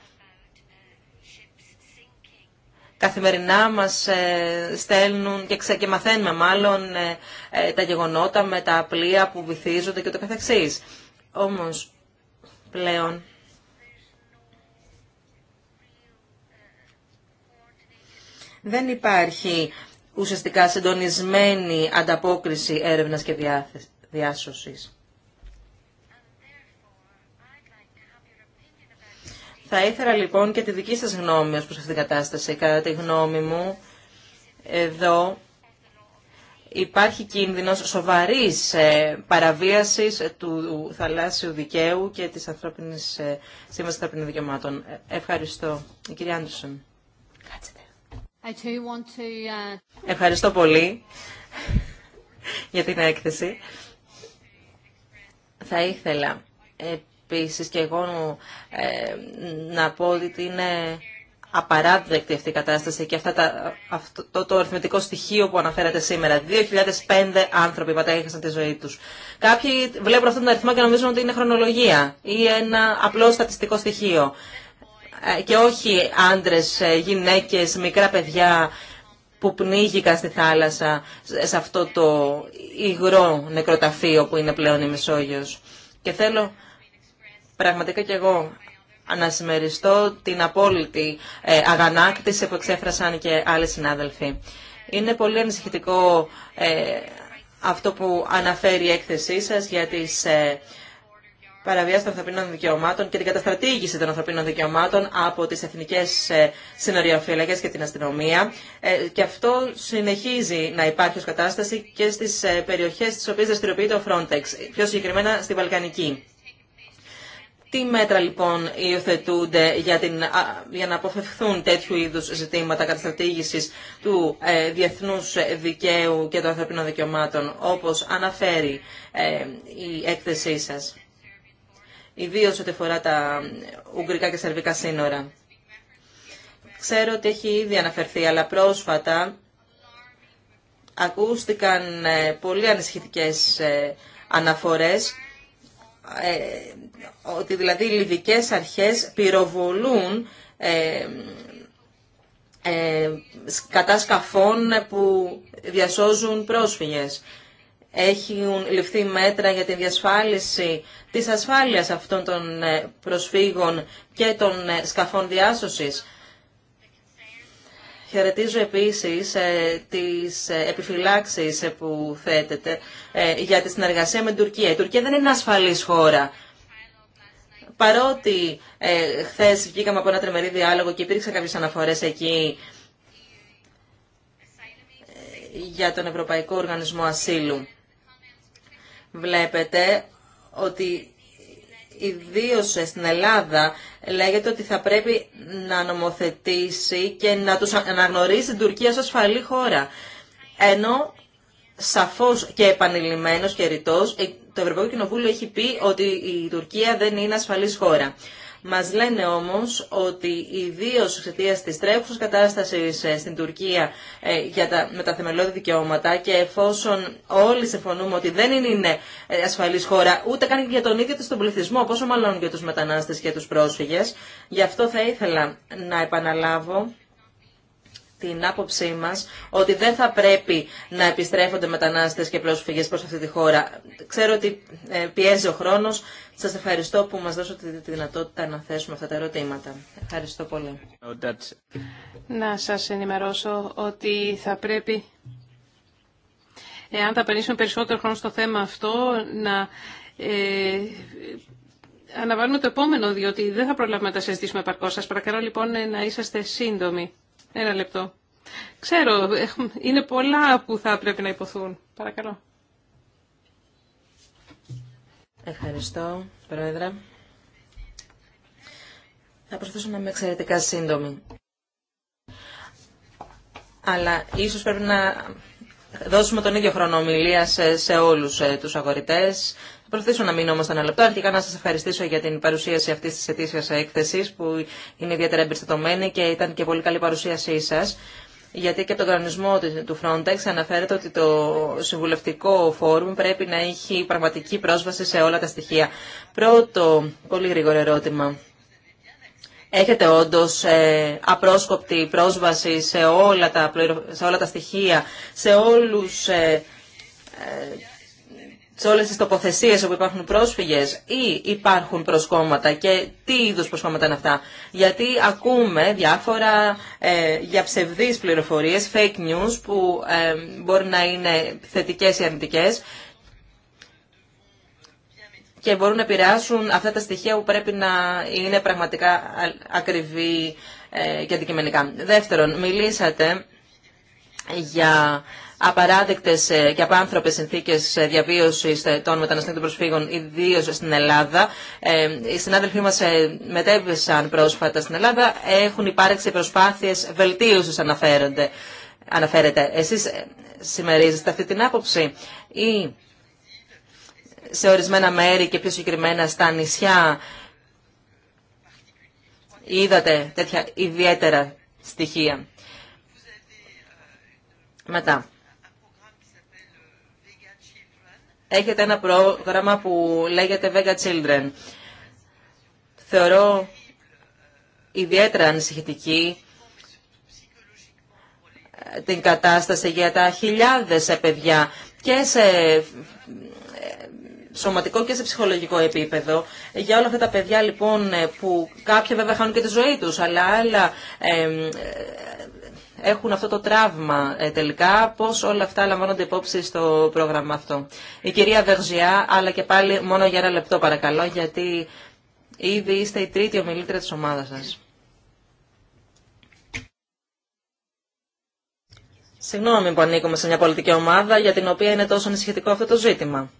καθημερινά μας ε, στέλνουν και μαθαίνουμε μάλλον ε, ε, τα γεγονότα με τα πλοία που βυθίζονται και το καθεξής. Όμως πλέον δεν υπάρχει ουσιαστικά συντονισμένη ανταπόκριση έρευνας και διάσωσης. Θα ήθελα λοιπόν και τη δική σας γνώμη ως προς αυτήν την κατάσταση. Κατά τη γνώμη μου, εδώ υπάρχει κίνδυνος σοβαρής ε, παραβίασης του θαλάσσιου δικαίου και της ανθρώπινης ε, σύμβασης ανθρωπινών δικαιωμάτων. Ε, ευχαριστώ. Η κυρία Άντρουσον. Ευχαριστώ πολύ για την έκθεση. Θα ήθελα Επίση και εγώ ε, να πω ότι είναι απαράδεκτη αυτή η κατάσταση και αυτά τα, αυτό το, αριθμητικό στοιχείο που αναφέρατε σήμερα. 2.005 άνθρωποι πατέχασαν τη ζωή τους. Κάποιοι βλέπουν αυτόν τον αριθμό και νομίζουν ότι είναι χρονολογία ή ένα απλό στατιστικό στοιχείο. Ε, και όχι άντρες, ε, γυναίκες, μικρά παιδιά που πνίγηκαν στη θάλασσα σε αυτό το υγρό νεκροταφείο που είναι πλέον η Μεσόγειος. Και οχι άντρε, γυναικες μικρα παιδια που πνιγηκαν στη θαλασσα σε αυτο το υγρο νεκροταφειο που ειναι πλεον η μεσογειος και θελω πραγματικά και εγώ ανασημεριστώ την απόλυτη ε, αγανάκτηση που εξέφρασαν και άλλοι συνάδελφοι. Είναι πολύ ανησυχητικό ε, αυτό που αναφέρει η έκθεσή σας για τις ε, παραβιάσεις των ανθρωπίνων δικαιωμάτων και την καταστρατήγηση των ανθρωπίνων δικαιωμάτων από τις εθνικές συνοριοφύλακες και την αστυνομία. Και αυτό συνεχίζει να υπάρχει ως κατάσταση και στις περιοχές στις οποίες δραστηριοποιείται ο Frontex, πιο συγκεκριμένα στη Βαλκανική. Τι μέτρα λοιπόν υιοθετούνται για, την, για να αποφευχθούν τέτοιου είδους ζητήματα καταστρατήγησης του ε, διεθνούς δικαίου και των ανθρωπίνων δικαιωμάτων, όπως αναφέρει ε, η έκθεσή σας, ιδίως ό,τι αφορά τα ουγγρικά και σερβικά σύνορα. Ξέρω ότι έχει ήδη αναφερθεί, αλλά πρόσφατα ακούστηκαν ε, πολύ ανησυχητικές ε, αναφορές ε, ότι δηλαδή οι λιβικές αρχές πυροβολούν ε, ε, κατά σκαφών που διασώζουν πρόσφυγες. Έχουν ληφθεί μέτρα για τη διασφάλιση της ασφάλειας αυτών των προσφύγων και των σκαφών διάσωσης. Χαιρετίζω επίσης ε, τις ε, επιφυλάξεις ε, που θέτεται για τη συνεργασία με την Τουρκία. Η Τουρκία δεν είναι ασφαλής χώρα. Παρότι ε, χθε βγήκαμε από ένα τρεμερή διάλογο και υπήρξαν κάποιες αναφορές εκεί για τον Ευρωπαϊκό Οργανισμό Ασύλου. Βλέπετε ότι ιδίω στην Ελλάδα λέγεται ότι θα πρέπει να νομοθετήσει και να τους αναγνωρίσει την Τουρκία ως ασφαλή χώρα. Ενώ σαφώς και επανειλημμένος και ρητός ε, το Ευρωπαϊκό Κοινοβούλιο έχει πει ότι η Τουρκία δεν είναι ασφαλής χώρα. Μας λένε όμως ότι ιδίω εξαιτία τη τρέχουσα κατάσταση ε, στην Τουρκία ε, για τα, με τα θεμελιώδη δικαιώματα και εφόσον όλοι συμφωνούμε ότι δεν είναι ε, ασφαλής χώρα ούτε καν για τον ίδιο τον πληθυσμό, πόσο μάλλον για τους μετανάστες και τους πρόσφυγες, γι' αυτό θα ήθελα να επαναλάβω την άποψή μα ότι δεν θα πρέπει να επιστρέφονται μετανάστες και πρόσφυγε προ αυτή τη χώρα. Ξέρω ότι ε, πιέζει ο χρόνος. σα ευχαριστώ που μα δώσατε τη δυνατότητα να θέσουμε αυτά τα ερωτήματα. Ευχαριστώ πολύ. Να σα ενημερώσω ότι θα πρέπει, εάν θα περνήσουμε περισσότερο χρόνο στο θέμα αυτό, να... Ε, αναβάλουμε το επόμενο, διότι δεν θα προλάβουμε να τα συζητήσουμε επαρκώς. Σας παρακαλώ λοιπόν να είσαστε σύντομοι. Ένα λεπτό. Ξέρω, είναι πολλά που θα πρέπει να υποθούν. Παρακαλώ. Ευχαριστώ, Πρόεδρε. Θα προσπαθήσω να είμαι εξαιρετικά σύντομη. Αλλά ίσως πρέπει να δώσουμε τον ίδιο χρόνο ομιλία σε, σε όλους ε, τους αγορητές, προσθέσω να μείνω όμω ένα λεπτό. Αρχικά να σα ευχαριστήσω για την παρουσίαση αυτή τη ετήσια έκθεση που είναι ιδιαίτερα εμπιστευτομένη και ήταν και πολύ καλή παρουσίασή σα. Γιατί και από τον κανονισμό του Frontex αναφέρεται ότι το συμβουλευτικό φόρουμ πρέπει να έχει πραγματική πρόσβαση σε όλα τα στοιχεία. Πρώτο, πολύ γρήγορο ερώτημα. Έχετε όντω ε, απρόσκοπτη πρόσβαση σε όλα τα, σε όλα τα στοιχεία, σε όλους ε, ε, σε όλες τι τοποθεσίε όπου υπάρχουν πρόσφυγες ή υπάρχουν προσκόμματα και τι είδους προσκόμματα είναι αυτά. Γιατί ακούμε διάφορα ε, για ψευδείς πληροφορίες, fake news που ε, μπορεί να είναι θετικές ή αρνητικές και μπορούν να επηρεάσουν αυτά τα στοιχεία που πρέπει να είναι πραγματικά ακριβή ε, και αντικειμενικά. Δεύτερον, μιλήσατε για απαράδεκτες ε, και απάνθρωπες συνθήκες ε, διαβίωσης ε, των μεταναστών και των προσφύγων, ιδίως στην Ελλάδα. Οι συνάδελφοί μας μετέβησαν πρόσφατα στην Ελλάδα. Έχουν υπάρξει προσπάθειες βελτίωσης αναφέρεται. Εσεί Εσείς συμμερίζεστε αυτή την άποψη ή σε ορισμένα μέρη και πιο συγκεκριμένα στα νησιά είδατε τέτοια ιδιαίτερα στοιχεία. Μετά. έχετε ένα πρόγραμμα που λέγεται Vega Children. Θεωρώ ιδιαίτερα ανησυχητική ε, την κατάσταση για τα χιλιάδες παιδιά και σε ε, σωματικό και σε ψυχολογικό επίπεδο. Για όλα αυτά τα παιδιά λοιπόν ε, που κάποια βέβαια χάνουν και τη ζωή τους, αλλά άλλα έχουν αυτό το τραύμα ε, τελικά, πώς όλα αυτά λαμβάνονται υπόψη στο πρόγραμμα αυτό. Η κυρία Βεργιά, αλλά και πάλι μόνο για ένα λεπτό παρακαλώ, γιατί ήδη είστε η τρίτη ομιλήτρια της ομάδας σας. Συγγνώμη που ανήκουμε σε μια πολιτική ομάδα για την οποία είναι τόσο ανησυχητικό αυτό το ζήτημα.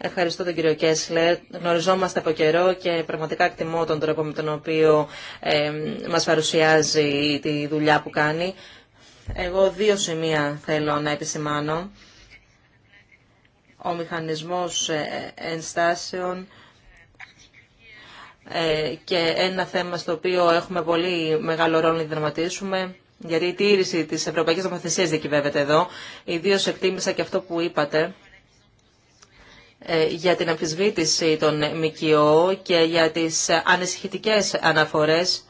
Ευχαριστώ τον κύριο Κέσλε. Γνωριζόμαστε από καιρό και πραγματικά εκτιμώ τον τρόπο με τον οποίο ε, μας παρουσιάζει τη δουλειά που κάνει. Εγώ δύο σημεία θέλω να επισημάνω. Ο μηχανισμός ε, ενστάσεων ε, και ένα θέμα στο οποίο έχουμε πολύ μεγάλο ρόλο να δραματίσουμε, γιατί η τήρηση της Ευρωπαϊκής Νομοθεσίας δικηβεύεται εδώ. Ιδίως εκτίμησα και αυτό που είπατε ε, για την αμφισβήτηση των ΜΚΟ και για τις ανησυχητικές αναφορές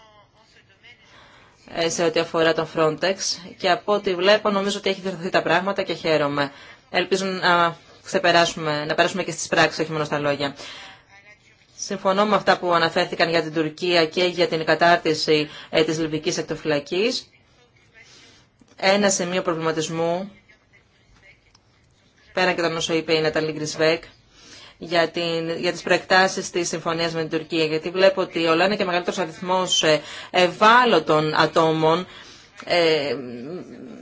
ε, σε ό,τι αφορά τον Frontex και από ό,τι βλέπω νομίζω ότι έχει διευθυνθεί τα πράγματα και χαίρομαι. Ελπίζω να ξεπεράσουμε, να περάσουμε και στις πράξεις, όχι μόνο στα λόγια. Συμφωνώ με αυτά που αναφέρθηκαν για την Τουρκία και για την κατάρτιση ε, της Λιβικής Εκτοφυλακής. Ένα σημείο προβληματισμού, πέρα και τα όσο είπε η Ναταλή Γκρισβέκ, για, την, για τις προεκτάσεις της συμφωνίας με την Τουρκία, γιατί βλέπω ότι ο λένε και μεγαλύτερος αριθμός ε, ευάλωτων ατόμων ε,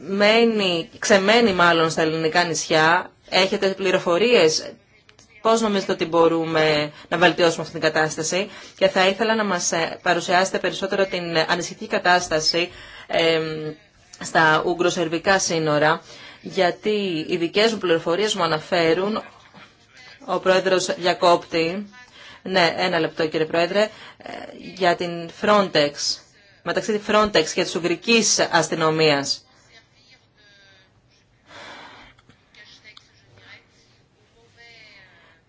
μένει, ξεμένει μάλλον στα ελληνικά νησιά. Έχετε πληροφορίες πώς νομίζετε ότι μπορούμε να βελτιώσουμε αυτή την κατάσταση και θα ήθελα να μας ε, παρουσιάσετε περισσότερο την ανησυχητική κατάσταση ε, στα ουγγροσερβικά σύνορα γιατί οι δικές μου πληροφορίες μου αναφέρουν ο πρόεδρος διακόπτη. Ναι, ένα λεπτό κύριε πρόεδρε. Ε, για την Frontex. Μεταξύ τη Frontex και της Ουγγρικής αστυνομίας.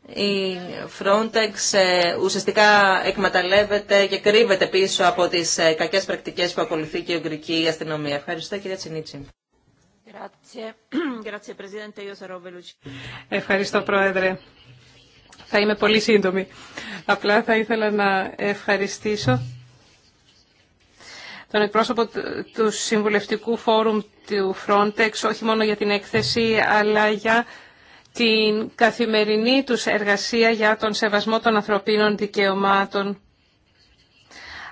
Η Frontex ε, ουσιαστικά εκμεταλλεύεται και κρύβεται πίσω από τις ε, κακές πρακτικές που ακολουθεί και η Ουγγρική αστυνομία. Ευχαριστώ κυρία Τσινίτσι. Ευχαριστώ πρόεδρε. Θα είμαι πολύ σύντομη. Απλά θα ήθελα να ευχαριστήσω τον εκπρόσωπο του Συμβουλευτικού Φόρουμ του Frontex, όχι μόνο για την έκθεση, αλλά για την καθημερινή τους εργασία για τον σεβασμό των ανθρωπίνων δικαιωμάτων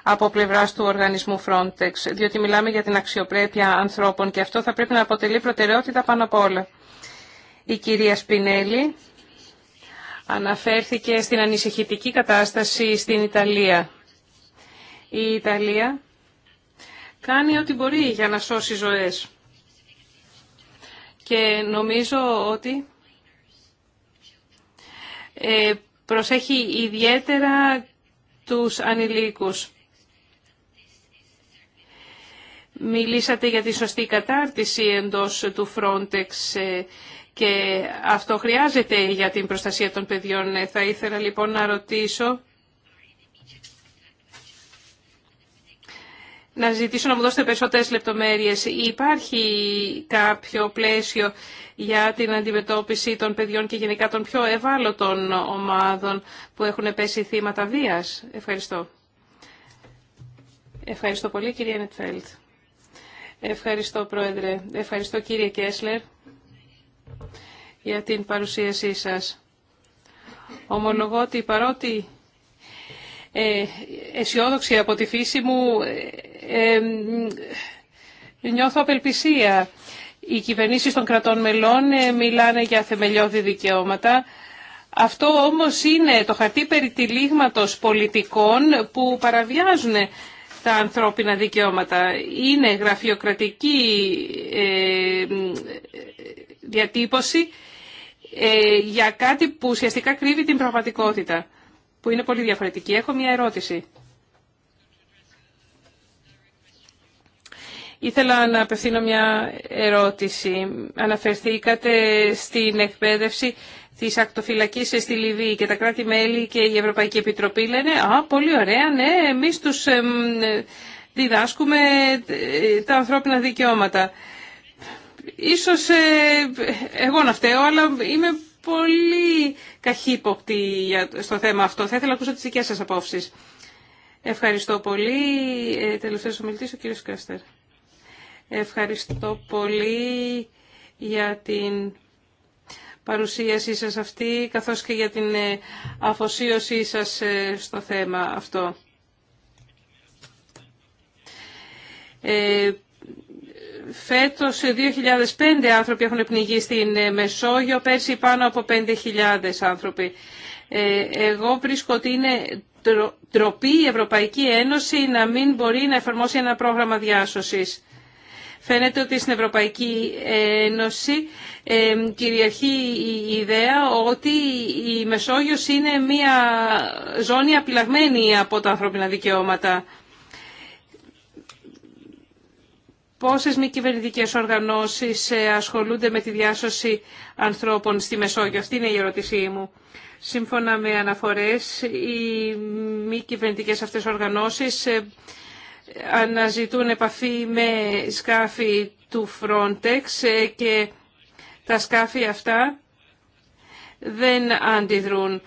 από πλευράς του οργανισμού Frontex, διότι μιλάμε για την αξιοπρέπεια ανθρώπων και αυτό θα πρέπει να αποτελεί προτεραιότητα πάνω απ' όλα. Η κυρία Σπινέλη αναφέρθηκε στην ανησυχητική κατάσταση στην Ιταλία. Η Ιταλία κάνει ό,τι μπορεί για να σώσει ζωές. Και νομίζω ότι ε, προσέχει ιδιαίτερα τους ανηλίκους. Μιλήσατε για τη σωστή κατάρτιση εντός του Frontex ε, και αυτό χρειάζεται για την προστασία των παιδιών. Ε, θα ήθελα λοιπόν να ρωτήσω, να ζητήσω να μου δώσετε περισσότερες λεπτομέρειες. Υπάρχει κάποιο πλαίσιο για την αντιμετώπιση των παιδιών και γενικά των πιο ευάλωτων ομάδων που έχουν πέσει θύματα βίας. Ευχαριστώ. Ευχαριστώ πολύ κυρία Νετφέλτ. Ευχαριστώ πρόεδρε. Ευχαριστώ κύριε Κέσλερ για την παρουσίασή σας. Ομολογώ ότι παρότι ε, αισιόδοξη από τη φύση μου, ε, ε, νιώθω απελπισία. Οι κυβερνήσεις των κρατών μελών μιλάνε για θεμελιώδη δικαιώματα. Αυτό όμως είναι το χαρτί περί πολιτικών που παραβιάζουν τα ανθρώπινα δικαιώματα. Είναι γραφειοκρατική διατύπωση ε, για κάτι που ουσιαστικά κρύβει την πραγματικότητα, που είναι πολύ διαφορετική. Έχω μια ερώτηση. Ήθελα να απευθύνω μια ερώτηση. Αναφερθήκατε στην εκπαίδευση της ακτοφυλακής στη Λιβύη και τα κράτη-μέλη και η Ευρωπαϊκή Επιτροπή λένε «Α, πολύ ωραία, ναι, εμείς τους διδάσκουμε ε, τα ανθρώπινα δικαιώματα». Ίσως ε, εγώ να φταίω, αλλά είμαι πολύ καχύποπτη στο θέμα αυτό. Θα ήθελα να ακούσω τις δικές σας απόψεις. Ευχαριστώ πολύ. Ε, τελευταίος ομιλητής, ο κύριος Κάστερ. Ευχαριστώ πολύ για την παρουσίασή σας αυτή, καθώς και για την ε, αφοσίωσή σας ε, στο θέμα αυτό. Ε, Φέτος 2.005 ε, άνθρωποι έχουν πνιγεί στην ε, Μεσόγειο, πέρσι πάνω από 5.000 άνθρωποι. Ε, εγώ βρίσκω ότι είναι τροπή η Ευρωπαϊκή Ένωση να μην μπορεί να εφαρμόσει ένα πρόγραμμα διάσωσης. Φαίνεται ότι στην Ευρωπαϊκή Ένωση κυριαρχεί η ιδέα ότι η Μεσόγειος είναι μια ζώνη απειλαγμένη από τα ανθρώπινα δικαιώματα. Πόσες μη κυβερνητικέ οργανώσεις ε, ασχολούνται με τη διάσωση ανθρώπων στη Μεσόγειο. Αυτή είναι η ερώτησή μου. Σύμφωνα με αναφορές, οι μη κυβερνητικέ αυτές οργανώσεις ε, αναζητούν επαφή με σκάφη του Frontex ε, και τα σκάφη αυτά δεν αντιδρούν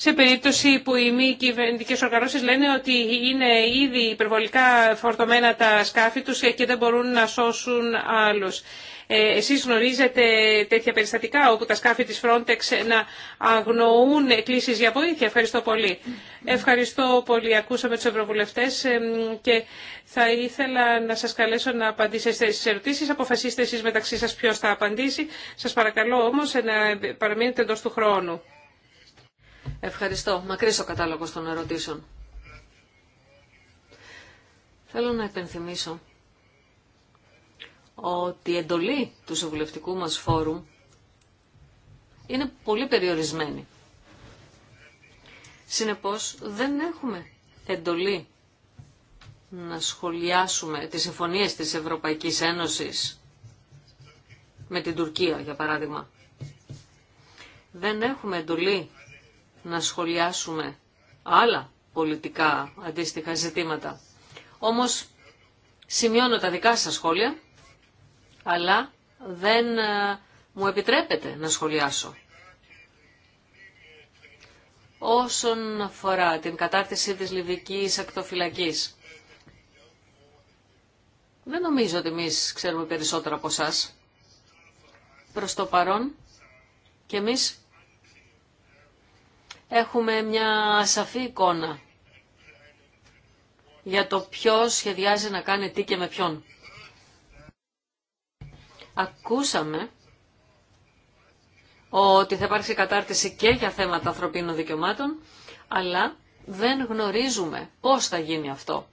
σε περίπτωση που οι μη κυβερνητικέ οργανώσει λένε ότι είναι ήδη υπερβολικά φορτωμένα τα σκάφη του και δεν μπορούν να σώσουν άλλους. Ε, εσείς γνωρίζετε τέτοια περιστατικά όπου τα σκάφη της Frontex να αγνοούν εκκλήσεις για βοήθεια. Ευχαριστώ πολύ. Ευχαριστώ πολύ. Ακούσαμε τους ευρωβουλευτές ε, και θα ήθελα να σας καλέσω να απαντήσετε στις ερωτήσεις. Αποφασίστε εσείς μεταξύ σας ποιος θα απαντήσει. Σας παρακαλώ όμως να παραμείνετε εντό του χρόνου. Ευχαριστώ. Μακρύ ο κατάλογος των ερωτήσεων. Θέλω να επενθυμίσω ότι η εντολή του συμβουλευτικού μας φόρουμ είναι πολύ περιορισμένη. Συνεπώς δεν έχουμε εντολή να σχολιάσουμε τις συμφωνίες της Ευρωπαϊκής Ένωσης με την Τουρκία, για παράδειγμα. Δεν έχουμε εντολή να σχολιάσουμε άλλα πολιτικά αντίστοιχα ζητήματα. Όμως σημειώνω τα δικά σας σχόλια, αλλά δεν ε, μου επιτρέπεται να σχολιάσω. Όσον αφορά την κατάρτιση της Λιβικής Ακτοφυλακής, δεν νομίζω ότι εμεί ξέρουμε περισσότερα από εσά. Προς το παρόν και εμείς έχουμε μια σαφή εικόνα για το ποιος σχεδιάζει να κάνει τι και με ποιον. Ακούσαμε ότι θα υπάρξει κατάρτιση και για θέματα ανθρωπίνων δικαιωμάτων, αλλά δεν γνωρίζουμε πώς θα γίνει αυτό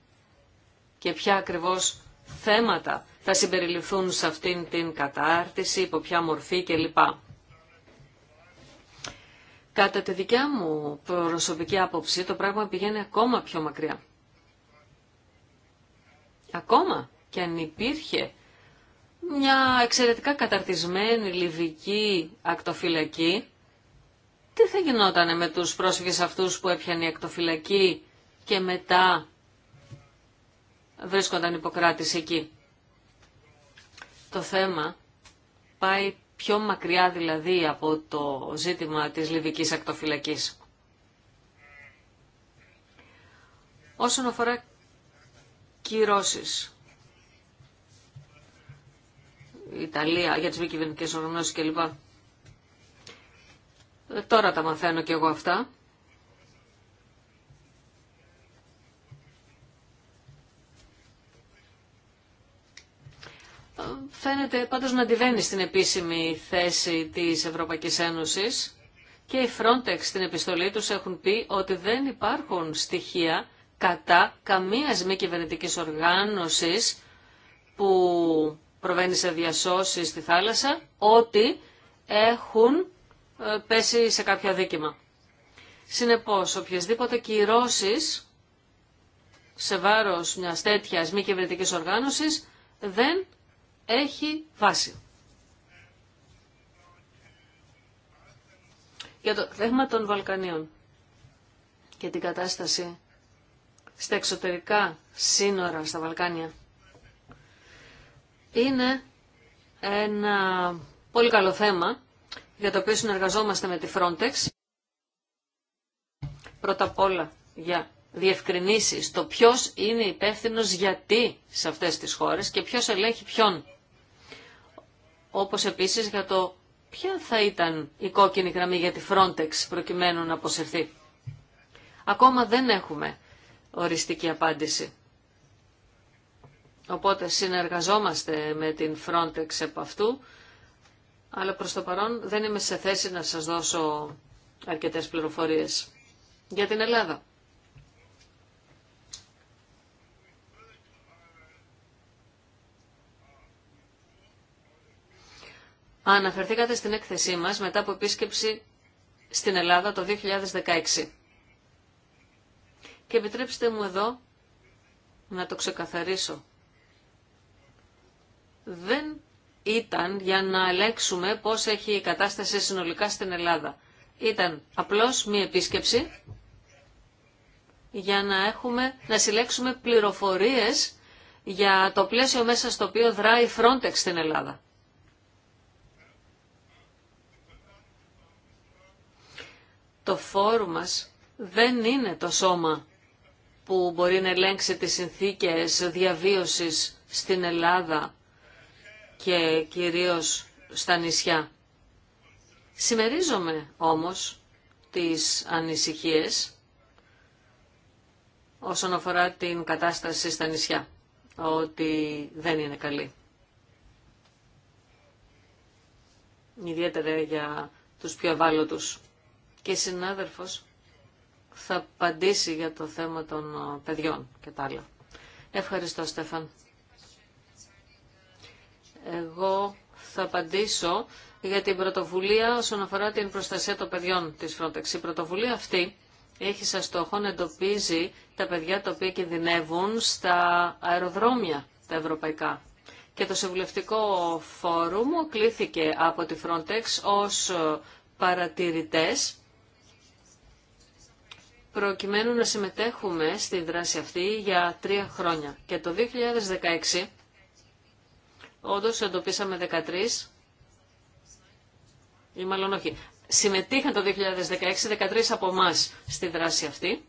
και ποια ακριβώς θέματα θα συμπεριληφθούν σε αυτήν την κατάρτιση, υπό ποια μορφή κλπ. Κατά τη δικιά μου προσωπική άποψη το πράγμα πηγαίνει ακόμα πιο μακριά. Ακόμα και αν υπήρχε μια εξαιρετικά καταρτισμένη λιβική ακτοφυλακή, τι θα γινόταν με τους πρόσφυγες αυτούς που έπιανε η ακτοφυλακή και μετά βρίσκονταν υποκράτηση εκεί. Το θέμα πάει πιο μακριά δηλαδή από το ζήτημα της Λιβικής ακτοφυλακής. Όσον αφορά κυρώσεις, Ιταλία, για τις μη κυβερνητικές οργανώσεις κλπ. Ε, τώρα τα μαθαίνω κι εγώ αυτά. φαίνεται πάντως να αντιβαίνει στην επίσημη θέση της Ευρωπαϊκής Ένωσης και η Frontex στην επιστολή τους έχουν πει ότι δεν υπάρχουν στοιχεία κατά καμίας μη κυβερνητική οργάνωσης που προβαίνει σε διασώσεις στη θάλασσα ότι έχουν ε, πέσει σε κάποιο αδίκημα. Συνεπώς, οποιασδήποτε κυρώσεις σε βάρος μιας τέτοιας μη κυβερνητική οργάνωσης δεν έχει βάση. Για το θέμα των Βαλκανίων και την κατάσταση στα εξωτερικά σύνορα στα Βαλκάνια είναι ένα πολύ καλό θέμα για το οποίο συνεργαζόμαστε με τη Frontex. Πρώτα απ' όλα για διευκρινήσεις το ποιος είναι υπεύθυνο γιατί σε αυτές τις χώρες και ποιος ελέγχει ποιον όπως επίσης για το ποια θα ήταν η κόκκινη γραμμή για τη Frontex προκειμένου να αποσυρθεί. Ακόμα δεν έχουμε οριστική απάντηση. Οπότε συνεργαζόμαστε με την Frontex επ' αυτού, αλλά προς το παρόν δεν είμαι σε θέση να σας δώσω αρκετές πληροφορίες για την Ελλάδα. Αναφερθήκατε στην έκθεσή μας μετά από επίσκεψη στην Ελλάδα το 2016. Και επιτρέψτε μου εδώ να το ξεκαθαρίσω. Δεν ήταν για να ελέγξουμε πώς έχει η κατάσταση συνολικά στην Ελλάδα. Ήταν απλώς μία επίσκεψη για να, έχουμε, να συλλέξουμε πληροφορίες για το πλαίσιο μέσα στο οποίο δράει η Frontex στην Ελλάδα. το φόρου μας δεν είναι το σώμα που μπορεί να ελέγξει τις συνθήκες διαβίωσης στην Ελλάδα και κυρίως στα νησιά. Σημερίζομαι όμως τις ανησυχίες όσον αφορά την κατάσταση στα νησιά, ότι δεν είναι καλή. Ιδιαίτερα για τους πιο ευάλωτους και η συνάδελφος θα απαντήσει για το θέμα των ε, παιδιών και τα άλλα. Ευχαριστώ Στέφαν. Εγώ θα απαντήσω για την πρωτοβουλία όσον αφορά την προστασία των παιδιών της Frontex. Η πρωτοβουλία αυτή έχει σαν στόχο να εντοπίζει τα παιδιά τα οποία κινδυνεύουν στα αεροδρόμια τα ευρωπαϊκά. Και το Συμβουλευτικό Φόρουμ κλήθηκε από τη Frontex ως ε, παρατηρητές προκειμένου να συμμετέχουμε στη δράση αυτή για τρία χρόνια. Και το 2016 όντως εντοπίσαμε 13 ή μάλλον όχι. Συμμετείχαν το 2016 13 από εμά στη δράση αυτή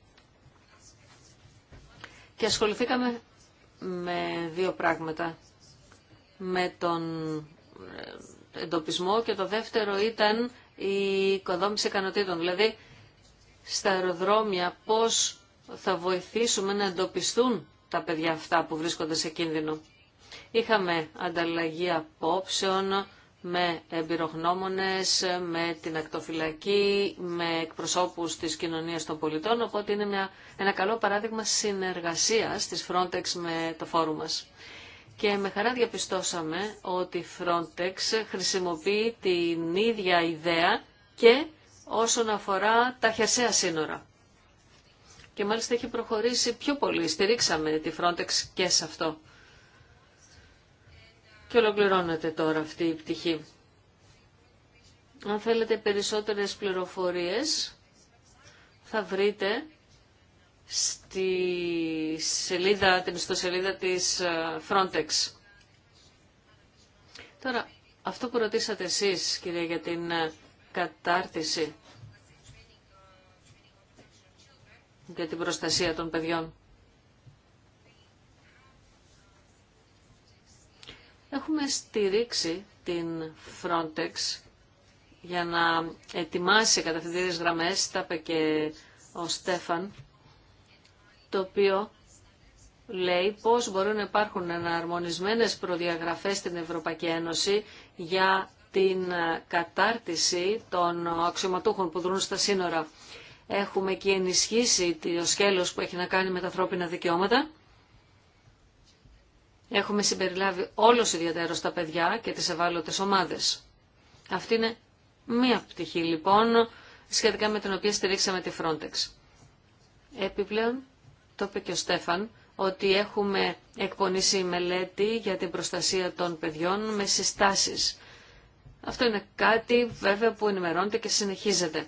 και ασχοληθήκαμε με δύο πράγματα. Με τον ε, εντοπισμό και το δεύτερο ήταν η οικοδόμηση ικανοτήτων, δηλαδή στα αεροδρόμια πώς θα βοηθήσουμε να εντοπιστούν τα παιδιά αυτά που βρίσκονται σε κίνδυνο. Είχαμε ανταλλαγή απόψεων με εμπειρογνώμονες, με την ακτοφυλακή, με εκπροσώπους της κοινωνίας των πολιτών, οπότε είναι μια, ένα καλό παράδειγμα συνεργασίας της Frontex με το φόρου μας. Και με χαρά διαπιστώσαμε ότι η Frontex χρησιμοποιεί την ίδια ιδέα και όσον αφορά τα χερσαία σύνορα. Και μάλιστα έχει προχωρήσει πιο πολύ. Στηρίξαμε τη Frontex και σε αυτό. Και ολοκληρώνεται τώρα αυτή η πτυχή. Αν θέλετε περισσότερες πληροφορίες, θα βρείτε στη σελίδα, την ιστοσελίδα της ε, Frontex. Τώρα, αυτό που ρωτήσατε εσείς, κυρία, για την ε, κατάρτιση για την προστασία των παιδιών. Έχουμε στηρίξει την Frontex για να ετοιμάσει κατευθυντήριες γραμμές, τα είπε και ο Στέφαν, το οποίο λέει πώς μπορούν να υπάρχουν εναρμονισμένες προδιαγραφές στην Ευρωπαϊκή Ένωση για την ε, κατάρτιση των αξιωματούχων που δρούν στα σύνορα. Έχουμε και ενισχύσει το σκέλος που έχει να κάνει με τα ανθρώπινα δικαιώματα. Έχουμε συμπεριλάβει όλος ιδιαίτερο τα παιδιά και τις ευάλωτες ομάδες. Αυτή είναι μία πτυχή λοιπόν σχετικά με την οποία στηρίξαμε τη Frontex. Επιπλέον, το είπε και ο Στέφαν, ότι έχουμε εκπονήσει μελέτη για την προστασία των παιδιών με συστάσεις. Αυτό είναι κάτι βέβαια που ενημερώνεται και συνεχίζεται.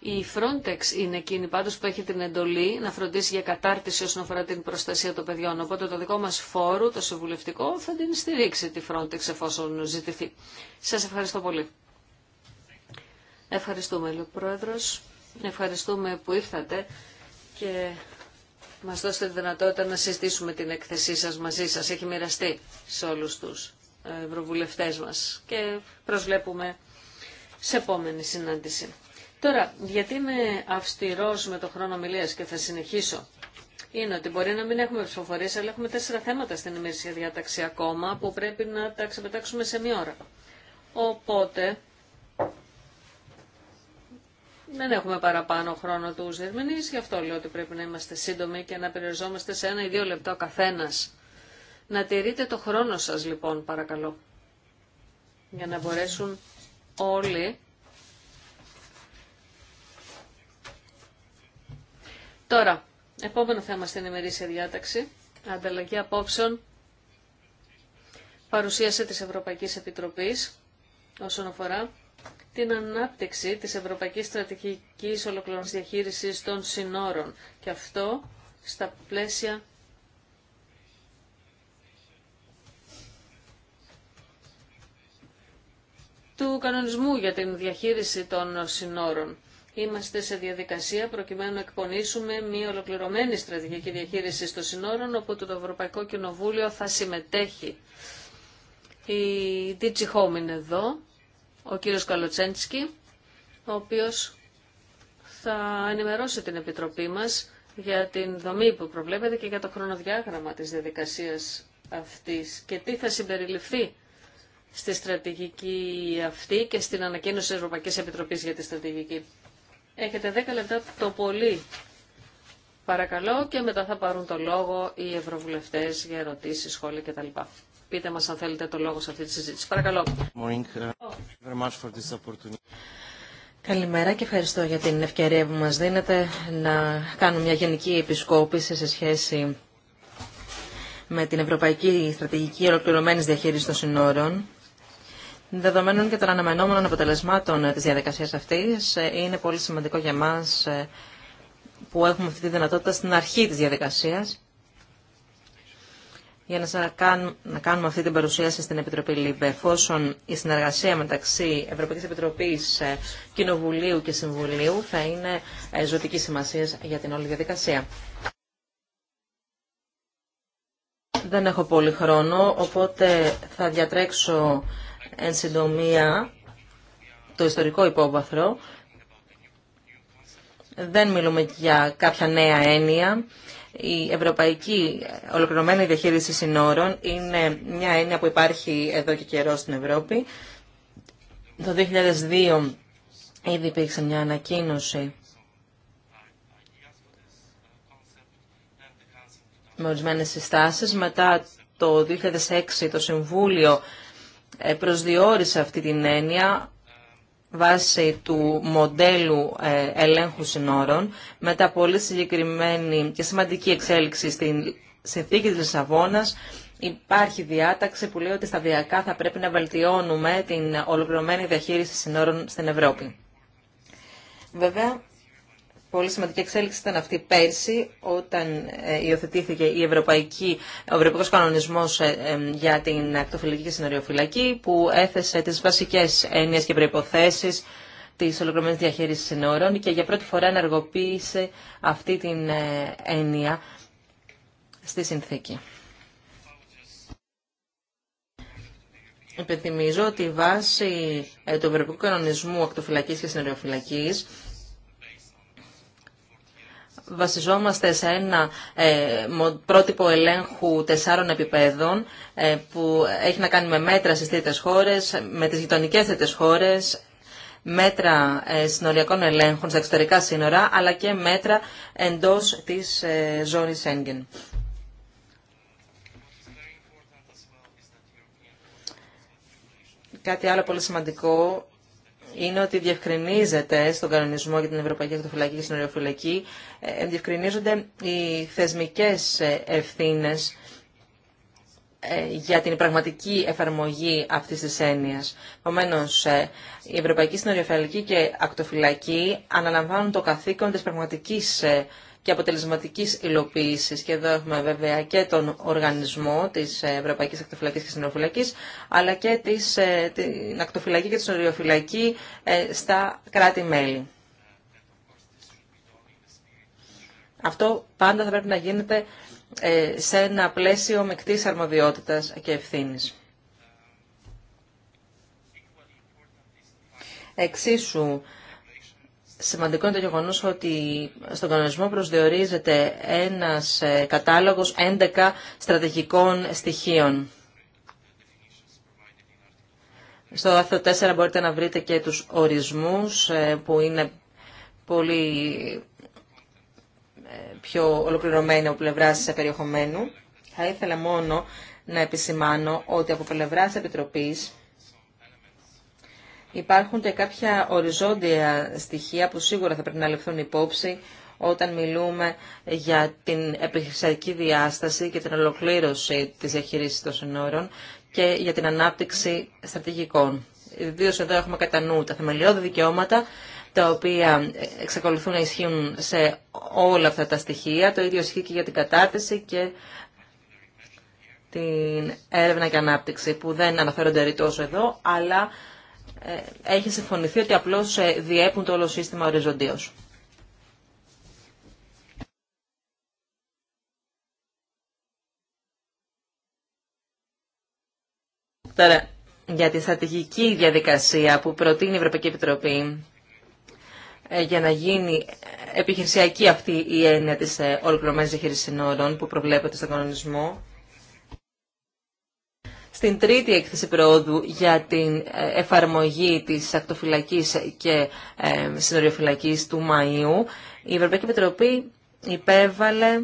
Η Frontex είναι εκείνη πάντως που έχει την εντολή να φροντίσει για κατάρτιση όσον αφορά την προστασία των παιδιών. Οπότε το δικό μας φόρου, το συμβουλευτικό, θα την στηρίξει τη Frontex εφόσον ζητηθεί. Σας ευχαριστώ πολύ. Ευχαριστούμε, λέει Πρόεδρος. Ευχαριστούμε που ήρθατε και μας δώσετε τη δυνατότητα να συζητήσουμε την έκθεσή σας μαζί σας. Έχει μοιραστεί σε όλους τους ευρωβουλευτές μας και προσβλέπουμε σε επόμενη συνάντηση. Τώρα, γιατί είμαι αυστηρός με το χρόνο ομιλίας και θα συνεχίσω. Είναι ότι μπορεί να μην έχουμε ψηφοφορίε, αλλά έχουμε τέσσερα θέματα στην ημερήσια διάταξη ακόμα που πρέπει να τα ξεπετάξουμε σε μία ώρα. Οπότε, δεν έχουμε παραπάνω χρόνο του διερμηνείς, γι' αυτό λέω ότι πρέπει να είμαστε σύντομοι και να περιοριζόμαστε σε ένα ή δύο λεπτό καθένας. Να τηρείτε το χρόνο σας λοιπόν παρακαλώ για να μπορέσουν όλοι Τώρα, επόμενο θέμα στην ημερήσια διάταξη, ανταλλαγή απόψεων, Παρουσίασε της Ευρωπαϊκής Επιτροπής όσον αφορά την ανάπτυξη της Ευρωπαϊκής Στρατηγικής Ολοκληρώνης Διαχείρισης των Συνόρων και αυτό στα πλαίσια του κανονισμού για την διαχείριση των συνόρων. Είμαστε σε διαδικασία προκειμένου να εκπονήσουμε μια ολοκληρωμένη στρατηγική διαχείριση των συνόρων, όπου το Ευρωπαϊκό Κοινοβούλιο θα συμμετέχει. Η Digi Home είναι εδώ, ο κύριος Καλοτσέντσκι, ο οποίος θα ενημερώσει την Επιτροπή μας για την δομή που προβλέπεται και για το χρονοδιάγραμμα της διαδικασίας αυτής και τι θα συμπεριληφθεί στη στρατηγική αυτή και στην ανακοίνωση της Ευρωπαϊκής Επιτροπής για τη στρατηγική. Έχετε 10 λεπτά το πολύ. Παρακαλώ και μετά θα πάρουν το λόγο οι ευρωβουλευτές για ερωτήσεις, σχόλια κτλ. Πείτε μας αν θέλετε το λόγο σε αυτή τη συζήτηση. Παρακαλώ. Uh, Καλημέρα και ευχαριστώ για την ευκαιρία που μας δίνετε να κάνουμε μια γενική επισκόπηση σε σχέση με την Ευρωπαϊκή Στρατηγική Ολοκληρωμένης Διαχείρισης των Συνόρων Δεδομένων και των αναμενόμενων αποτελεσμάτων της διαδικασίας αυτής, είναι πολύ σημαντικό για μας ε, που έχουμε αυτή τη δυνατότητα στην αρχή της διαδικασίας για να κάνουμε αυτή την παρουσίαση στην Επιτροπή ΛΥΜΠΕ. Εφόσον η συνεργασία μεταξύ Ευρωπαϊκής Επιτροπής ε, Κοινοβουλίου και Συμβουλίου θα είναι ε, ζωτική σημασία για την όλη διαδικασία. Δεν έχω πολύ χρόνο, οπότε θα διατρέξω εν συντομία το ιστορικό υπόβαθρο. Δεν μιλούμε για κάποια νέα έννοια. Η ευρωπαϊκή ολοκληρωμένη διαχείριση συνόρων είναι μια έννοια που υπάρχει εδώ και καιρό στην Ευρώπη. Το 2002 ήδη υπήρξε μια ανακοίνωση με ορισμένες συστάσεις. Μετά το 2006 το Συμβούλιο ε, προσδιορίσε αυτή την έννοια βάσει του μοντέλου ε, ελέγχου συνόρων, τα πολύ συγκεκριμένη και σημαντική εξέλιξη στην συνθήκη της Λισαβόνας, υπάρχει διάταξη που λέει ότι σταδιακά θα πρέπει να βελτιώνουμε την ολοκληρωμένη διαχείριση συνόρων στην Ευρώπη. Βέβαια, Πολύ σημαντική εξέλιξη ήταν αυτή πέρσι όταν ε, υιοθετήθηκε η Ευρωπαϊκή, ο Ευρωπαϊκός Κανονισμός ε, ε, για την ακτοφυλακή και συνοριοφυλακή που έθεσε τις βασικές έννοιες και προϋποθέσεις της ολοκληρωμένης διαχείρισης συνόρων και για πρώτη φορά ενεργοποίησε αυτή την έννοια στη συνθήκη. Υπενθυμίζω ότι βάσει του Ευρωπαϊκού Κανονισμού Ακτοφυλακής και Συνοριοφυλακής βασιζόμαστε σε ένα ε, πρότυπο ελέγχου τεσσάρων επιπέδων ε, που έχει να κάνει με μέτρα στις τρίτες χώρες, με τις γειτονικές τρίτες χώρες, μέτρα ε, συνοριακών ελέγχων στα εξωτερικά σύνορα, αλλά και μέτρα εντός της ζώνης Σέγγεν. Κάτι άλλο πολύ σημαντικό είναι ότι διευκρινίζεται στον κανονισμό για την Ευρωπαϊκή Ακτοφυλακή και Συνοριοφυλακή, ε, διευκρινίζονται οι θεσμικές ε, ευθύνες ε, για την πραγματική εφαρμογή αυτής της έννοιας. Επομένω, η Ευρωπαϊκή Συνοριοφυλακή και Ακτοφυλακή αναλαμβάνουν το καθήκον της πραγματικής και αποτελεσματικής υλοποίησης. Και εδώ έχουμε βέβαια και τον οργανισμό της Ευρωπαϊκής Ακτοφυλακής και Συνοριοφυλακής, αλλά και της, ε, την ακτοφυλακή και τη συνοριοφυλακή ε, στα κράτη-μέλη. Αυτό πάντα θα πρέπει να γίνεται ε, σε ένα πλαίσιο μεκτή αρμοδιότητας και ευθύνης. Εξίσου Σημαντικό είναι το γεγονός ότι στον κανονισμό προσδιορίζεται ένας ε, κατάλογος 11 στρατηγικών στοιχείων. Στο άρθρο 4 μπορείτε να βρείτε και τους ορισμούς ε, που είναι πολύ ε, πιο ολοκληρωμένοι από πλευρά περιεχομένου. Θα ήθελα μόνο να επισημάνω ότι από πλευρά Επιτροπής Υπάρχουν και κάποια οριζόντια στοιχεία που σίγουρα θα πρέπει να λεφθούν υπόψη όταν μιλούμε για την επιχειρησιακή διάσταση και την ολοκλήρωση της διαχείριση των συνόρων και για την ανάπτυξη στρατηγικών. Ιδίω εδώ έχουμε κατά νου τα θεμελιώδη δικαιώματα, τα οποία εξακολουθούν να ισχύουν σε όλα αυτά τα στοιχεία. Το ίδιο ισχύει και για την κατάρτιση και την έρευνα και ανάπτυξη, που δεν αναφέρονται ρητός εδώ, αλλά ε, έχει συμφωνηθεί ότι απλώς ε, διέπουν το όλο σύστημα οριζοντίως. Τώρα, για τη στρατηγική διαδικασία που προτείνει η Ευρωπαϊκή Επιτροπή ε, για να γίνει επιχειρησιακή αυτή η έννοια της ολοκληρωμένης διαχείρισης συνόρων που προβλέπεται στον κανονισμό, στην τρίτη έκθεση προόδου για την ε, εφαρμογή της ακτοφυλακής και ε, συνοριοφυλακής του Μαΐου, η Ευρωπαϊκή Επιτροπή υπέβαλε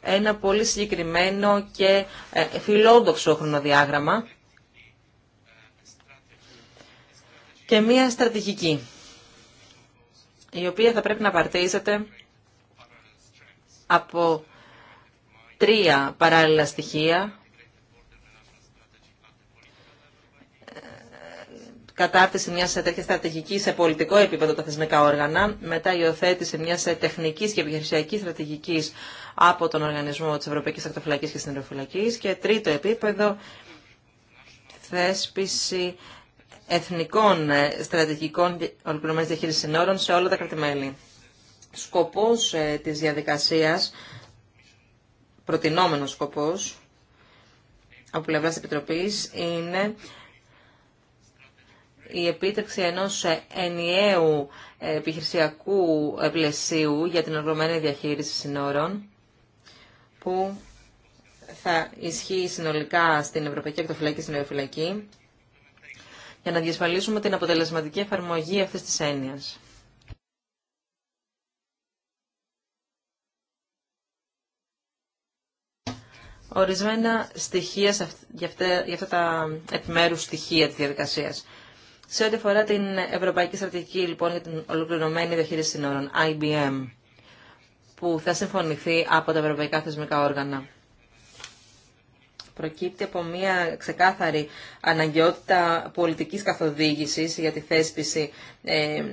ένα πολύ συγκεκριμένο και ε, φιλόδοξο χρονοδιάγραμμα και μία στρατηγική, η οποία θα πρέπει να παρτίζεται από τρία παράλληλα στοιχεία κατάρτιση μια τέτοια στρατηγική σε πολιτικό επίπεδο τα θεσμικά όργανα, μετά υιοθέτηση μια τεχνικής και επιχειρησιακής στρατηγικής από τον Οργανισμό τη Ευρωπαϊκής Ακτοφυλακή και Συνεργοφυλακή και τρίτο επίπεδο θέσπιση εθνικών ε, στρατηγικών ολοκληρωμένη διαχείριση συνόρων σε όλα τα κρατημέλη. Σκοπός ε, τη διαδικασία, προτινόμενο σκοπό, από πλευρά τη Επιτροπή είναι η επίτευξη ενός ενιαίου επιχειρησιακού πλαισίου για την οργανωμένη διαχείριση συνόρων που θα ισχύει συνολικά στην Ευρωπαϊκή Ακτοφυλακή στην Ευρωφυλακή για να διασφαλίσουμε την αποτελεσματική εφαρμογή αυτής της έννοιας. Ορισμένα στοιχεία για αυτά τα επιμέρους στοιχεία της διαδικασίας. Σε ό,τι αφορά την Ευρωπαϊκή Στρατηγική λοιπόν, για την Ολοκληρωμένη Διαχείριση Συνόρων, IBM, που θα συμφωνηθεί από τα ευρωπαϊκά θεσμικά όργανα. Προκύπτει από μια ξεκάθαρη αναγκαιότητα πολιτικής καθοδήγησης για τη θέσπιση ε,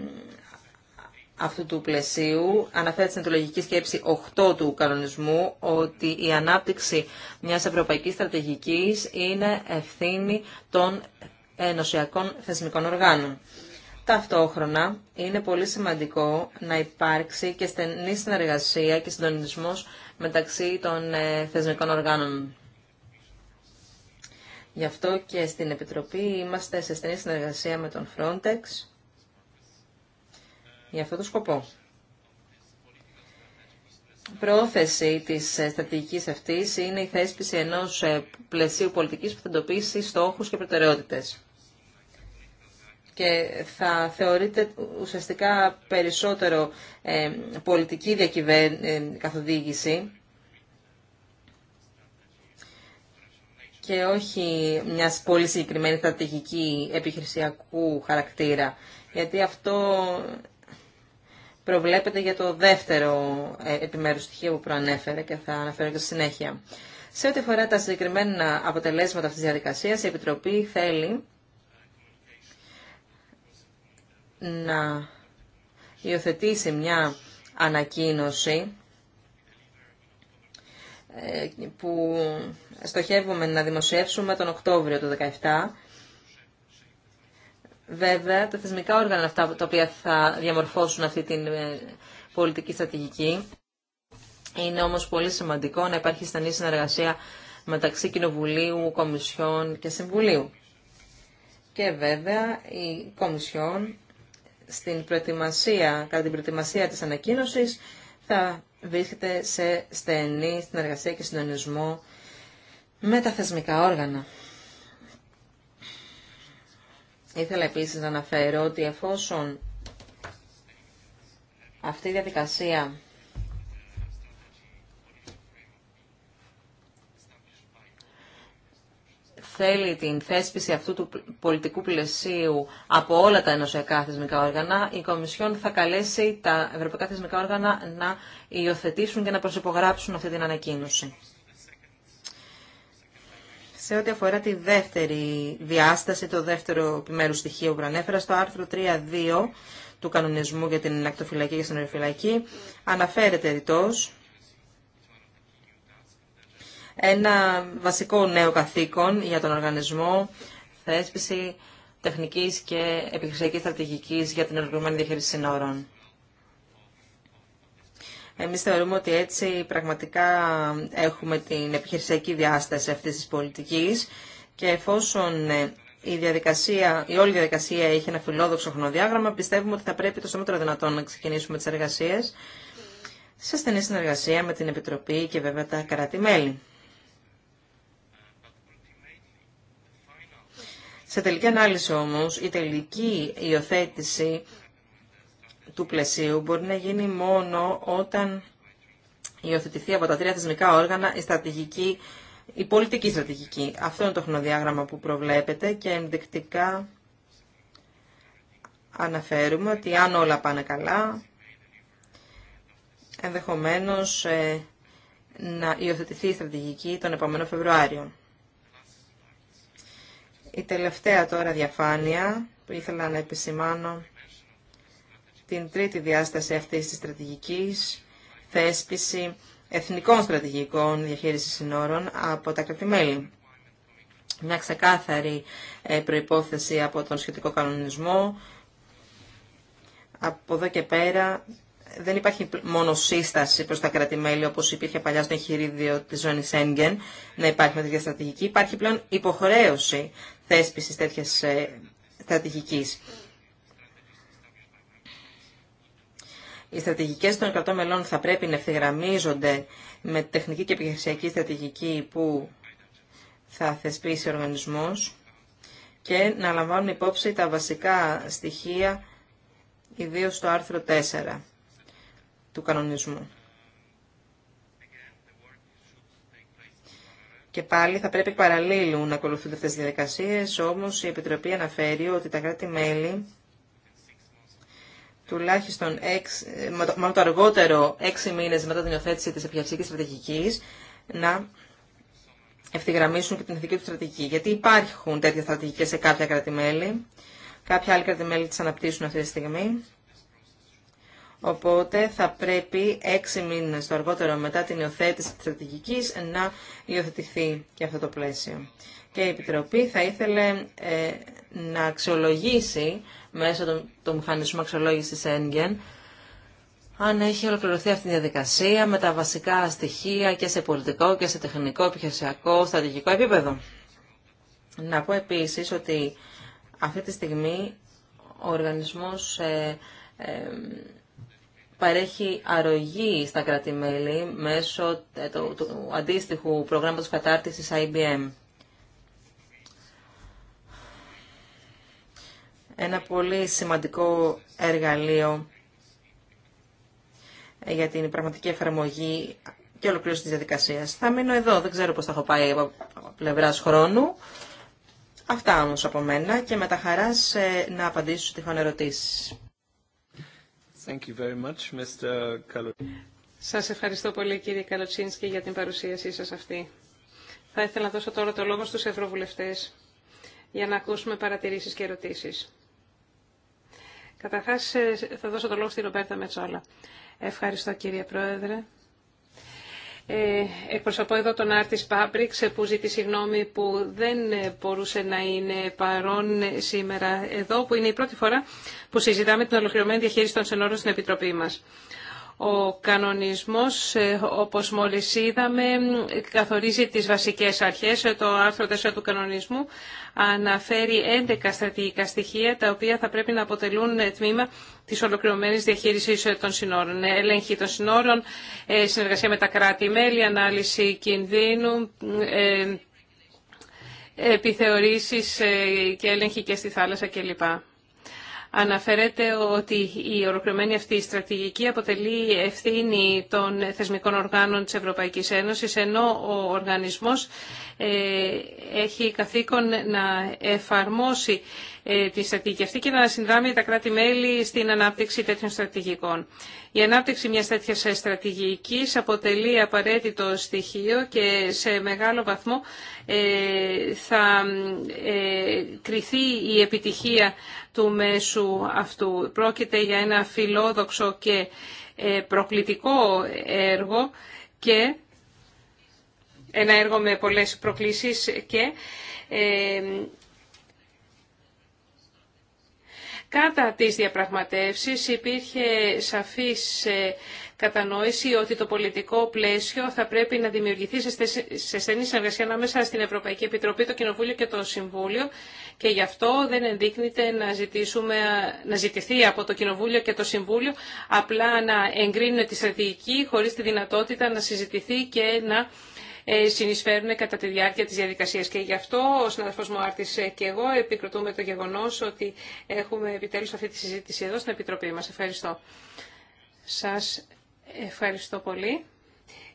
αυτού του πλαισίου. Αναφέρεται στην λογική σκέψη 8 του κανονισμού ότι η ανάπτυξη μιας ευρωπαϊκής στρατηγικής είναι ευθύνη των ενωσιακών θεσμικών οργάνων. Ταυτόχρονα είναι πολύ σημαντικό να υπάρξει και στενή συνεργασία και συντονισμός μεταξύ των ε, θεσμικών οργάνων. Γι' αυτό και στην Επιτροπή είμαστε σε στενή συνεργασία με τον Frontex για αυτό το σκοπό. Πρόθεση της ε, στρατηγικής αυτής είναι η θέσπιση ενός ε, πλαισίου πολιτικής που θα εντοπίσει στόχους και προτεραιότητες και θα θεωρείται ουσιαστικά περισσότερο ε, πολιτική διακυβέρνηση ε, καθοδήγηση και όχι μιας πολύ συγκεκριμένη στρατηγική επιχειρησιακού χαρακτήρα. Γιατί αυτό προβλέπεται για το δεύτερο ε, επιμέρους στοιχείο που προανέφερε και θα αναφέρω και στη συνέχεια. Σε ό,τι αφορά τα συγκεκριμένα αποτελέσματα αυτής της διαδικασίας, η Επιτροπή θέλει να υιοθετήσει μια ανακοίνωση ε, που στοχεύουμε να δημοσιεύσουμε τον Οκτώβριο του 2017. Βέβαια, τα θεσμικά όργανα αυτά τα οποία θα διαμορφώσουν αυτή την ε, πολιτική στρατηγική είναι όμως πολύ σημαντικό να υπάρχει στενή συνεργασία μεταξύ Κοινοβουλίου, Κομισιόν και Συμβουλίου. Και βέβαια η Κομισιόν στην προετοιμασία, κατά την προετοιμασία της ανακοίνωσης θα βρίσκεται σε στενή συνεργασία και συντονισμό με τα θεσμικά όργανα. Ήθελα επίσης να αναφέρω ότι εφόσον αυτή η διαδικασία θέλει την θέσπιση αυτού του πολιτικού πλαισίου από όλα τα ενωσιακά θεσμικά όργανα, η Κομισιόν θα καλέσει τα ευρωπαϊκά θεσμικά όργανα να υιοθετήσουν και να προσυπογράψουν αυτή την ανακοίνωση. Σε ό,τι αφορά τη δεύτερη διάσταση, το δεύτερο επιμέρου στοιχείο που ανέφερα, στο άρθρο 3.2 του κανονισμού για την ακτοφυλακή και στην αναφέρεται ρητός ένα βασικό νέο καθήκον για τον οργανισμό, θέσπιση τεχνικής και επιχειρησιακής στρατηγικής για την οργανωμένη διαχείριση συνόρων. Εμείς θεωρούμε ότι έτσι πραγματικά έχουμε την επιχειρησιακή διάσταση αυτής της πολιτικής και εφόσον ε, η, διαδικασία, η όλη διαδικασία έχει ένα φιλόδοξο χρονοδιάγραμμα, πιστεύουμε ότι θα πρέπει το στόμετρο δυνατόν να ξεκινήσουμε τις εργασίες σε στενή συνεργασία με την Επιτροπή και βέβαια τα κράτη-μέλη. Σε τελική ανάλυση όμως, η τελική υιοθέτηση του πλαισίου μπορεί να γίνει μόνο όταν υιοθετηθεί από τα τρία θεσμικά όργανα η στρατηγική, η πολιτική στρατηγική. Αυτό είναι το χρονοδιάγραμμα που προβλέπετε και ενδεικτικά αναφέρουμε ότι αν όλα πάνε καλά, ενδεχομένως ε, να υιοθετηθεί η στρατηγική τον επόμενο Φεβρουάριο. Η τελευταία τώρα διαφάνεια που ήθελα να επισημάνω την τρίτη διάσταση αυτής της στρατηγικής θέσπιση εθνικών στρατηγικών διαχείρισης συνόρων από τα κρατημέλη. Μια ξεκάθαρη ε, προϋπόθεση από τον σχετικό κανονισμό. Από εδώ και πέρα δεν υπάρχει μόνο σύσταση προς τα κρατημέλη όπως υπήρχε παλιά στο εγχειρίδιο της ζώνης Ένγκεν να υπάρχει με τη διαστρατηγική. Υπάρχει πλέον υποχρέωση θέσπισης τέτοια ε, στρατηγική. Οι στρατηγικέ των 100 μελών θα πρέπει να ευθυγραμμίζονται με τεχνική και επιχειρησιακή στρατηγική που θα θεσπίσει ο οργανισμό και να λαμβάνουν υπόψη τα βασικά στοιχεία, ιδίω στο άρθρο 4 του κανονισμού. Και πάλι θα πρέπει παραλλήλου να ακολουθούνται αυτές τις διαδικασίες, όμως η Επιτροπή αναφέρει ότι τα κράτη-μέλη τουλάχιστον μάλλον το αργότερο έξι μήνες μετά την υιοθέτηση της επιχειρησιακής στρατηγικής να ευθυγραμμίσουν και την εθνική του στρατηγική. Γιατί υπάρχουν τέτοια στρατηγικές σε κάποια κράτη-μέλη, κάποια άλλη κράτη-μέλη τις αναπτύσσουν αυτή τη στιγμή Οπότε θα πρέπει έξι μήνες το αργότερο μετά την υιοθέτηση της στρατηγικής να υιοθετηθεί και αυτό το πλαίσιο. Και η Επιτροπή θα ήθελε ε, να αξιολογήσει μέσω του μηχανισμού αξιολόγησης ΕΝΓΕΝ αν έχει ολοκληρωθεί αυτή η διαδικασία με τα βασικά στοιχεία και σε πολιτικό και σε τεχνικό, επιχειρησιακό, στρατηγικό επίπεδο. Να πω επίσης ότι αυτή τη στιγμή ο οργανισμός ε, ε, παρέχει αρρωγή στα κρατη μέσω ε, του αντίστοιχου προγράμματος κατάρτισης IBM. Ένα πολύ σημαντικό εργαλείο ε, για την πραγματική εφαρμογή και ολοκλήρωση της διαδικασίας. Θα μείνω εδώ, δεν ξέρω πώς θα έχω πάει από πλευράς χρόνου. Αυτά όμως από μένα και με τα χαράς ε, να απαντήσω στις ερωτήσεις. Thank Σας ευχαριστώ πολύ κύριε Καλοτσίνσκι για την παρουσίασή σας αυτή. Θα ήθελα να δώσω τώρα το λόγο στους ευρωβουλευτές για να ακούσουμε παρατηρήσεις και ερωτήσεις. Καταρχάς ε, θα δώσω το λόγο στη Ρομπέρτα Μετσόλα. Ευχαριστώ κύριε Πρόεδρε. Ε, εκπροσωπώ εδώ τον Άρτης Πάμπριξ που ζητεί συγγνώμη που δεν μπορούσε να είναι παρόν σήμερα εδώ, που είναι η πρώτη φορά που συζητάμε την ολοκληρωμένη διαχείριση των συνόρων στην Επιτροπή μας. Ο κανονισμός, ε, όπως μόλις είδαμε, καθορίζει τις βασικές αρχές. Το άρθρο 4 του κανονισμού αναφέρει 11 στρατηγικά στοιχεία, τα οποία θα πρέπει να αποτελούν ε, τμήμα της ολοκληρωμένης διαχείρισης ε, των συνόρων. Έλεγχη των συνόρων, συνεργασία με τα κράτη-μέλη, ανάλυση κινδύνου, επιθεωρήσεις και έλεγχη και στη θάλασσα κλπ αναφέρεται ότι η ολοκληρωμένη αυτή στρατηγική αποτελεί ευθύνη των θεσμικών οργάνων της Ευρωπαϊκής Ένωσης, ενώ ο οργανισμός ε, έχει καθήκον να εφαρμόσει ε, τη στρατηγική αυτή και να συνδράμει τα κράτη-μέλη στην ανάπτυξη τέτοιων στρατηγικών. Η ανάπτυξη μιας τέτοιας στρατηγικής αποτελεί απαραίτητο στοιχείο και σε μεγάλο βαθμό ε, θα ε, κριθεί η επιτυχία του μέσου αυτού. Πρόκειται για ένα φιλόδοξο και προκλητικό έργο και ένα έργο με πολλές προκλήσεις και Κατά τις διαπραγματεύσεις υπήρχε σαφής ε, κατανόηση ότι το πολιτικό πλαίσιο θα πρέπει να δημιουργηθεί σε στενή συνεργασία ανάμεσα στην Ευρωπαϊκή Επιτροπή, το Κοινοβούλιο και το Συμβούλιο και γι' αυτό δεν ενδείκνεται να, ζητήσουμε, να ζητηθεί από το Κοινοβούλιο και το Συμβούλιο απλά να εγκρίνουν τη στρατηγική χωρίς τη δυνατότητα να συζητηθεί και να ε, συνεισφέρουν κατά τη διάρκεια τη διαδικασία Και γι' αυτό ο συναδελφός μου Άρτης και εγώ επικροτούμε το γεγονό ότι έχουμε επιτέλου αυτή τη συζήτηση εδώ στην Επιτροπή μα. Ευχαριστώ. Σα ευχαριστώ πολύ.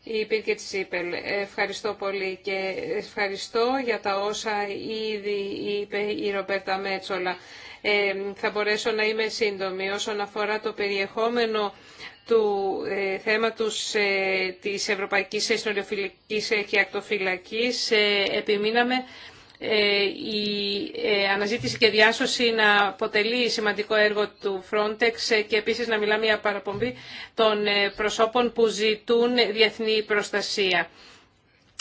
Η Πίρκε Τσίπελ, ευχαριστώ πολύ και ευχαριστώ για τα όσα ήδη είπε η Ρομπέρτα Μέτσολα. Ε, θα μπορέσω να είμαι σύντομη όσον αφορά το περιεχόμενο του ε, θέματος ε, της Ευρωπαϊκής Συνοριοφυλακής και Ακτοφυλακής ε, επιμείναμε ε, η ε, αναζήτηση και διάσωση να αποτελεί σημαντικό έργο του Frontex και επίσης να μιλάμε για παραπομπή των προσώπων που ζητούν διεθνή προστασία.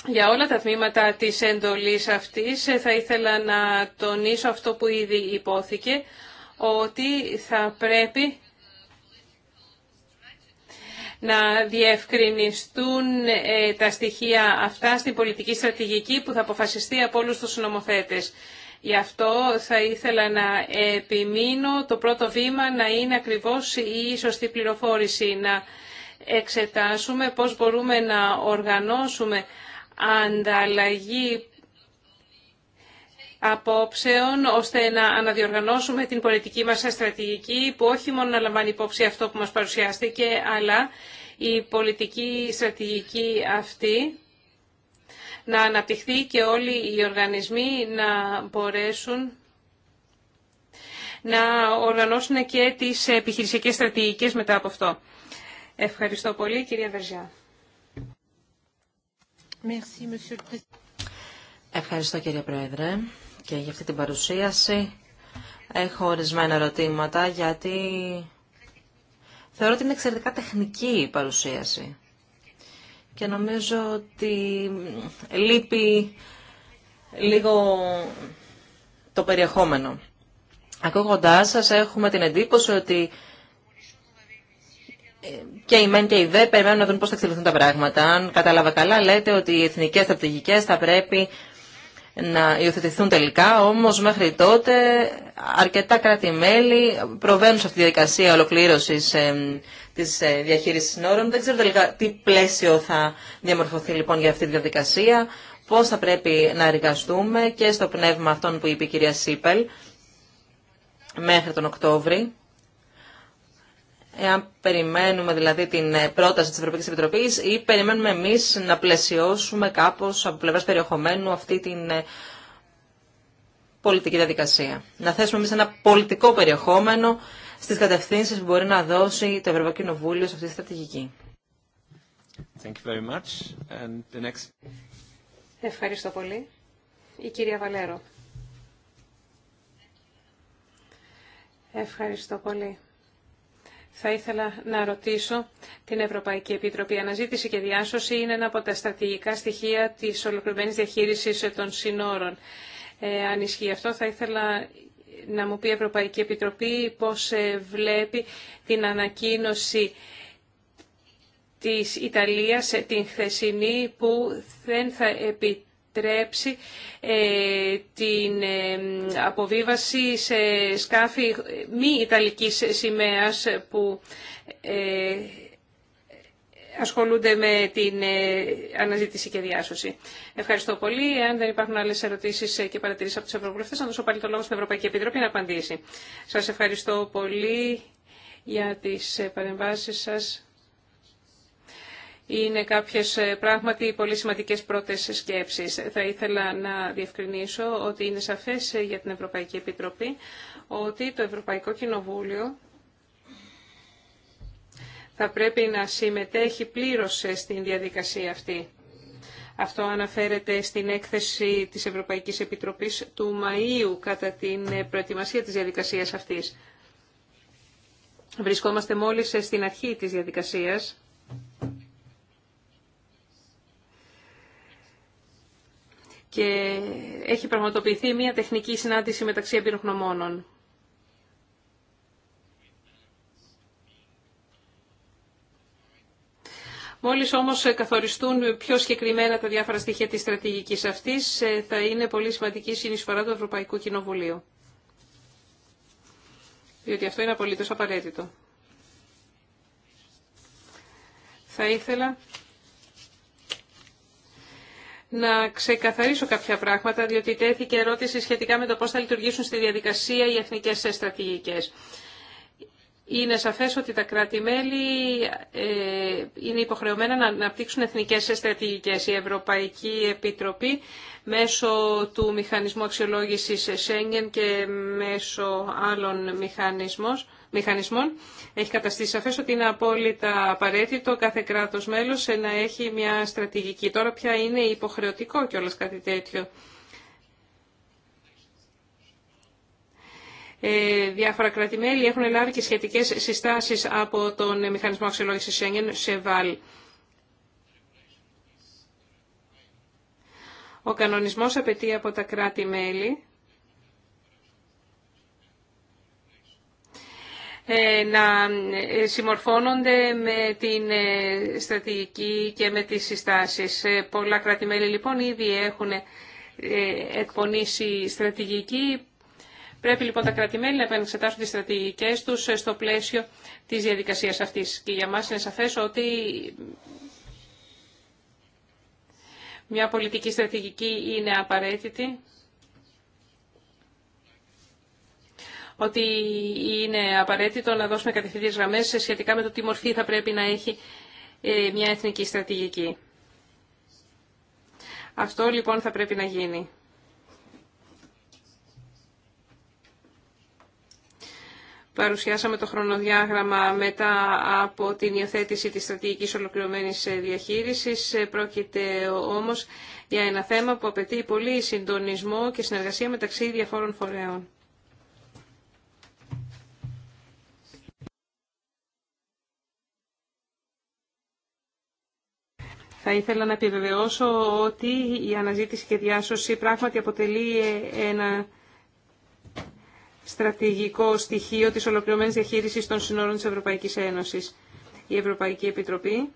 Για όλα τα τμήματα της εντολής αυτής θα ήθελα να τονίσω αυτό που ήδη υπόθηκε, ότι θα πρέπει να διευκρινιστούν ε, τα στοιχεία αυτά στην πολιτική στρατηγική που θα αποφασιστεί από όλους τους νομοθέτες. Γι' αυτό θα ήθελα να επιμείνω το πρώτο βήμα να είναι ακριβώς η σωστή πληροφόρηση, να εξετάσουμε πώς μπορούμε να οργανώσουμε ανταλλαγή απόψεων ώστε να αναδιοργανώσουμε την πολιτική μας στρατηγική που όχι μόνο να λαμβάνει υπόψη αυτό που μας παρουσιάστηκε αλλά η πολιτική στρατηγική αυτή να αναπτυχθεί και όλοι οι οργανισμοί να μπορέσουν να οργανώσουν και τις επιχειρησιακές στρατηγικές μετά από αυτό. Ευχαριστώ πολύ, κυρία Βερζιά. Ευχαριστώ, κύριε Πρόεδρε και για αυτή την παρουσίαση. Έχω ορισμένα ερωτήματα γιατί θεωρώ ότι είναι εξαιρετικά τεχνική η παρουσίαση. Και νομίζω ότι λείπει λίγο το περιεχόμενο. Ακούγοντάς σας έχουμε την εντύπωση ότι ε, και η ΜΕΝ και η ΔΕ περιμένουν να δουν πώς θα εξελιχθούν τα πράγματα. Αν κατάλαβα καλά, λέτε ότι οι εθνικές στρατηγικές θα πρέπει να υιοθετηθούν τελικά, όμως μέχρι τότε αρκετά κράτη-μέλη προβαίνουν σε αυτή τη διαδικασία ολοκλήρωσης της ε, διαχείρισης συνόρων. Δεν ξέρω τελικά τι πλαίσιο θα διαμορφωθεί λοιπόν για αυτή τη διαδικασία, πώς θα πρέπει να εργαστούμε και στο πνεύμα αυτών που είπε η κυρία Σίπελ μέχρι τον Οκτώβρη Εάν περιμένουμε δηλαδή την ε, πρόταση της Ευρωπαϊκής Επιτροπής ή περιμένουμε εμείς να πλαισιώσουμε κάπως από πλευράς περιεχομένου αυτή την ε, πολιτική διαδικασία. Να θέσουμε εμείς ένα πολιτικό περιεχόμενο στις κατευθύνσεις που μπορεί να δώσει το Ευρωπαϊκό Κοινοβούλιο σε αυτή τη στρατηγική. Thank you very much. And the next... Ευχαριστώ πολύ. Η κυρία Βαλέρο. Ευχαριστώ πολύ. Θα ήθελα να ρωτήσω την Ευρωπαϊκή Επιτροπή. αναζήτηση και διάσωση είναι ένα από τα στρατηγικά στοιχεία της ολοκληρωμένης διαχείρισης των συνόρων. Ε, αν ισχύει αυτό, θα ήθελα να μου πει η Ευρωπαϊκή Επιτροπή πώς ε, βλέπει την ανακοίνωση της Ιταλίας ε, την χθεσινή που δεν θα επιτρέψει επιτρέψει ε, την ε, αποβίβαση σε σκάφη ε, μη Ιταλικής σημαίας που ασχολούνται με την αναζήτηση και διάσωση. Ευχαριστώ πολύ. Αν δεν υπάρχουν άλλες ερωτήσεις και παρατηρήσεις από τους Ευρωβουλευτές, θα δώσω πάλι το λόγο στην Ευρωπαϊκή Επιτροπή να απαντήσει. Σας ευχαριστώ πολύ για τις παρεμβάσεις σας είναι κάποιες ε, πράγματι πολύ σημαντικές πρώτες σκέψεις. Θα ήθελα να διευκρινίσω ότι είναι σαφές ε, για την Ευρωπαϊκή Επιτροπή ότι το Ευρωπαϊκό Κοινοβούλιο θα πρέπει να συμμετέχει πλήρως ε, στην διαδικασία αυτή. Αυτό αναφέρεται στην έκθεση της Ευρωπαϊκής Επιτροπής του Μαΐου κατά την προετοιμασία της διαδικασίας αυτής. Βρισκόμαστε μόλις στην αρχή της διαδικασίας και έχει πραγματοποιηθεί μια τεχνική συνάντηση μεταξύ εμπειρογνωμόνων. Μόλις όμως καθοριστούν πιο συγκεκριμένα τα διάφορα στοιχεία της στρατηγικής αυτής, ε, θα είναι πολύ σημαντική η συνεισφορά του Ευρωπαϊκού Κοινοβουλίου. Διότι αυτό είναι απολύτως απαραίτητο. Θα ήθελα να ξεκαθαρίσω κάποια πράγματα, διότι τέθηκε ερώτηση σχετικά με το πώς θα λειτουργήσουν στη διαδικασία οι εθνικές στρατηγικές. Είναι σαφές ότι τα κράτη-μέλη ε, είναι υποχρεωμένα να αναπτύξουν εθνικές στρατηγικές. Η Ευρωπαϊκή Επιτροπή μέσω του μηχανισμού αξιολόγησης Schengen και μέσω άλλων μηχανισμών μηχανισμών, έχει καταστήσει σαφέ ότι είναι απόλυτα απαραίτητο κάθε κράτος μέλος να έχει μια στρατηγική. Τώρα πια είναι κιόλα κιόλας κάτι τέτοιο. Ε, διάφορα κράτη-μέλη έχουν λάβει και σχετικές συστάσεις από τον Μηχανισμό Αξιολόγησης σε ΒΑΛ. Ο κανονισμός απαιτεί από τα κράτη-μέλη Ε, να ε, συμμορφώνονται με την ε, στρατηγική και με τις συστάσεις. Πολλά λοιπόν ήδη έχουν εκπονήσει στρατηγική. Πρέπει λοιπόν τα κρατη να επανεξετάσουν τις στρατηγικές τους στο πλαίσιο της διαδικασίας αυτής. Και για μας είναι σαφές ότι μια πολιτική στρατηγική είναι απαραίτητη ότι είναι απαραίτητο να δώσουμε κατευθυντικές γραμμές σχετικά με το τι μορφή θα πρέπει να έχει ε, μια εθνική στρατηγική. Αυτό λοιπόν θα πρέπει να γίνει. Παρουσιάσαμε το χρονοδιάγραμμα μετά από την υιοθέτηση της στρατηγικής ολοκληρωμένης ε, διαχείρισης. Ε, πρόκειται όμως για ένα θέμα που απαιτεί πολύ συντονισμό και συνεργασία μεταξύ διαφόρων φορέων. Θα ήθελα να επιβεβαιώσω ότι η αναζήτηση και διάσωση πράγματι αποτελεί ένα στρατηγικό στοιχείο της ολοκληρωμένης διαχείρισης των συνόρων της Ευρωπαϊκής Ένωσης. Η Ευρωπαϊκή Επιτροπή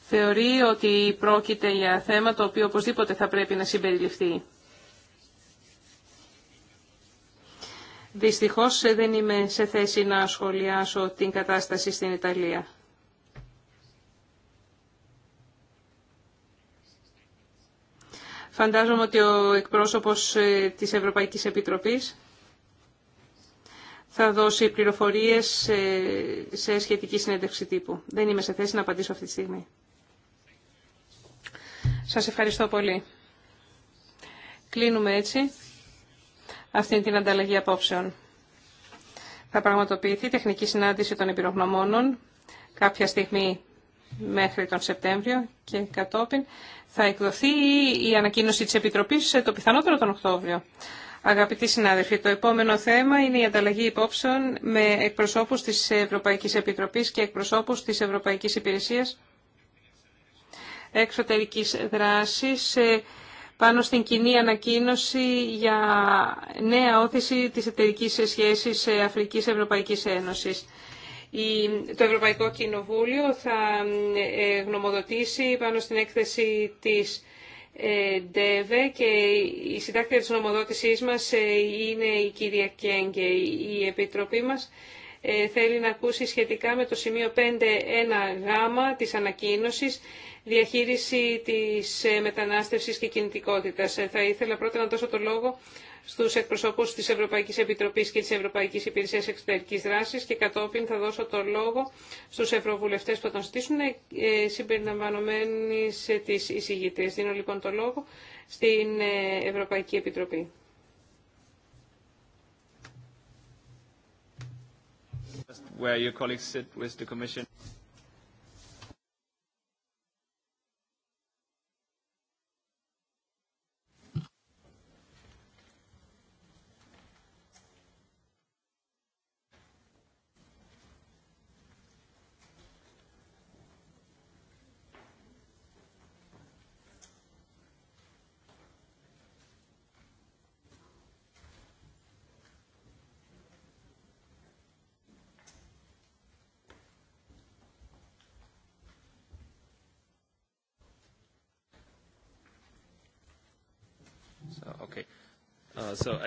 θεωρεί ότι πρόκειται για θέμα το οποίο οπωσδήποτε θα πρέπει να συμπεριληφθεί. Δυστυχώς ε, δεν είμαι σε θέση να σχολιάσω την κατάσταση στην Ιταλία. Φαντάζομαι ότι ο εκπρόσωπος ε, της Ευρωπαϊκής Επιτροπής θα δώσει πληροφορίες ε, σε σχετική συνέντευξη τύπου. Δεν είμαι σε θέση να απαντήσω αυτή τη στιγμή. Σας ευχαριστώ πολύ. Κλείνουμε έτσι αυτή την ανταλλαγή απόψεων. Θα πραγματοποιηθεί τεχνική συνάντηση των εμπειρογνωμόνων κάποια στιγμή μέχρι τον Σεπτέμβριο και κατόπιν θα εκδοθεί η ανακοίνωση της Επιτροπής το πιθανότερο τον Οκτώβριο. Αγαπητοί συνάδελφοι, το επόμενο θέμα είναι η ανταλλαγή υπόψεων με εκπροσώπους της Ευρωπαϊκής Επιτροπής και εκπροσώπους της Ευρωπαϊκής Υπηρεσίας Εξωτερικής Δράσης πάνω στην κοινή ανακοίνωση για νέα όθηση της εταιρικη σχεσης σχέσης Αφρικής-Ευρωπαϊκής Ένωσης. Το Ευρωπαϊκό Κοινοβούλιο θα ε, γνωμοδοτήσει πάνω στην έκθεση της ε, ΔΕΒΕ και η συντάκτρια της νομοδότησής μας ε, είναι η κυρία Κέγκε. Η Επιτροπή μας θέλει να ακούσει σχετικά με το σημείο 5.1 γ της ανακοίνωσης διαχείριση της ε, μετανάστευσης και κινητικότητας. Ε, θα ήθελα πρώτα να δώσω το λόγο στους εκπροσώπους της Ευρωπαϊκής Επιτροπής και της Ευρωπαϊκής Υπηρεσίας Εξωτερικής Δράσης και κατόπιν θα δώσω το λόγο στους ευρωβουλευτές που θα τον στήσουν ε, συμπεριλαμβανομένης της εισηγητής. Δίνω λοιπόν το λόγο στην Ευρωπαϊκή Επιτροπή. Where your colleagues sit with the Commission. so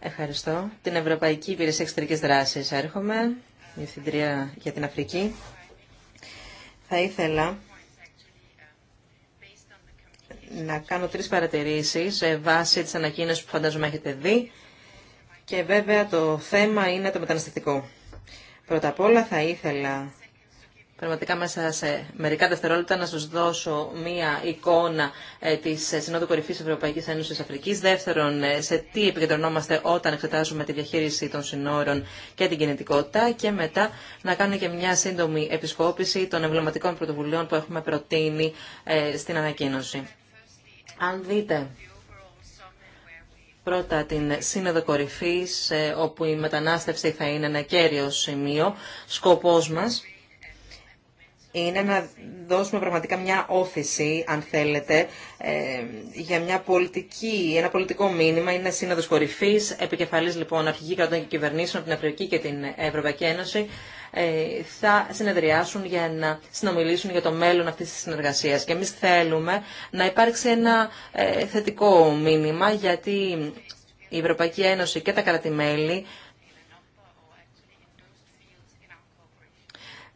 Ευχαριστώ. Την Ευρωπαϊκή Υπηρεσία Εξωτερική Δράση έρχομαι, Διευθυντρία για την Αφρική. Θα ήθελα να κάνω τρεις παρατηρήσεις βάση τη ανακοίνωση που φαντάζομαι έχετε δει και βέβαια το θέμα είναι το μεταναστευτικό. Πρώτα απ' όλα θα ήθελα Πραγματικά μέσα σε μερικά δευτερόλεπτα να σας δώσω μία εικόνα ε, της ε, Συνόδου Κορυφής Ευρωπαϊκής Ένωσης Αφρικής. Δεύτερον, ε, σε τι επικεντρωνόμαστε όταν εξετάζουμε τη διαχείριση των συνόρων και την κινητικότητα. Και μετά να κάνω και μια σύντομη επισκόπηση των εμβληματικών πρωτοβουλίων που έχουμε προτείνει στην ανακοίνωση. Αν δείτε πρώτα την Σύνοδο Κορυφής, όπου η μετανάστευση θα είναι ένα κέριο σημείο, σκοπός μας είναι να δώσουμε πραγματικά μια όθηση, αν θέλετε, ε, για μια πολιτική, ένα πολιτικό μήνυμα. Είναι σύνοδος κορυφής, επικεφαλής λοιπόν αρχηγή κρατών και κυβερνήσεων από την Αφρική και την Ευρωπαϊκή Ένωση ε, θα συνεδριάσουν για να συνομιλήσουν για το μέλλον αυτής της συνεργασίας. Και εμείς θέλουμε να υπάρξει ένα ε, θετικό μήνυμα γιατί η Ευρωπαϊκή Ένωση και τα κρατημέλη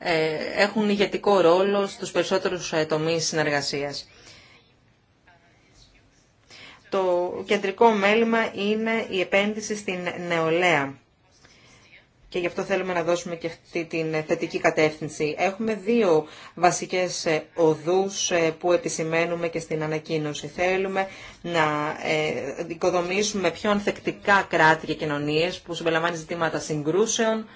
Ε, έχουν ηγετικό ρόλο στους περισσότερους ε, τομείς συνεργασίας. Το κεντρικό μέλημα είναι η επένδυση στην νεολαία. Και γι' αυτό θέλουμε να δώσουμε και αυτή την θετική κατεύθυνση. Έχουμε δύο βασικές ε, οδούς που επισημαίνουμε και στην ανακοίνωση. Θέλουμε να οικοδομήσουμε πιο ανθεκτικά κράτη και κοινωνίες που συμπεριλαμβάνει ζητήματα συγκρούσεων,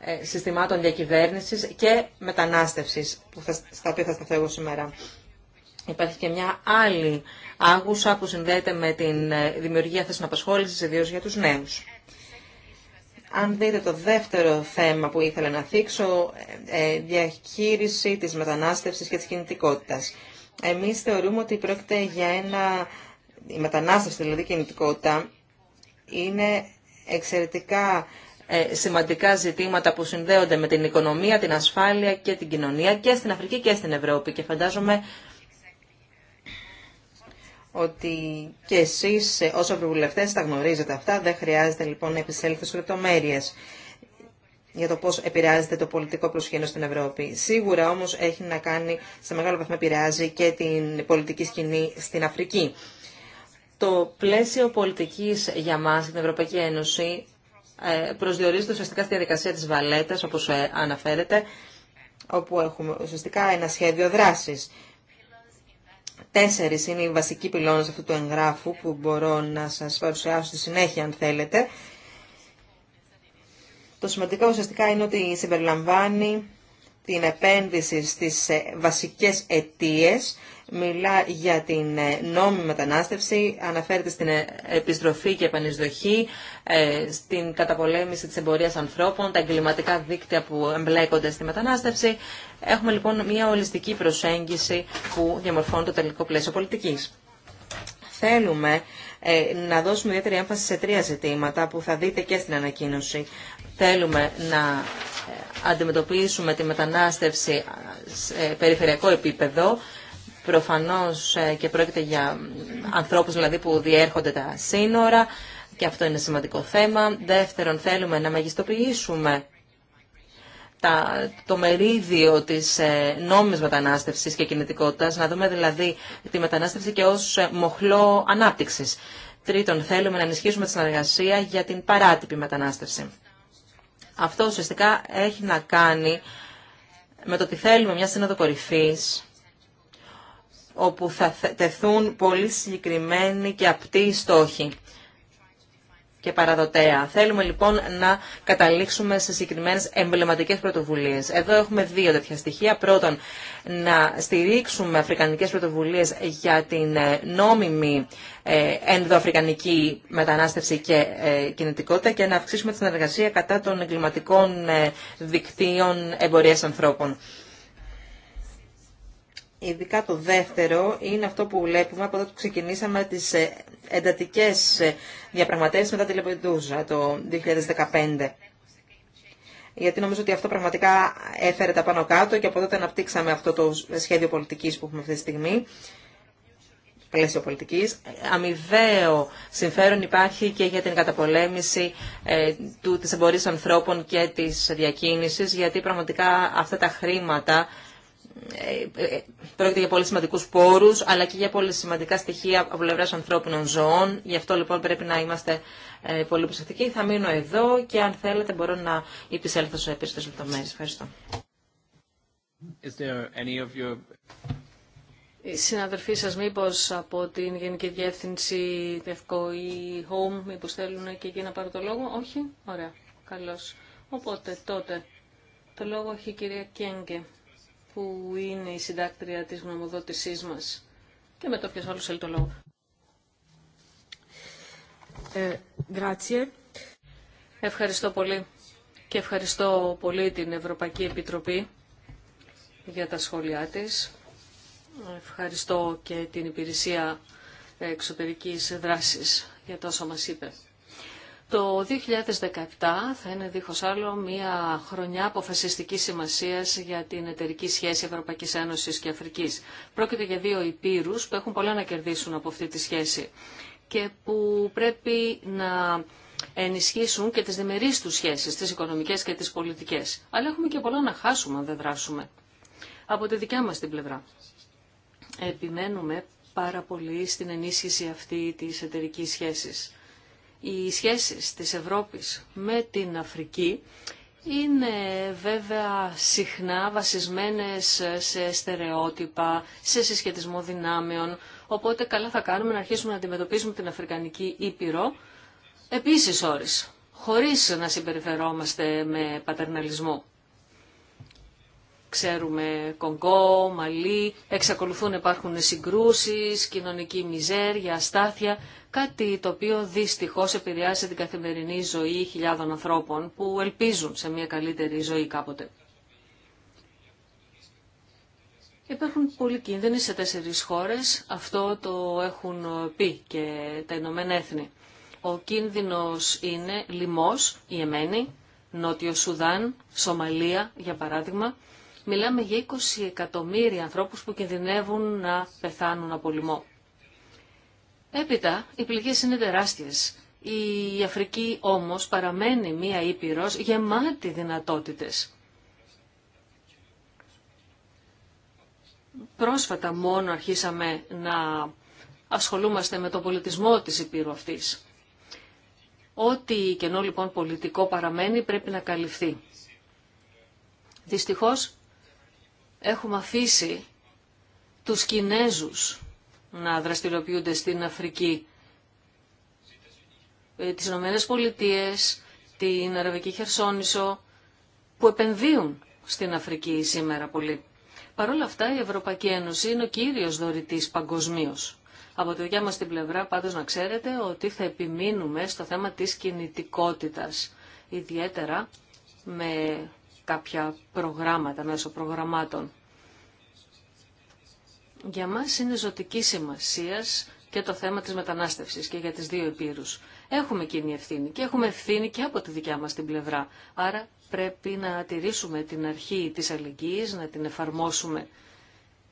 ε, συστημάτων διακυβέρνησης και μετανάστευσης, που θα, στα οποία θα σταθώ εγώ σήμερα. Υπάρχει και μια άλλη άγουσα που συνδέεται με τη ε, δημιουργία θέσεων απασχόλησης, ιδίω για τους νέους. Αν δείτε το δεύτερο θέμα που ήθελα να θίξω, ε, διαχείριση της μετανάστευσης και της κινητικότητας. Εμείς θεωρούμε ότι πρόκειται για ένα... Η μετανάστευση, δηλαδή κινητικότητα, είναι εξαιρετικά ε, σημαντικά ζητήματα που συνδέονται με την οικονομία, την ασφάλεια και την κοινωνία και στην Αφρική και στην Ευρώπη. Και φαντάζομαι ότι και εσείς ε, ως ευρωβουλευτές τα γνωρίζετε αυτά, δεν χρειάζεται λοιπόν να επισέλθω σε λεπτομέρειες για το πώς επηρεάζεται το πολιτικό προσκήνιο στην Ευρώπη. Σίγουρα όμως έχει να κάνει, σε μεγάλο βαθμό επηρεάζει και την πολιτική σκηνή στην Αφρική. Το πλαίσιο πολιτικής για μας, την Ευρωπαϊκή Ένωση, ε, προσδιορίζεται ουσιαστικά στη διαδικασία της Βαλέτας, όπως ε, αναφέρεται, όπου έχουμε ουσιαστικά ένα σχέδιο δράσης. Τέσσερις είναι οι βασικοί πυλώνες αυτού του εγγράφου που μπορώ να σας παρουσιάσω στη συνέχεια αν θέλετε. Το σημαντικό ουσιαστικά είναι ότι συμπεριλαμβάνει την επένδυση στις ε, βασικές αιτίες μιλά για την ε, νόμιμη μετανάστευση, αναφέρεται στην ε, επιστροφή και επανεισδοχή, ε, στην καταπολέμηση της εμπορίας ανθρώπων, τα εγκληματικά δίκτυα που εμπλέκονται στη μετανάστευση. Έχουμε λοιπόν μια ολιστική προσέγγιση που διαμορφώνει το τελικό πλαίσιο πολιτικής. Θέλουμε να δώσουμε ιδιαίτερη έμφαση σε τρία ζητήματα που θα δείτε και στην ανακοίνωση. Θέλουμε να αντιμετωπίσουμε τη μετανάστευση σε περιφερειακό επίπεδο, Προφανώς ε, και πρόκειται για ανθρώπους δηλαδή που διέρχονται τα σύνορα και αυτό είναι σημαντικό θέμα. Δεύτερον, θέλουμε να μεγιστοποιήσουμε το μερίδιο της ε, νόμιμης μετανάστευσης και κινητικότητας, να δούμε δηλαδή τη μετανάστευση και ως ε, μοχλό ανάπτυξης. Τρίτον, θέλουμε να ενισχύσουμε τη συνεργασία για την παράτυπη μετανάστευση. Αυτό ουσιαστικά έχει να κάνει με το ότι θέλουμε μια σύνοδο κορυφής όπου θα τεθούν πολύ συγκεκριμένοι και απτοί στόχοι και παραδοτέα. Θέλουμε λοιπόν να καταλήξουμε σε συγκεκριμένε εμβληματικές πρωτοβουλίες. Εδώ έχουμε δύο τέτοια στοιχεία. Πρώτον, να στηρίξουμε αφρικανικές πρωτοβουλίες για την ε, νόμιμη ε, ενδοαφρικανική μετανάστευση και ε, κινητικότητα και να αυξήσουμε την εργασια κατά των εγκληματικών δικτύων εμπορία ανθρώπων. Ειδικά το δεύτερο είναι αυτό που βλέπουμε από τότε που ξεκινήσαμε τις ε, εντατικές ε, διαπραγματεύσεις μετά τη Λεπεντούζα το 2015. Γιατί νομίζω ότι αυτό πραγματικά έφερε τα πάνω κάτω και από τότε αναπτύξαμε αυτό το σχέδιο πολιτικής που έχουμε αυτή τη στιγμή πλαίσιο πολιτική, Αμοιβαίο συμφέρον υπάρχει και για την καταπολέμηση ε, του, της ανθρώπων και της διακίνησης, γιατί πραγματικά αυτά τα χρήματα πρόκειται για πολύ σημαντικού πόρου, αλλά και για πολύ σημαντικά στοιχεία από πλευρά ανθρώπινων ζωών. Γι' αυτό λοιπόν πρέπει να είμαστε ε, πολύ προσεκτικοί. Θα μείνω εδώ και αν θέλετε μπορώ να επισέλθω σε επίσης λεπτομέρειες. Ευχαριστώ. Is there any of your... Οι συναδελφοί σας μήπως από την Γενική Διεύθυνση ΤΕΦΚΟ ή Home μήπως θέλουν και εκεί να πάρουν το λόγο. Όχι. Ωραία. Καλώς. Οπότε τότε το λόγο έχει η κυρία Κέγκε που είναι η συντάκτρια της γνωμοδότησής μας. Και με το ποιος άλλος θέλει το λόγο. Ε, ευχαριστώ πολύ και ευχαριστώ πολύ την Ευρωπαϊκή Επιτροπή για τα σχόλιά της. Ευχαριστώ και την Υπηρεσία Εξωτερικής Δράσης για τόσο μας είπε. Το 2017 θα είναι δίχως άλλο μια χρονιά αποφασιστική σημασίας για την εταιρική σχέση Ευρωπαϊκής Ένωσης και Αφρικής. Πρόκειται για δύο υπήρους που έχουν πολλά να κερδίσουν από αυτή τη σχέση και που πρέπει να ενισχύσουν και τις διμερείς τους σχέσεις, τις οικονομικές και τις πολιτικές. Αλλά έχουμε και πολλά να χάσουμε αν δεν δράσουμε. Από τη δικιά μας την πλευρά. Επιμένουμε πάρα πολύ στην ενίσχυση αυτή της εταιρική σχέσης. Οι σχέσεις της Ευρώπης με την Αφρική είναι βέβαια συχνά βασισμένες σε στερεότυπα, σε συσχετισμό δυνάμεων, οπότε καλά θα κάνουμε να αρχίσουμε να αντιμετωπίζουμε την Αφρικανική Ήπειρο επίσης όρις, χωρίς να συμπεριφερόμαστε με πατερναλισμό. Ξέρουμε Κονγκό, Μαλή, εξακολουθούν να υπάρχουν συγκρούσεις, κοινωνική μιζέρια, αστάθεια, κάτι το οποίο δυστυχώς επηρεάζει την καθημερινή ζωή χιλιάδων ανθρώπων που ελπίζουν σε μια καλύτερη ζωή κάποτε. Υπάρχουν πολλοί κίνδυνοι σε τέσσερις χώρες, αυτό το έχουν πει και τα Ηνωμένα Έθνη. Ο κίνδυνος είναι Λιμός, η Εμένη, Νότιο Σουδάν, Σομαλία για παράδειγμα, Μιλάμε για 20 εκατομμύρια ανθρώπους που κινδυνεύουν να πεθάνουν από λοιμό. Έπειτα, οι πληγές είναι τεράστιες. Η Αφρική όμως παραμένει μία ήπειρος γεμάτη δυνατότητες. Πρόσφατα μόνο αρχίσαμε να ασχολούμαστε με τον πολιτισμό της Υπήρου αυτής. Ό,τι κενό λοιπόν πολιτικό παραμένει πρέπει να καλυφθεί. Δυστυχώς έχουμε αφήσει τους Κινέζους να δραστηριοποιούνται στην Αφρική, ε, τις Ηνωμένες Πολιτείες, την Αραβική Χερσόνησο, που επενδύουν στην Αφρική σήμερα πολύ. Παρ' όλα αυτά η Ευρωπαϊκή Ένωση είναι ο κύριος δωρητής παγκοσμίω. Από τη δικιά μας την πλευρά πάντως να ξέρετε ότι θα επιμείνουμε στο θέμα της κινητικότητας, ιδιαίτερα με κάποια προγράμματα μέσω προγραμμάτων. Για μας είναι ζωτική σημασία και το θέμα της μετανάστευσης και για τις δύο επίρους. Έχουμε κοινή ευθύνη και έχουμε ευθύνη και από τη δικιά μας την πλευρά. Άρα πρέπει να τηρήσουμε την αρχή της αλληλεγγύης, να την εφαρμόσουμε.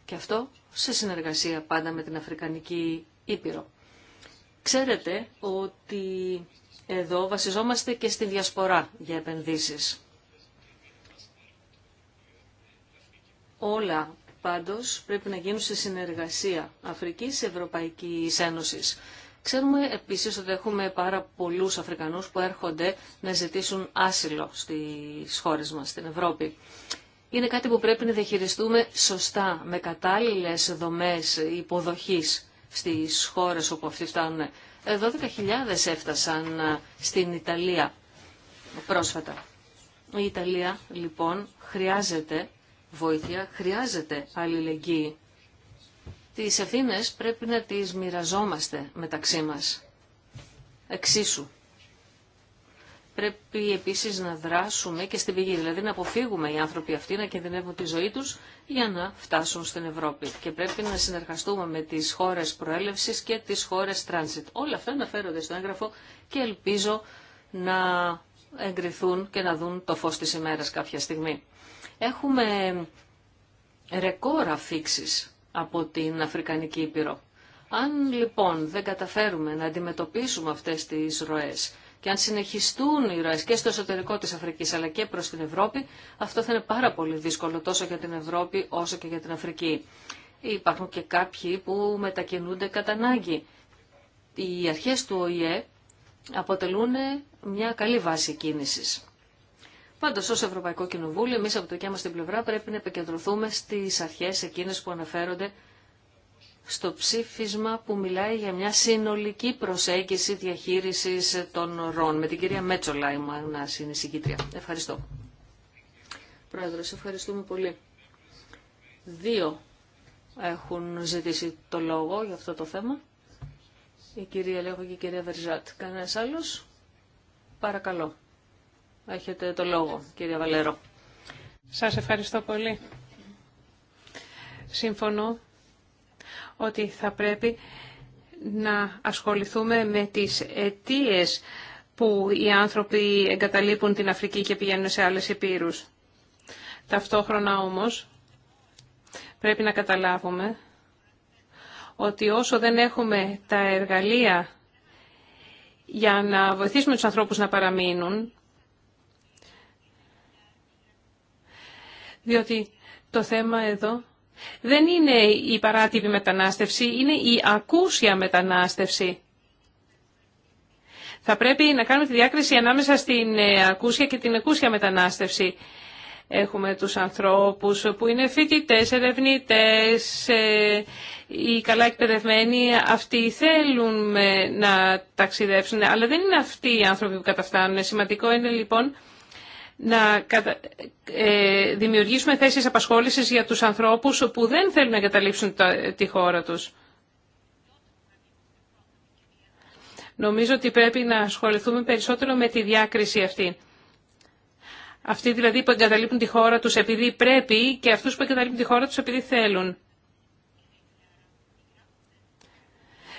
Και αυτό σε συνεργασία πάντα με την Αφρικανική Ήπειρο. Ξέρετε ότι εδώ βασιζόμαστε και στη διασπορά για επενδύσεις. Όλα πάντως πρέπει να γίνουν σε συνεργασία Αφρικής Ευρωπαϊκής Ένωσης. Ξέρουμε επίσης ότι έχουμε πάρα πολλούς Αφρικανούς που έρχονται να ζητήσουν άσυλο στις χώρες μας, στην Ευρώπη. Είναι κάτι που πρέπει να διαχειριστούμε σωστά, με κατάλληλες δομές υποδοχής στις χώρες όπου αυτοί φτάνουν. 12.000 έφτασαν στην Ιταλία πρόσφατα. Η Ιταλία λοιπόν χρειάζεται βοήθεια χρειάζεται αλληλεγγύη. Τις ευθύνε πρέπει να τις μοιραζόμαστε μεταξύ μας. Εξίσου. Πρέπει επίσης να δράσουμε και στην πηγή, δηλαδή να αποφύγουμε οι άνθρωποι αυτοί να κινδυνεύουν τη ζωή τους για να φτάσουν στην Ευρώπη. Και πρέπει να συνεργαστούμε με τις χώρες προέλευσης και τις χώρες transit. Όλα αυτά αναφέρονται στο έγγραφο και ελπίζω να εγκριθούν και να δουν το φως της ημέρας κάποια στιγμή. Έχουμε ρεκόρ αφήξεις από την Αφρικανική Ήπειρο. Αν λοιπόν δεν καταφέρουμε να αντιμετωπίσουμε αυτές τις ροές και αν συνεχιστούν οι ροές και στο εσωτερικό της Αφρικής αλλά και προς την Ευρώπη, αυτό θα είναι πάρα πολύ δύσκολο τόσο για την Ευρώπη όσο και για την Αφρική. Υπάρχουν και κάποιοι που μετακινούνται κατά ανάγκη. Οι αρχές του ΟΗΕ αποτελούν μια καλή βάση κίνησης. Πάντω, ω Ευρωπαϊκό Κοινοβούλιο, εμεί από το δικιά μα την πλευρά πρέπει να επικεντρωθούμε στι αρχέ εκείνε που αναφέρονται στο ψήφισμα που μιλάει για μια συνολική προσέγγιση διαχείριση των ροών. Με την κυρία Μέτσολα η είναι συνεισηγήτρια. Ευχαριστώ. Πρόεδρος, ευχαριστούμε πολύ. Δύο έχουν ζητήσει το λόγο για αυτό το θέμα. Η κυρία Λέχο και η κυρία Βερζάτ. Κανένα άλλο. Παρακαλώ. Έχετε το λόγο, κύριε Βαλέρο. Σας ευχαριστώ πολύ. Συμφωνώ ότι θα πρέπει να ασχοληθούμε με τις αιτίες που οι άνθρωποι εγκαταλείπουν την Αφρική και πηγαίνουν σε άλλες επίρους. Ταυτόχρονα όμως πρέπει να καταλάβουμε ότι όσο δεν έχουμε τα εργαλεία για να βοηθήσουμε τους ανθρώπους να παραμείνουν, Διότι το θέμα εδώ δεν είναι η παράτυπη μετανάστευση, είναι η ακούσια μετανάστευση. Θα πρέπει να κάνουμε τη διάκριση ανάμεσα στην ε, ακούσια και την ακούσια μετανάστευση. Έχουμε τους ανθρώπους που είναι φοιτητές, ερευνητές, ε, οι καλά εκπαιδευμένοι. Αυτοί θέλουν ε, να ταξιδέψουν, αλλά δεν είναι αυτοί οι άνθρωποι που καταφτάνουν. Σημαντικό είναι λοιπόν να ε, δημιουργήσουμε θέσεις απασχόλησης για τους ανθρώπους που δεν θέλουν να καταλήψουν τη χώρα τους. Νομίζω ότι πρέπει να ασχοληθούμε περισσότερο με τη διάκριση αυτή. Αυτοί δηλαδή που εγκαταλείπουν τη χώρα τους επειδή πρέπει και αυτούς που εγκαταλείπουν τη χώρα τους επειδή θέλουν.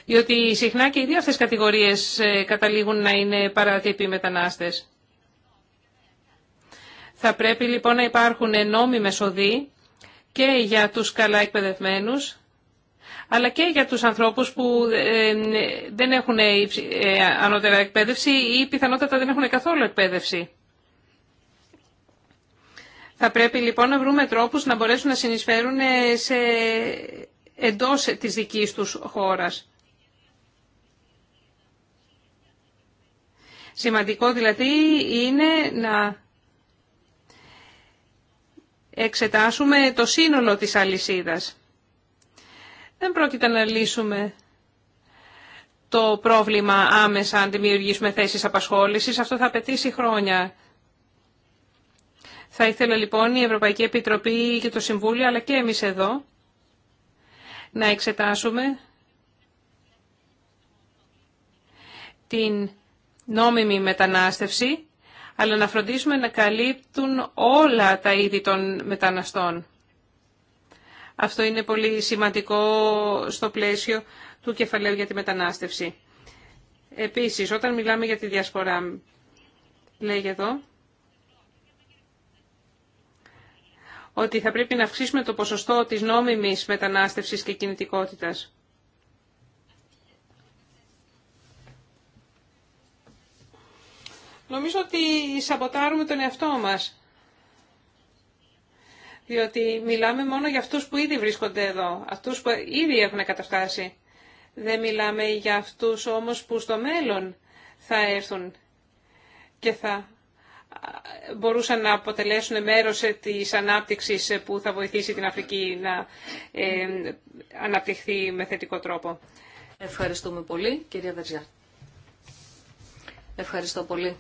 Διότι συχνά και οι δύο αυτές κατηγορίες ε, καταλήγουν να είναι παράτυποι μετανάστες. Θα πρέπει λοιπόν να υπάρχουν νόμοι οδοί και για τους καλά εκπαιδευμένους, αλλά και για τους ανθρώπους που ε, δεν έχουν ε, ε, ανώτερα εκπαίδευση ή πιθανότατα δεν έχουν καθόλου εκπαίδευση. Θα πρέπει λοιπόν να βρούμε τρόπους να μπορέσουν να συνεισφέρουν σε... εντός της δικής τους χώρας. Σημαντικό δηλαδή είναι να εξετάσουμε το σύνολο της αλυσίδας. Δεν πρόκειται να λύσουμε το πρόβλημα άμεσα αν δημιουργήσουμε θέσεις απασχόλησης. Αυτό θα απαιτήσει χρόνια. Θα ήθελα λοιπόν η Ευρωπαϊκή Επιτροπή και το Συμβούλιο, αλλά και εμείς εδώ, να εξετάσουμε την νόμιμη μετανάστευση αλλά να φροντίσουμε να καλύπτουν όλα τα είδη των μεταναστών. Αυτό είναι πολύ σημαντικό στο πλαίσιο του κεφαλαίου για τη μετανάστευση. Επίσης, όταν μιλάμε για τη διασπορά, λέγει εδώ, ότι θα πρέπει να αυξήσουμε το ποσοστό της νόμιμης μετανάστευσης και κινητικότητας. Νομίζω ότι σαμποτάρουμε τον εαυτό μας. Διότι μιλάμε μόνο για αυτούς που ήδη βρίσκονται εδώ, αυτούς που ήδη έχουν καταφτάσει. Δεν μιλάμε για αυτούς όμως που στο μέλλον θα έρθουν και θα μπορούσαν να αποτελέσουν μέρος ε, της ανάπτυξης ε, που θα βοηθήσει την Αφρική να ε, αναπτυχθεί με θετικό τρόπο. Ευχαριστούμε πολύ, κυρία Βερζιά. Ευχαριστώ πολύ.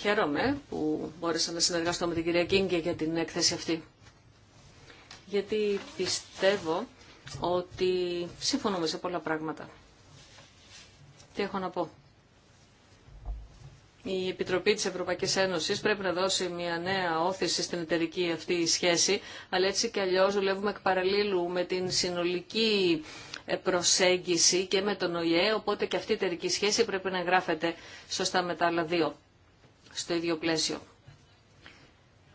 Χαίρομαι που μπόρεσα να συνεργαστώ με την κυρία Κίνγκε για την έκθεση αυτή. Γιατί πιστεύω ότι συμφωνούμε σε πολλά πράγματα. Τι έχω να πω. Η Επιτροπή της Ευρωπαϊκής Ένωσης πρέπει να δώσει μια νέα όθηση στην εταιρική αυτή σχέση, αλλά έτσι και αλλιώς δουλεύουμε εκ παραλλήλου με την συνολική ε, προσέγγιση και με τον ΟΗΕ, οπότε και αυτή η εταιρική σχέση πρέπει να γράφεται σωστά με τα άλλα δύο στο ίδιο πλαίσιο.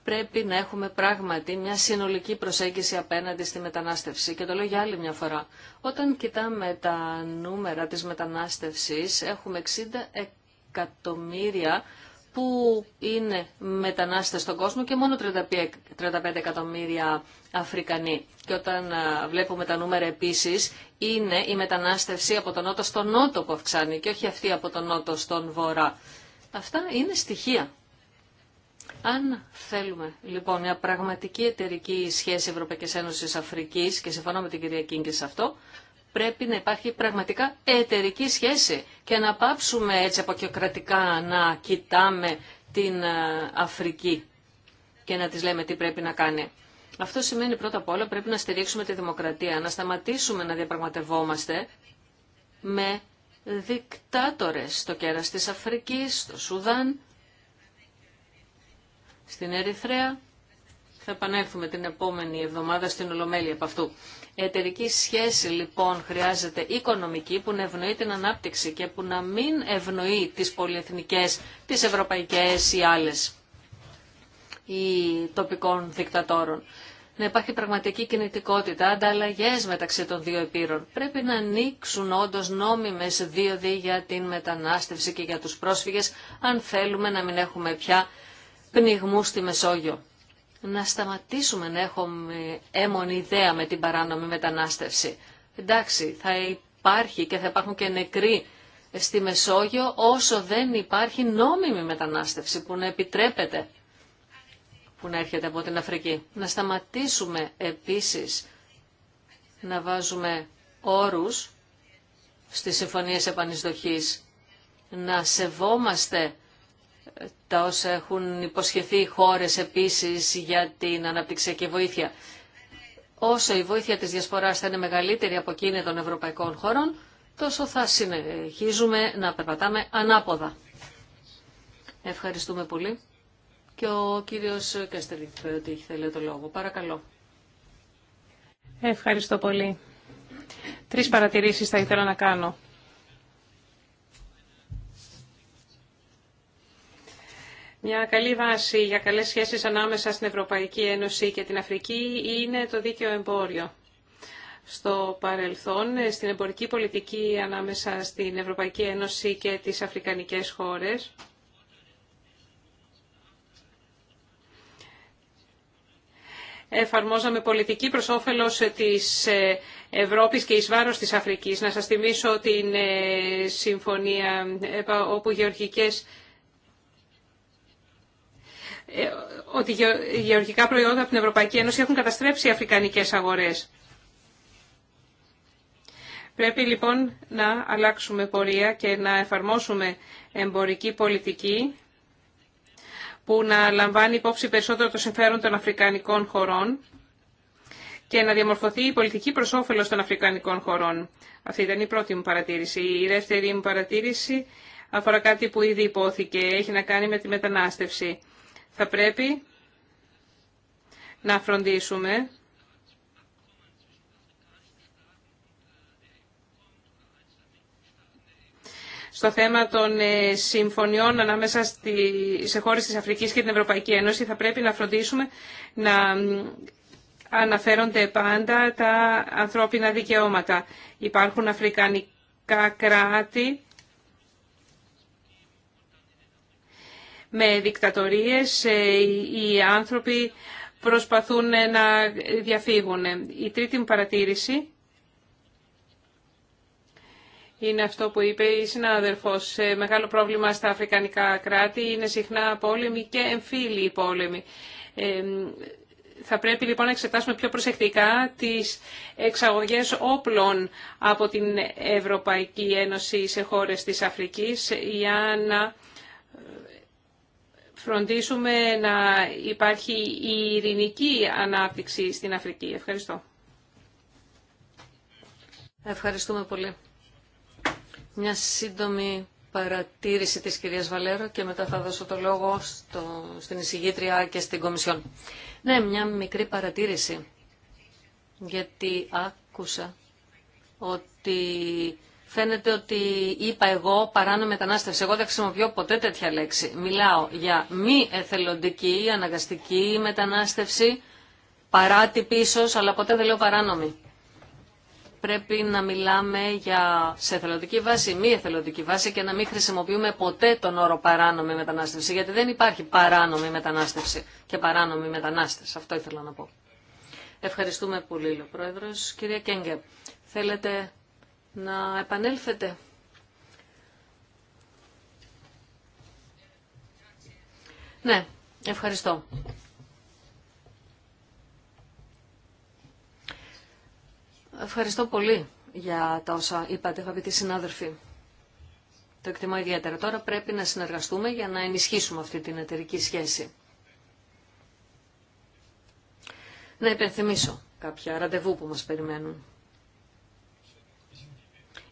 Πρέπει να έχουμε πράγματι μια συνολική προσέγγιση απέναντι στη μετανάστευση. Και το λέω για άλλη μια φορά. Όταν κοιτάμε τα νούμερα της μετανάστευσης, έχουμε 60 εκατομμύρια που είναι μετανάστες στον κόσμο και μόνο 35 εκατομμύρια Αφρικανοί. Και όταν βλέπουμε τα νούμερα επίσης, είναι η μετανάστευση από τον νότο στον νότο που αυξάνει και όχι αυτή από τον νότο στον βορρά. Αυτά είναι στοιχεία. Αν θέλουμε λοιπόν μια πραγματική εταιρική σχέση Ευρωπαϊκή Ένωση Αφρικής και συμφωνώ με την κυρία Κίνγκη σε αυτό, πρέπει να υπάρχει πραγματικά εταιρική σχέση και να πάψουμε έτσι αποκαιοκρατικά να κοιτάμε την ε, Αφρική και να της λέμε τι πρέπει να κάνει. Αυτό σημαίνει πρώτα απ' όλα πρέπει να στηρίξουμε τη δημοκρατία, να σταματήσουμε να διαπραγματευόμαστε με δικτάτορες στο κέρας της Αφρικής, στο Σουδάν, στην Ερυθρέα. Θα επανέλθουμε την επόμενη εβδομάδα στην Ολομέλεια από αυτού. Εταιρική σχέση λοιπόν χρειάζεται οικονομική που να ευνοεί την ανάπτυξη και που να μην ευνοεί τις πολυεθνικές, τις ευρωπαϊκές ή άλλες ή τοπικών δικτατόρων να υπάρχει πραγματική κινητικότητα, ανταλλαγέ μεταξύ των δύο επίρων. Πρέπει να ανοίξουν όντω νόμιμε δίωδοι για την μετανάστευση και για του πρόσφυγε, αν θέλουμε να μην έχουμε πια πνιγμού στη Μεσόγειο. Να σταματήσουμε να έχουμε έμονη ιδέα με την παράνομη μετανάστευση. Εντάξει, θα υπάρχει και θα υπάρχουν και νεκροί στη Μεσόγειο όσο δεν υπάρχει νόμιμη μετανάστευση που να επιτρέπεται που να έρχεται από την Αφρική. Να σταματήσουμε επίσης να βάζουμε όρους στις συμφωνίες επανεισδοχής, να σεβόμαστε τα όσα έχουν υποσχεθεί οι χώρες επίσης για την αναπτυξιακή βοήθεια. Όσο η βοήθεια της διασποράς θα είναι μεγαλύτερη από εκείνη των ευρωπαϊκών χωρών, τόσο θα συνεχίζουμε να περπατάμε ανάποδα. Ευχαριστούμε πολύ και ο κύριος είπε ότι έχει θέλει το λόγο. Παρακαλώ. Ευχαριστώ πολύ. Τρεις παρατηρήσεις θα ήθελα να κάνω. Μια καλή βάση για καλές σχέσεις ανάμεσα στην Ευρωπαϊκή Ένωση και την Αφρική είναι το δίκαιο εμπόριο. Στο παρελθόν, στην εμπορική πολιτική ανάμεσα στην Ευρωπαϊκή Ένωση και τις αφρικανικές χώρες, εφαρμόζαμε πολιτική προς όφελος της ε, Ευρώπης και εις βάρος της Αφρικής. Να σας θυμίσω την ε, συμφωνία ε, όπου γεωργικές ότι γεωργικά προϊόντα από την Ευρωπαϊκή Ένωση έχουν καταστρέψει οι αφρικανικές αγορές. Πρέπει λοιπόν να αλλάξουμε πορεία και να εφαρμόσουμε εμπορική πολιτική που να λαμβάνει υπόψη περισσότερο το συμφέρον των αφρικανικών χωρών και να διαμορφωθεί η πολιτική προς όφελος των αφρικανικών χωρών. Αυτή ήταν η πρώτη μου παρατήρηση. Η δεύτερη μου παρατήρηση αφορά κάτι που ήδη υπόθηκε. Έχει να κάνει με τη μετανάστευση. Θα πρέπει να φροντίσουμε στο θέμα των ε, συμφωνιών ανάμεσα στη, σε χώρες της Αφρικής και την Ευρωπαϊκή Ένωση θα πρέπει να φροντίσουμε να αναφέρονται πάντα τα ανθρώπινα δικαιώματα. Υπάρχουν αφρικανικά κράτη με δικτατορίες, ε, οι άνθρωποι προσπαθούν να διαφύγουν. Η τρίτη μου παρατήρηση είναι αυτό που είπε η συνάδελφος. Μεγάλο πρόβλημα στα αφρικανικά κράτη είναι συχνά πόλεμοι και εμφύλοι πόλεμοι. Ε, θα πρέπει λοιπόν να εξετάσουμε πιο προσεκτικά τις εξαγωγές όπλων από την Ευρωπαϊκή Ένωση σε χώρες της Αφρικής για να φροντίσουμε να υπάρχει η ειρηνική ανάπτυξη στην Αφρική. Ευχαριστώ. Ευχαριστούμε πολύ. Μια σύντομη παρατήρηση της κυρίας Βαλέρο και μετά θα δώσω το λόγο στο, στην εισηγήτρια και στην Κομισιόν. Ναι, μια μικρή παρατήρηση, γιατί άκουσα ότι φαίνεται ότι είπα εγώ παράνομη μετανάστευση. Εγώ δεν χρησιμοποιώ ποτέ τέτοια λέξη. Μιλάω για μη εθελοντική, αναγκαστική μετανάστευση, παράτυπη ίσως, αλλά ποτέ δεν λέω παράνομη πρέπει να μιλάμε για σε εθελοντική βάση, μη εθελοντική βάση και να μην χρησιμοποιούμε ποτέ τον όρο παράνομη μετανάστευση, γιατί δεν υπάρχει παράνομη μετανάστευση και παράνομη μετανάστες. Αυτό ήθελα να πω. Ευχαριστούμε πολύ, ο Πρόεδρος. Κυρία Κέγκε, θέλετε να επανέλθετε. Ναι, ευχαριστώ. Ευχαριστώ πολύ για τα όσα είπατε, αγαπητοί συνάδελφοι. Το εκτιμώ ιδιαίτερα. Τώρα πρέπει να συνεργαστούμε για να ενισχύσουμε αυτή την εταιρική σχέση. Να υπενθυμίσω κάποια ραντεβού που μας περιμένουν.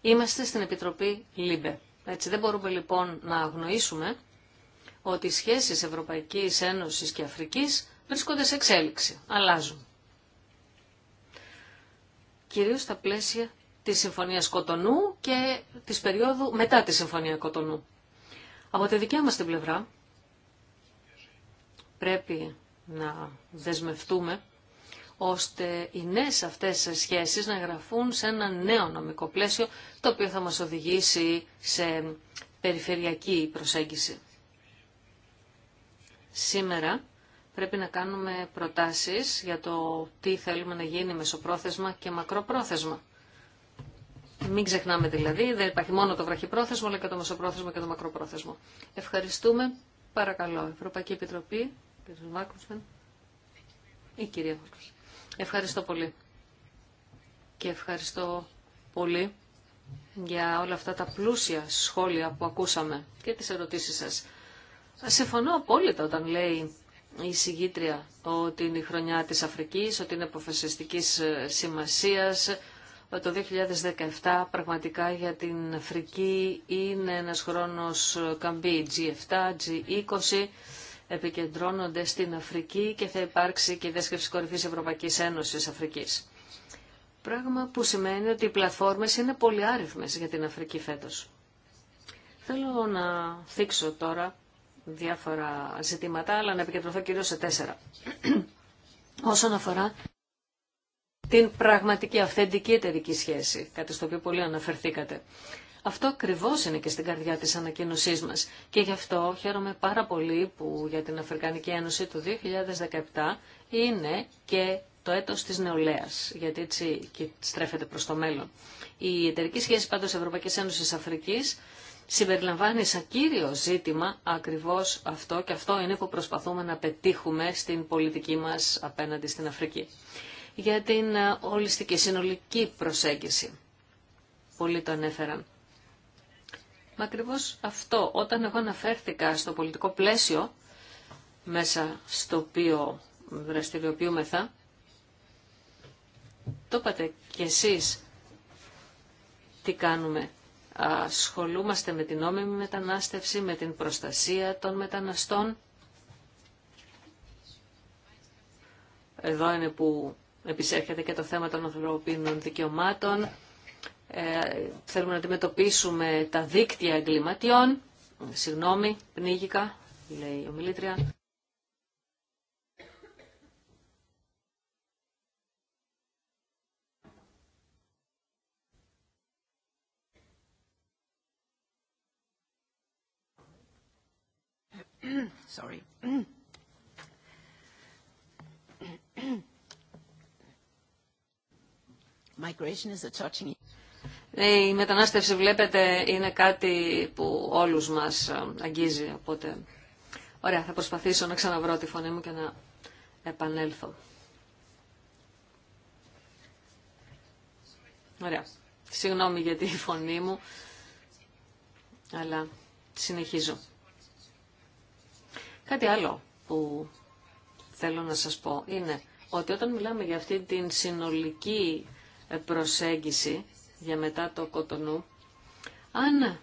Είμαστε στην Επιτροπή ΛΥΜΠΕ. Έτσι δεν μπορούμε λοιπόν να αγνοήσουμε ότι οι σχέσεις Ευρωπαϊκής Ένωσης και Αφρικής βρίσκονται σε εξέλιξη, αλλάζουν κυρίως στα πλαίσια της Συμφωνίας Κοτονού και της περίοδου μετά τη Συμφωνία Κοτονού. Από τη δικιά μας την πλευρά πρέπει να δεσμευτούμε ώστε οι νέες αυτές σχέσεις να γραφούν σε ένα νέο νομικό πλαίσιο το οποίο θα μας οδηγήσει σε περιφερειακή προσέγγιση. Σήμερα πρέπει να κάνουμε προτάσεις για το τι θέλουμε να γίνει μεσοπρόθεσμα και μακροπρόθεσμα. Μην ξεχνάμε δηλαδή, δεν υπάρχει μόνο το βραχυπρόθεσμο, αλλά και το μεσοπρόθεσμο και το μακροπρόθεσμο. Ευχαριστούμε. Παρακαλώ, Ευρωπαϊκή Επιτροπή, η κυρία Ευχαριστώ πολύ. Και ευχαριστώ πολύ για όλα αυτά τα πλούσια σχόλια που ακούσαμε και τις ερωτήσεις σας. Συμφωνώ απόλυτα όταν λέει η συγγήτρια ότι είναι η χρονιά της Αφρικής, ότι είναι αποφασιστικής ε, σημασίας. Ε, το 2017 πραγματικά για την Αφρική είναι ένας χρόνος ε, καμπή G7, G20 επικεντρώνονται στην Αφρική και θα υπάρξει και η δέσκευση κορυφής Ευρωπαϊκής Ένωσης Αφρικής. Πράγμα που σημαίνει ότι οι πλατφόρμες είναι πολυάριθμες για την Αφρική φέτος. Θέλω να θίξω τώρα διάφορα ζητήματα, αλλά να επικεντρωθώ κυρίως σε τέσσερα. Όσον αφορά την πραγματική, αυθεντική εταιρική σχέση, κάτι στο οποίο πολύ αναφερθήκατε. Αυτό ακριβώ είναι και στην καρδιά της ανακοίνωσή μας. Και γι' αυτό χαίρομαι πάρα πολύ που για την Αφρικανική Ένωση το 2017 είναι και το έτος της νεολαίας, γιατί έτσι στρέφεται προς το μέλλον. Η εταιρική σχέση πάντως Ευρωπαϊκής Ένωσης Αφρικής συμπεριλαμβάνει σαν κύριο ζήτημα ακριβώς αυτό και αυτό είναι που προσπαθούμε να πετύχουμε στην πολιτική μας απέναντι στην Αφρική. Για την ε, ολιστική συνολική προσέγγιση. Πολλοί το ανέφεραν. Μα αυτό, όταν εγώ αναφέρθηκα στο πολιτικό πλαίσιο, μέσα στο οποίο δραστηριοποιούμεθα, το είπατε κι εσείς τι κάνουμε ασχολούμαστε με την νόμιμη μετανάστευση, με την προστασία των μεταναστών. Εδώ είναι που επισέρχεται και το θέμα των ανθρωπίνων δικαιωμάτων. Ε, θέλουμε να αντιμετωπίσουμε τα δίκτυα εγκληματιών. Συγγνώμη, πνίγηκα, λέει ο ομιλήτρια. Sorry. Migration is a touching... Ναι, η μετανάστευση, βλέπετε, είναι κάτι που όλους μας ε, αγγίζει, οπότε... Ωραία, θα προσπαθήσω να ξαναβρω τη φωνή μου και να επανέλθω. Ωραία. Συγγνώμη για τη φωνή μου, αλλά συνεχίζω. Κάτι άλλο που θέλω να σας πω είναι ότι όταν μιλάμε για αυτή την συνολική ε, προσέγγιση για μετά το κοτονού, αν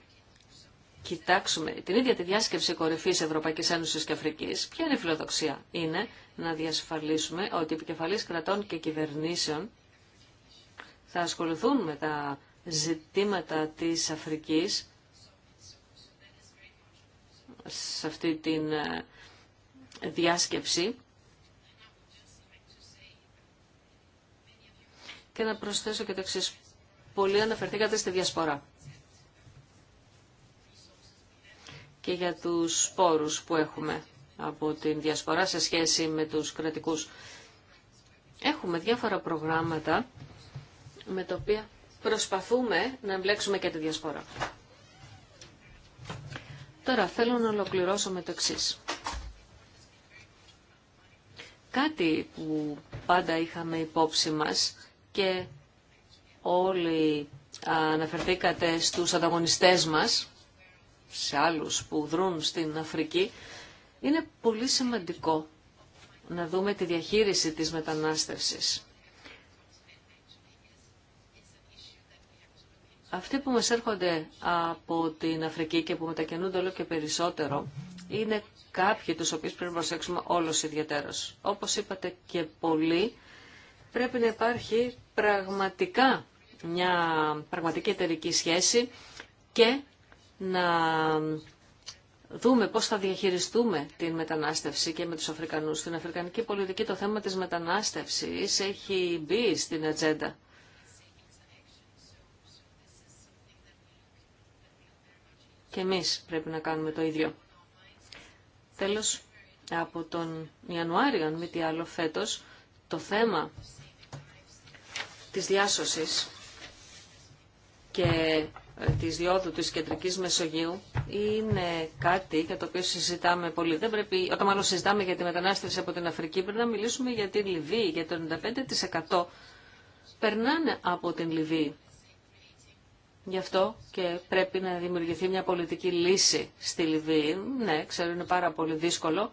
κοιτάξουμε την ίδια τη διάσκεψη κορυφής Ευρωπαϊκής Ένωσης και Αφρικής, ποια είναι η φιλοδοξία είναι να διασφαλίσουμε ότι οι επικεφαλής κρατών και κυβερνήσεων θα ασχοληθούν με τα ζητήματα της Αφρικής σε αυτή την ε, διάσκεψη και να προσθέσω και το εξή Πολύ αναφερθήκατε στη διασπορά και για τους σπόρους που έχουμε από την διασπορά σε σχέση με τους κρατικούς. Έχουμε διάφορα προγράμματα με τα οποία προσπαθούμε να εμπλέξουμε και τη διασπορά. Τώρα θέλω να ολοκληρώσω με το εξής κάτι που πάντα είχαμε υπόψη μας και όλοι αναφερθήκατε στους ανταγωνιστές μας, σε άλλους που δρούν στην Αφρική, είναι πολύ σημαντικό να δούμε τη διαχείριση της μετανάστευσης. Αυτοί που μας έρχονται από την Αφρική και που μετακινούνται όλο και περισσότερο είναι κάποιοι τους οποίους πρέπει να προσέξουμε όλος ιδιαίτερος. Όπως είπατε και πολλοί, πρέπει να υπάρχει πραγματικά μια πραγματική εταιρική σχέση και να δούμε πώς θα διαχειριστούμε την μετανάστευση και με τους Αφρικανούς. Στην Αφρικανική πολιτική το θέμα της μετανάστευσης έχει μπει στην ατζέντα. Και εμείς πρέπει να κάνουμε το ίδιο. Τέλος, από τον Ιανουάριο, αν μη τι άλλο φέτος, το θέμα της διάσωσης και ε, της διόδου της κεντρικής Μεσογείου είναι κάτι για το οποίο συζητάμε πολύ. Δεν πρέπει, όταν μάλλον συζητάμε για τη μετανάστευση από την Αφρική, πρέπει να μιλήσουμε για την Λιβύη, για το 95% περνάνε από την Λιβύη. Γι' αυτό και πρέπει να δημιουργηθεί μια πολιτική λύση στη Λιβύη. Ναι, ξέρω είναι πάρα πολύ δύσκολο,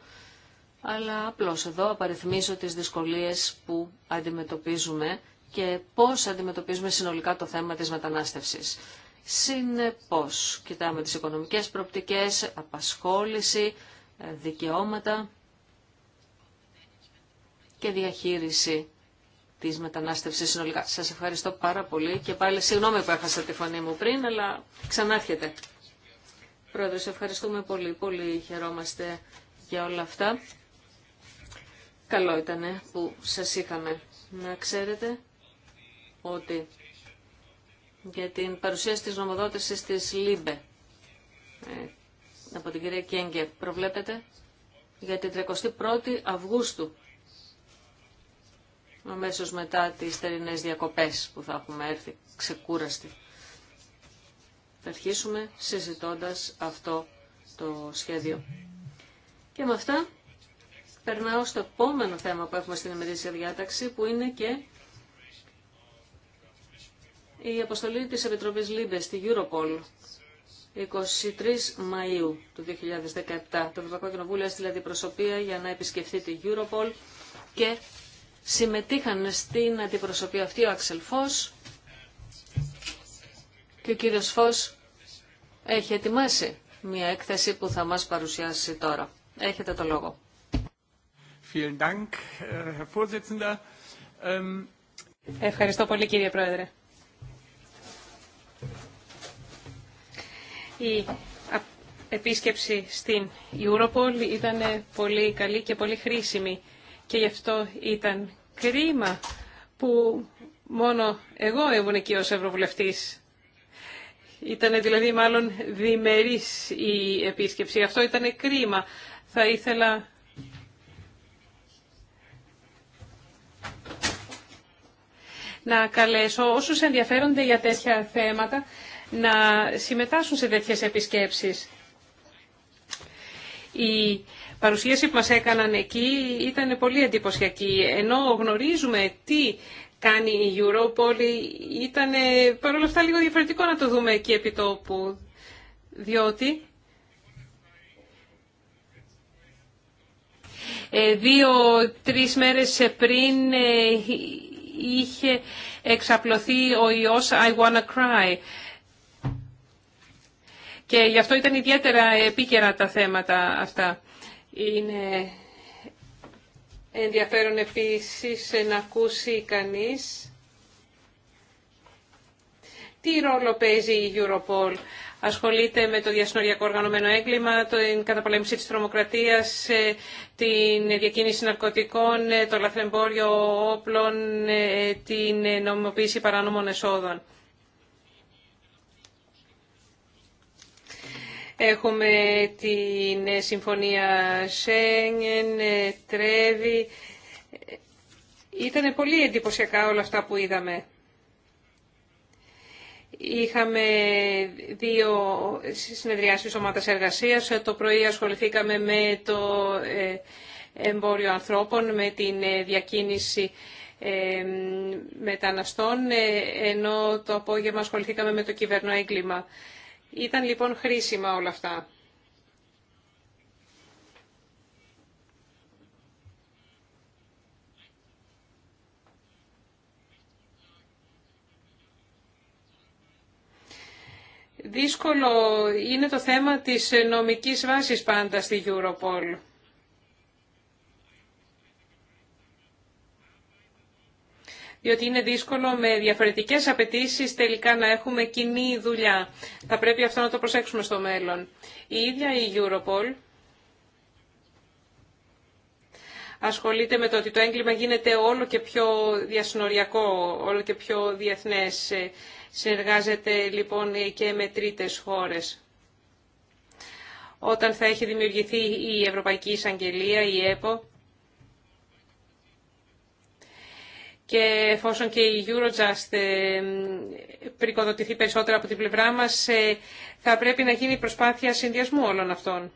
αλλά απλώς εδώ απαριθμίζω τις δυσκολίες που αντιμετωπίζουμε και πώς αντιμετωπίζουμε συνολικά το θέμα της μετανάστευσης. Συνεπώς, κοιτάμε τις οικονομικές προπτικές, απασχόληση, δικαιώματα και διαχείριση της μετανάστευσης συνολικά. Σας ευχαριστώ πάρα πολύ και πάλι συγγνώμη που έχασα τη φωνή μου πριν, αλλά ξανάρχεται. Πρόεδρε, ευχαριστούμε πολύ, πολύ χαιρόμαστε για όλα αυτά. Καλό ήταν που σας είχαμε να ξέρετε ότι για την παρουσίαση της νομοδότησης της ΛΥΜΠΕ ε, από την κυρία Κέγκε προβλέπετε για την 31η Αυγούστου αμέσως μετά τις θερινές διακοπές που θα έχουμε έρθει ξεκούραστη. Θα αρχίσουμε συζητώντας αυτό το σχέδιο. Και με αυτά περνάω στο επόμενο θέμα που έχουμε στην ημερήσια διάταξη που είναι και η αποστολή της Επιτροπής Λίμπε στη Europol 23 Μαΐου του 2017. Το Ευρωπαϊκό Κοινοβούλιο έστειλε την προσωπία για να επισκεφθεί τη Europol και συμμετείχαν στην αντιπροσωπή αυτή ο Άξελ Φως και ο κύριος Φως έχει ετοιμάσει μια έκθεση που θα μας παρουσιάσει τώρα. Έχετε το λόγο. Ähm, Ευχαριστώ πολύ κύριε Πρόεδρε. Η επίσκεψη στην Europol ήταν πολύ καλή και πολύ χρήσιμη και γι' αυτό ήταν κρίμα που μόνο εγώ ήμουν εκεί ως Ευρωβουλευτής. Ήταν δηλαδή μάλλον διμερής η επίσκεψη. Αυτό ήταν κρίμα. Θα ήθελα να καλέσω όσους ενδιαφέρονται για τέτοια θέματα να συμμετάσχουν σε τέτοιες επισκέψεις παρουσίαση που μας έκαναν εκεί ήταν πολύ εντυπωσιακή. Ενώ γνωρίζουμε τι κάνει η Europol, ήταν παρόλα αυτά λίγο διαφορετικό να το δούμε εκεί επί τόπου. Διότι ε, δύο-τρεις μέρες πριν ε, είχε εξαπλωθεί ο ιός I Wanna Cry. Και γι' αυτό ήταν ιδιαίτερα επίκαιρα τα θέματα αυτά. Είναι ενδιαφέρον επίσης να ακούσει κανείς τι ρόλο παίζει η Europol. Ασχολείται με το διασυνοριακό οργανωμένο έγκλημα, την καταπολέμηση της τρομοκρατίας, ε, την διακίνηση ναρκωτικών, ε, το λαθρεμπόριο όπλων, ε, την νομιμοποίηση παράνομων εσόδων. Έχουμε την συμφωνία Σέγγεν, Τρέβη. Ήταν πολύ εντυπωσιακά όλα αυτά που είδαμε. Είχαμε δύο συνεδριάσεις ομάδας εργασίας. Το πρωί ασχοληθήκαμε με το ε, εμπόριο ανθρώπων, με την ε, διακίνηση ε, μεταναστών, ενώ το απόγευμα ασχοληθήκαμε με το κυβερνό έγκλημα. Ήταν λοιπόν χρήσιμα όλα αυτά. Δύσκολο είναι το θέμα της νομικής βάσης πάντα στη Europol. διότι είναι δύσκολο με διαφορετικές απαιτήσει τελικά να έχουμε κοινή δουλειά. Θα πρέπει αυτό να το προσέξουμε στο μέλλον. Η ίδια η Europol ασχολείται με το ότι το έγκλημα γίνεται όλο και πιο διασυνοριακό, όλο και πιο διεθνές. Συνεργάζεται λοιπόν και με τρίτες χώρες. Όταν θα έχει δημιουργηθεί η Ευρωπαϊκή Εισαγγελία, η ΕΠΟ, και εφόσον και η Eurojust ε, πρικοδοτηθεί περισσότερο από την πλευρά μας, ε, θα πρέπει να γίνει προσπάθεια συνδυασμού όλων αυτών.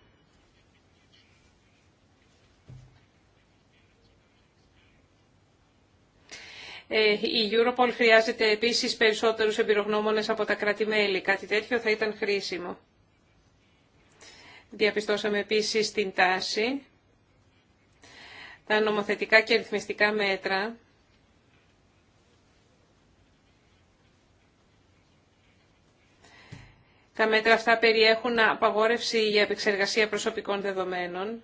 Ε, η Europol χρειάζεται επίσης περισσότερους εμπειρογνώμονες από τα κράτη-μέλη. Κάτι τέτοιο θα ήταν χρήσιμο. Διαπιστώσαμε επίσης την τάση. Τα νομοθετικά και ρυθμιστικά μέτρα Τα μέτρα αυτά περιέχουν απαγόρευση για επεξεργασία προσωπικών δεδομένων.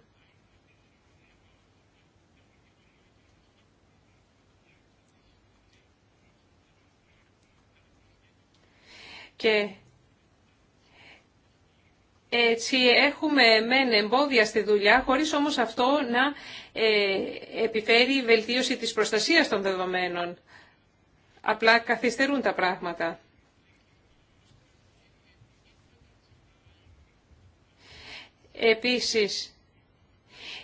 Και έτσι έχουμε μεν εμπόδια στη δουλειά, χωρίς όμως αυτό να ε, επιφέρει βελτίωση της προστασίας των δεδομένων. Απλά καθυστερούν τα πράγματα. Επίσης,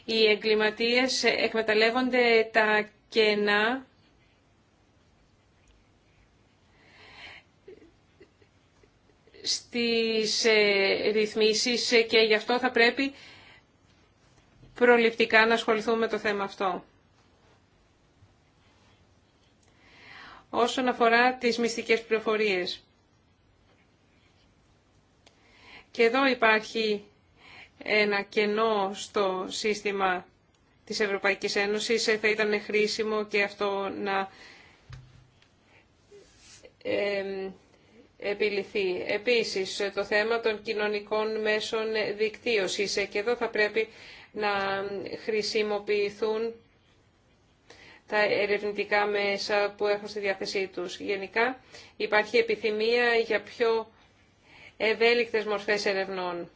οι εγκληματίες εκμεταλλεύονται τα κενά στις ε, ρυθμίσεις και γι' αυτό θα πρέπει προληπτικά να ασχοληθούμε με το θέμα αυτό. Όσον αφορά τις μυστικές πληροφορίες. Και εδώ υπάρχει ένα κενό στο σύστημα της Ευρωπαϊκής Ένωσης ε, θα ήταν χρήσιμο και αυτό να επιληθεί. Επίσης, το θέμα των κοινωνικών μέσων δικτύωσης ε, και εδώ θα πρέπει να χρησιμοποιηθούν τα ερευνητικά μέσα που έχουν στη διάθεσή τους. Γενικά, υπάρχει επιθυμία για πιο ευέλικτες μορφές ερευνών.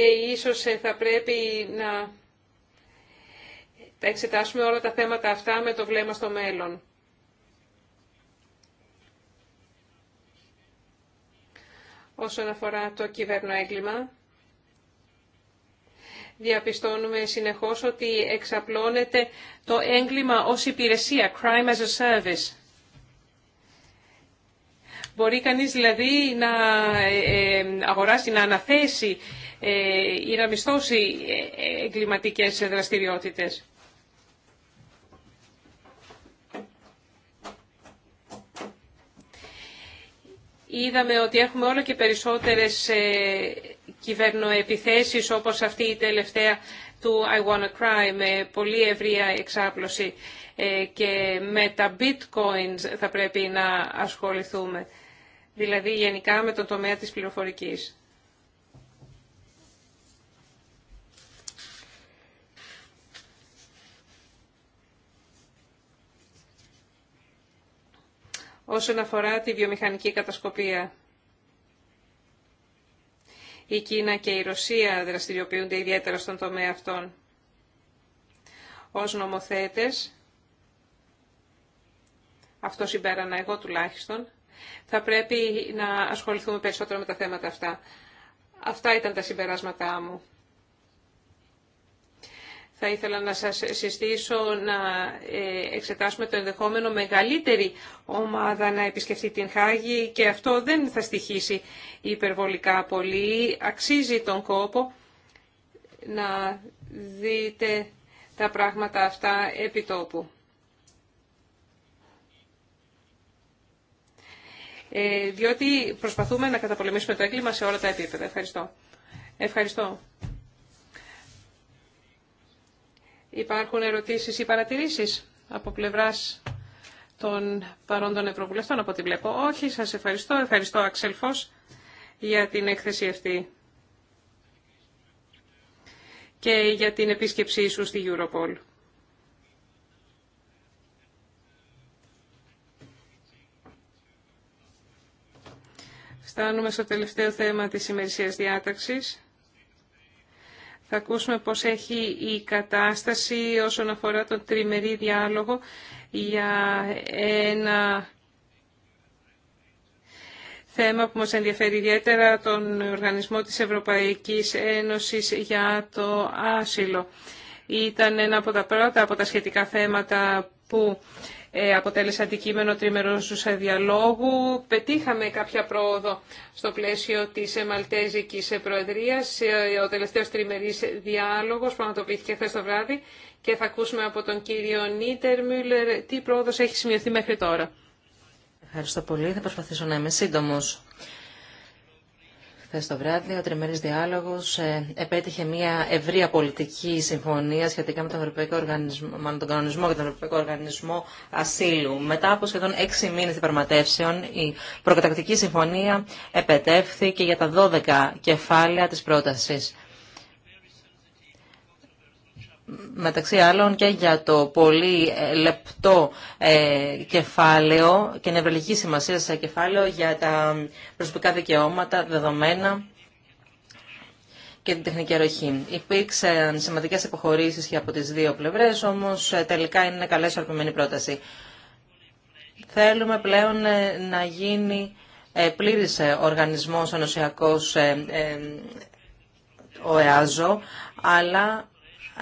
και ίσως ε, θα πρέπει να εξετάσουμε όλα τα θέματα αυτά με το βλέμμα στο μέλλον. Όσον αφορά το έγκλημα, διαπιστώνουμε συνεχώς ότι εξαπλώνεται το έγκλημα ως υπηρεσία, crime as a service. Μπορεί κανείς δηλαδή να ε, ε, αγοράσει, να αναθέσει ή ε, να μισθώσει ε, εγκληματικές δραστηριότητες. Είδαμε ότι έχουμε όλο και περισσότερες ε, κυβερνοεπιθέσεις όπως αυτή η τελευταία του I Wanna Cry με πολύ ευρία εξάπλωση και με τα bitcoins θα πρέπει να ασχοληθούμε. Δηλαδή γενικά με τον τομέα της πληροφορικής. όσον αφορά τη βιομηχανική κατασκοπία. Η Κίνα και η Ρωσία δραστηριοποιούνται ιδιαίτερα στον τομέα αυτών. Ως νομοθέτες, αυτό συμπέρανα εγώ τουλάχιστον, θα πρέπει να ασχοληθούμε περισσότερο με τα θέματα αυτά. Αυτά ήταν τα συμπεράσματά μου θα ήθελα να σας συστήσω να ε, εξετάσουμε το ενδεχόμενο μεγαλύτερη ομάδα να επισκεφτεί την Χάγη και αυτό δεν θα στοιχήσει υπερβολικά πολύ. Αξίζει τον κόπο να δείτε τα πράγματα αυτά επί τόπου. Ε, διότι προσπαθούμε να καταπολεμήσουμε το έγκλημα σε όλα τα επίπεδα. Ευχαριστώ. Ευχαριστώ. Υπάρχουν ερωτήσεις ή παρατηρήσεις από πλευράς των παρόντων ευρωβουλευτών, από ό,τι βλέπω. Όχι, σας ευχαριστώ. Ευχαριστώ, Αξελφός, για την έκθεση αυτή και για την επίσκεψή σου στη Europol. Φτάνουμε στο τελευταίο θέμα της ημερησίας διάταξης. Θα ακούσουμε πώς έχει η κατάσταση όσον αφορά τον τριμερή διάλογο για ένα θέμα που μας ενδιαφέρει ιδιαίτερα τον Οργανισμό της Ευρωπαϊκής Ένωσης για το Άσυλο. Ήταν ένα από τα πρώτα από τα σχετικά θέματα που ε, αποτέλεσε αντικείμενο τριμερούς διαλόγου. Πετύχαμε κάποια πρόοδο στο πλαίσιο της Μαλτέζικης Προεδρίας. Ε, ο τελευταίος τριμερής διάλογος πραγματοποιήθηκε χθε το βράδυ και θα ακούσουμε από τον κύριο Νίτερ Μιούλερ τι πρόοδος έχει σημειωθεί μέχρι τώρα. Ευχαριστώ πολύ. Θα προσπαθήσω να είμαι σύντομος χθε το βράδυ. Ο τριμερή διάλογο ε, επέτυχε μια ευρεία πολιτική συμφωνία σχετικά με τον, Ευρωπαϊκό Οργανισμό, τον κανονισμό και τον Ευρωπαϊκό Οργανισμό Ασύλου. Μετά από σχεδόν έξι μήνε διαπραγματεύσεων, η προκατακτική συμφωνία επετεύθηκε για τα 12 κεφάλαια τη πρόταση μεταξύ άλλων και για το πολύ ε, λεπτό ε, κεφάλαιο και νευραλική σημασία σε κεφάλαιο για τα προσωπικά δικαιώματα, δεδομένα και την τεχνική αρρωχή. Υπήρξαν σημαντικέ υποχωρήσει και από τι δύο πλευρέ, όμω ε, τελικά είναι καλές ισορροπημένη πρόταση. Θέλουμε πλέον να γίνει πλήρη οργανισμό ενωσιακό ο ΕΑΖΟ, αλλά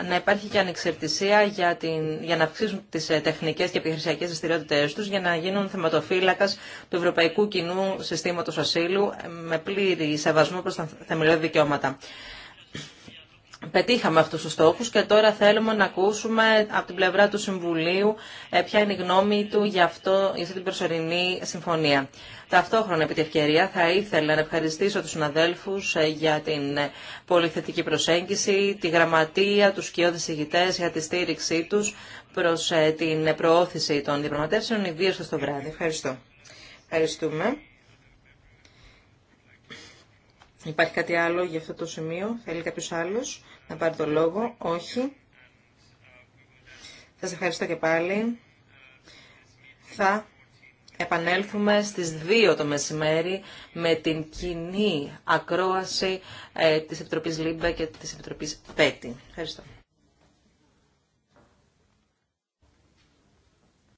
να υπάρχει και ανεξαρτησία για, την, για να αυξήσουν τις ε, τεχνικές και επιχειρησιακές δραστηριότητε τους για να γίνουν θεματοφύλακας του Ευρωπαϊκού Κοινού Συστήματος Ασύλου ε, με πλήρη σεβασμό προς τα θεμελιώδη δικαιώματα. Πετύχαμε αυτούς τους στόχους και τώρα θέλουμε να ακούσουμε από την πλευρά του Συμβουλίου ε, ποια είναι η γνώμη του για, αυτό, για αυτή την προσωρινή συμφωνία. Ταυτόχρονα, επί τη ευκαιρία, θα ήθελα να ευχαριστήσω τους συναδέλφους ε, για την ε, πολυθετική προσέγγιση, τη γραμματεία, τους κοιόδης ηγητές για τη στήριξή τους προς την προώθηση των διαπραγματεύσεων, ιδίως στο βράδυ. Ευχαριστώ. Ευχαριστούμε. Υπάρχει κάτι άλλο για αυτό το σημείο. Θέλει κάποιο άλλος να πάρει το λόγο. Όχι. σα ευχαριστώ και πάλι. Θα επανέλθουμε στις 2 το μεσημέρι με την κοινή ακρόαση ε, της Επιτροπής Λίμπα και της Επιτροπής Πέτη. Ευχαριστώ.